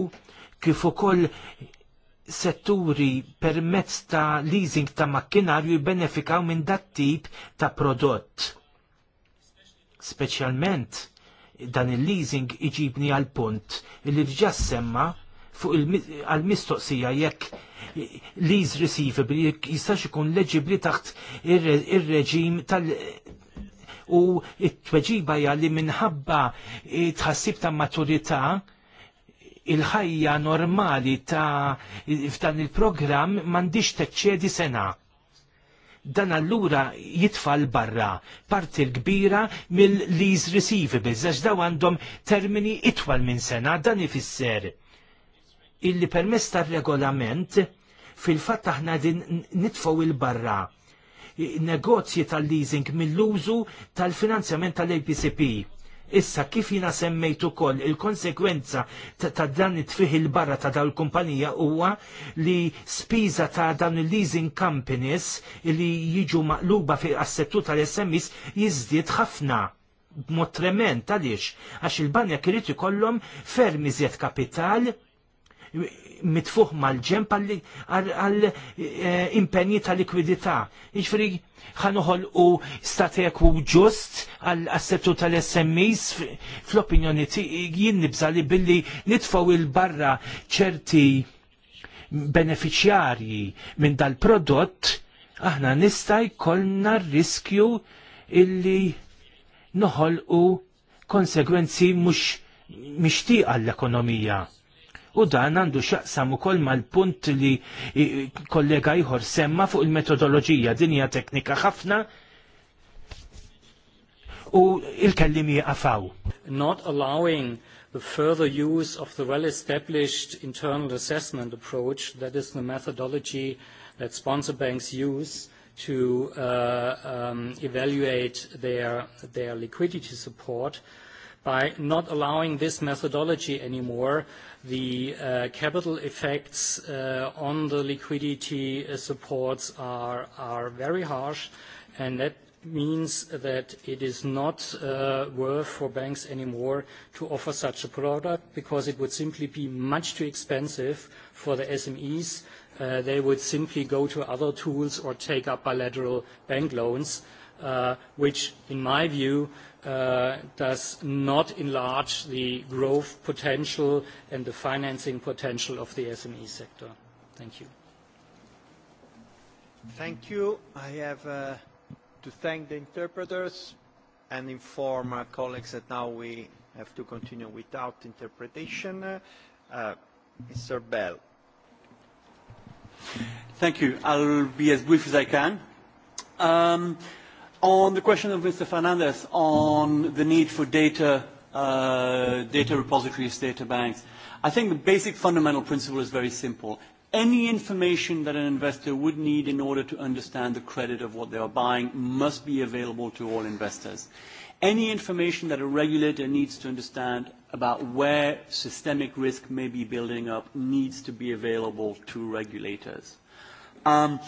kif ukoll setturi permezz ta' leasing ta' makkinarju jibbenefikaw minn dat tip ta' prodott. Speċjalment dan il-leasing iġibni għal punt li diġà semma fuq il mistoqsija jekk lease receivable jistax ikun leġibli taħt ir-reġim tal- u t tweġiba hija li minħabba tħassib ta' maturità il-ħajja normali ta' f'dan il-programm m'għandix teċċedi sena. Dan allura jitfall barra parti l-kbira mill-lease receivables, għax daw għandhom termini itwal minn sena, dan ifisser illi permess tar-regolament fil-fatt aħna din nitfgħu il-barra negozji tal-leasing mill-użu tal-finanzjament tal-APCP Issa kif jina semmejt ukoll il-konsekwenza ta' dan it-tfih il-barra ta' dawn il-kumpanija huwa li spiża ta' dawn il-leasing companies li jiġu maqluba fi assettu tal-SMIs jiżdied ħafna b'mod tremend għaliex għax il-banja kirit ikollhom ferm iżjed kapital mitfuħ mal-ġemp għal eh, impenji ta' likwidità. Iġfri ħanuħol u statek u ġust għall assetu tal-SMEs fl-opinjoni jien nibżali billi nitfaw il-barra ċerti beneficjarji minn dal-prodott, aħna nista' jkollna riskju illi noħol u konsegwenzi mux mixtieqa l-ekonomija. U dan għandu xaqsam u ukoll mal-punt li kollega jħor semma fuq il metodologija dinja teknika ħafna u il-kellimi għafaw. Not allowing the further use of the well-established internal assessment approach, that is the methodology that sponsor banks use to uh, um, evaluate their, their liquidity support, by not allowing this methodology anymore The uh, capital effects uh, on the liquidity uh, supports are, very harsh, and that means that it is not worth for banks anymore to offer such a product because it would simply be much too expensive for the SMEs. they would simply go to other tools or take up bilateral bank loans, which in my view uh, does not enlarge the growth potential and the financing potential of the SME sector. Thank you. Thank you. I have uh, to thank the interpreters and inform our colleagues that now we have to continue without interpretation. Uh, Mr. Bell. Thank you. I'll be as brief as I can. Um, On the question of Mr. Fernandez on the need for data, uh, data repositories, data banks, I think the basic fundamental principle is very simple. Any information that an investor would need in order to understand the credit of what they are buying must be available to all investors. Any information that a regulator needs to understand about where systemic risk may be building up needs to be available to regulators. Um,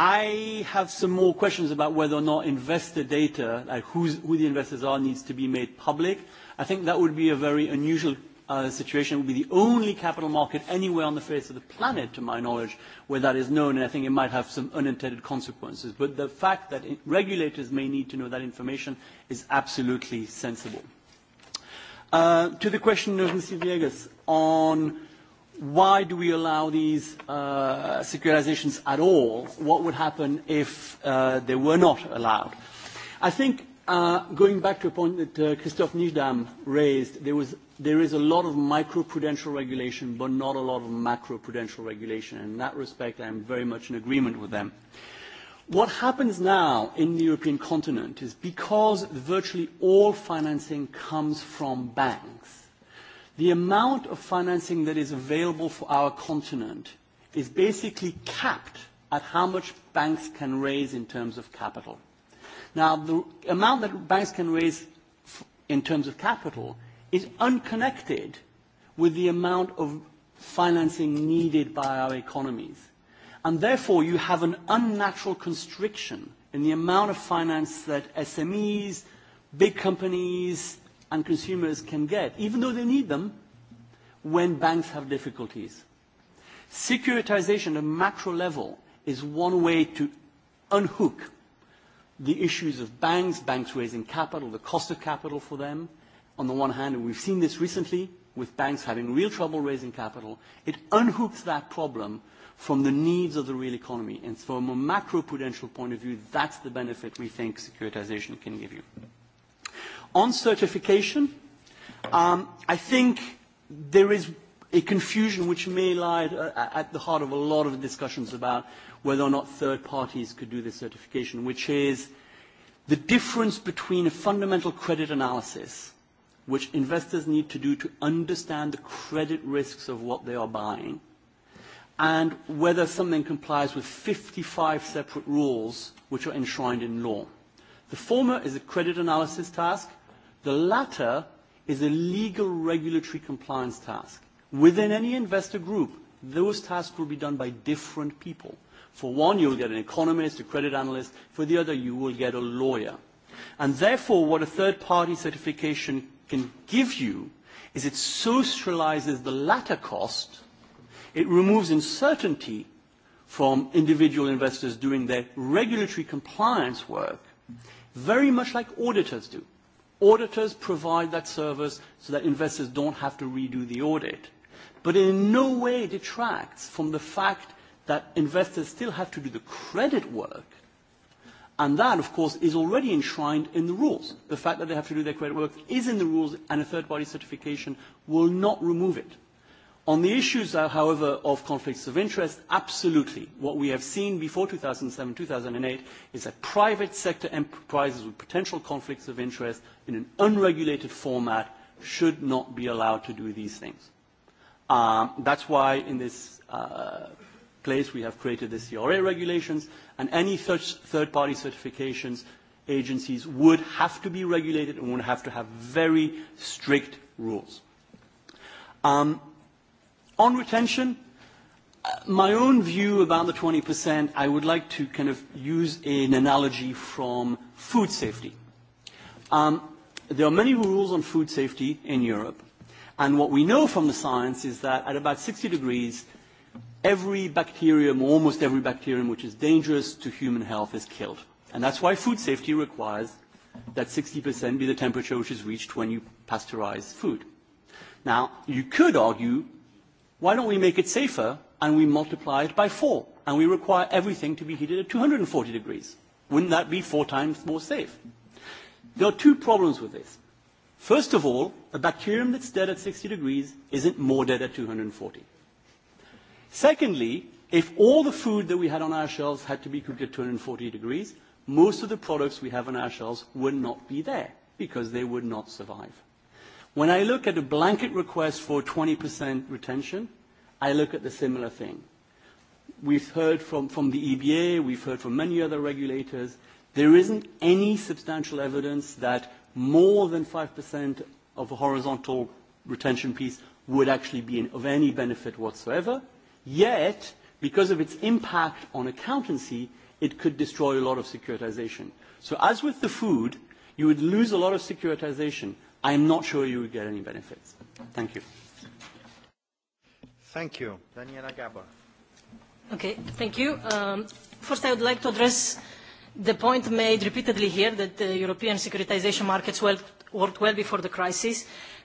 I have some more questions about whether or not investor data, like who's, who the investors are, needs to be made public. I think that would be a very unusual uh, situation. It would be the only capital market anywhere on the face of the planet, to my knowledge, where that is known, and I think it might have some unintended consequences. But the fact that regulators may need to know that information is absolutely sensible. Uh, to the question of Mr. Viegas on why do we allow these uh, securitizations at all? What would happen if uh, they were not allowed? I think uh, going back to a point that uh, Christoph Nijdam raised, there, was, there is a lot of microprudential regulation, but not a lot of macroprudential regulation. In that respect, I am very much in agreement with them. What happens now in the European continent is because virtually all financing comes from banks, the amount of financing that is available for our continent is basically capped at how much banks can raise in terms of capital. Now, the amount that banks can raise in terms of capital is unconnected with the amount of financing needed by our economies. And therefore, you have an unnatural constriction in the amount of finance that SMEs, big companies, and consumers can get, even though they need them, when banks have difficulties. Securitization at a macro level is one way to unhook the issues of banks, banks raising capital, the cost of capital for them, on the one hand, and we've seen this recently with banks having real trouble raising capital, it unhooks that problem from the needs of the real economy. And from a macro prudential point of view, that's the benefit we think securitization can give you. On certification, um, I think there is a confusion which may lie uh, at the heart of a lot of discussions about whether or not third parties could do this certification, which is the difference between a fundamental credit analysis, which investors need to do to understand the credit risks of what they are buying, and whether something complies with 55 separate rules which are enshrined in law. The former is a credit analysis task, The latter is a legal regulatory compliance task. Within any investor group, those tasks will be done by different people. For one, you'll get an economist, a credit analyst. For the other, you will get a lawyer. And therefore, what a third-party certification can give you is it socializes the latter cost. It removes uncertainty from individual investors doing their regulatory compliance work, very much like auditors do. Auditors provide that service so that investors don't have to redo the audit. But it in no way detracts from the fact that investors still have to do the credit work. And that, of course, is already enshrined in the rules. The fact that they have to do their credit work is in the rules, and a third-party certification will not remove it. On the issues, uh, however, of conflicts of interest, absolutely. What we have seen before 2007, 2008 is that private sector enterprises with potential conflicts of interest in an unregulated format should not be allowed to do these things. Um, that's why in this uh, place we have created the CRA regulations, and any such third-party certifications agencies would have to be regulated and would have to have very strict rules. Um, On retention, uh, my own view about the 20%, I would like to kind of use an analogy from food safety. Um, there are many rules on food safety in Europe, and what we know from the science is that at about 60 degrees, every bacterium, or almost every bacterium which is dangerous to human health is killed. And that's why food safety requires that 60% be the temperature which is reached when you pasteurize food. Now, you could argue Why don't we make it safer and we multiply it by four and we require everything to be heated at 240 degrees? Wouldn't that be four times more safe? There are two problems with this. First of all, a bacterium that's dead at 60 degrees isn't more dead at 240. Secondly, if all the food that we had on our shelves had to be cooked at 240 degrees, most of the products we have on our shelves would not be there because they would not survive. When I look at a blanket request for 20% retention, I look at the similar thing. We've heard from, from the EBA, we've heard from many other regulators, there isn't any substantial evidence that more than 5% of a horizontal retention piece would actually be of any benefit whatsoever. Yet, because of its impact on accountancy, it could destroy a lot of securitization. So as with the food, you would lose a lot of securitization. I am not sure you will get any benefits. Thank you. Thank you. Daniela Gabor. Okay, thank you. Um, first, I would like to address the point made repeatedly here that the European securitization markets worked well before the crisis.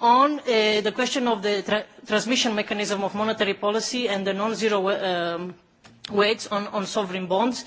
On uh, the question of the tra transmission mechanism of monetary policy and the non-zero um, weights on, on sovereign bonds, uh,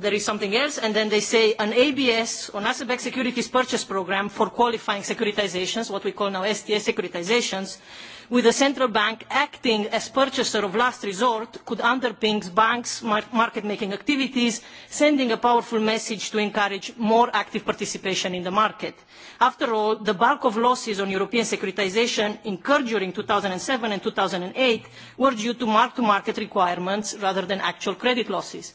there is something else, and then they say an ABS, or asset-backed securities purchase program for qualifying securitizations, what we call now STS securitizations, with the central bank acting as purchaser of last resort could underpin banks' mar market-making activities, sending a powerful message to encourage more active participation in the market. After all, the bulk of losses on European securitization incurred during 2007 and 2008 were due to mark-to-market requirements rather than actual credit losses.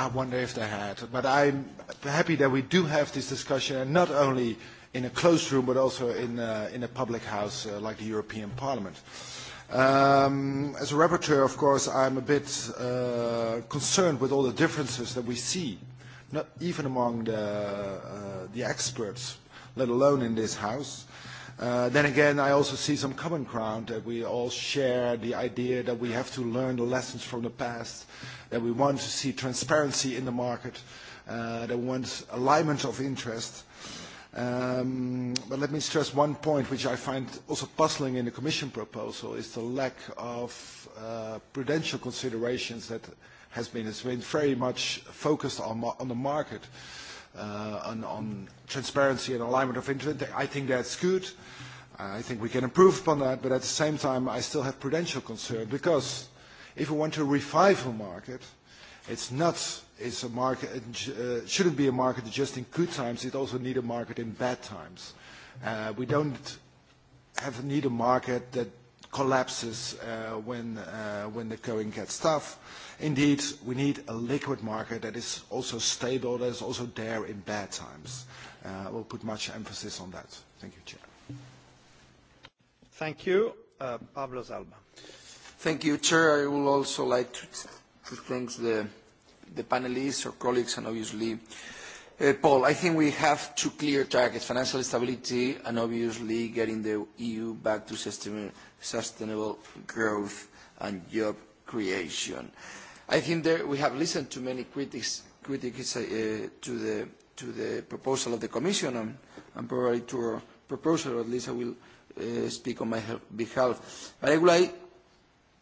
I wonder if they had. But I'm happy that we do have this discussion, and not only in a closed room, but also in, uh, in a public house uh, like the European Parliament. Um, as a rapporteur, of course, I'm a bit uh, concerned with all the differences that we see, not even among the, uh, the experts, let alone in this house. Uh, then again, I also see some common ground that we all share the idea that we have to learn the lessons from the past that we want to see transparency in the market, uh, that we want alignment of interest. Um, but let me stress one point which I find also puzzling in the Commission proposal is the lack of uh, prudential considerations that has been, has been very much focused on, on the market, uh, on, on transparency and alignment of interest. I think that's good. I think we can improve upon that, but at the same time, I still have prudential concern because If we want to revive a market, it's not it's a market uh, shouldn't be a market just in good times. It also need a market in bad times. Uh, we don't have need a market that collapses uh, when uh, when the going gets tough. Indeed, we need a liquid market that is also stable, that is also there in bad times. Uh, we'll put much emphasis on that. Thank you, Chair. Thank you, uh, Pablo Zalba. Thank you, Chair. I would also like to, to thank the, the panelists, or colleagues, and obviously uh, Paul. I think we have two clear targets, financial stability and obviously getting the EU back to sustainable growth and job creation. I think there we have listened to many critics, critics uh, to, the, to the proposal of the Commission and, and probably to our proposal, or at least I will uh, speak on my behalf. But I would like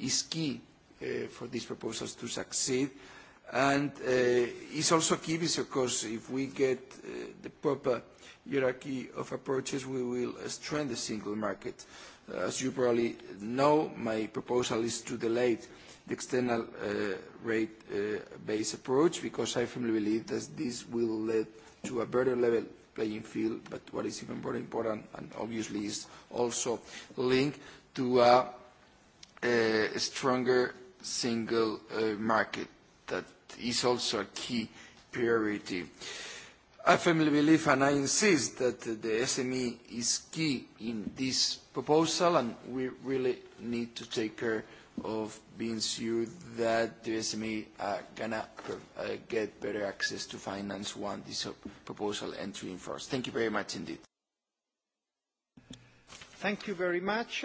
is key uh, for these proposals to succeed. And uh, it's also key because if we get uh, the proper hierarchy of approaches, we will uh, strengthen the single market. Uh, as you probably know, my proposal is to delay the external uh, rate-based uh, approach because I firmly believe that this will lead to a better level playing field, but what is even more important and obviously is also linked to a Uh, a stronger single uh, market. That is also a key priority. I firmly believe and I insist that the SME is key in this proposal and we really need to take care of being sure that the SME are gonna uh, get better access to finance once this uh, proposal entry in force. Thank you very much indeed. Thank you very much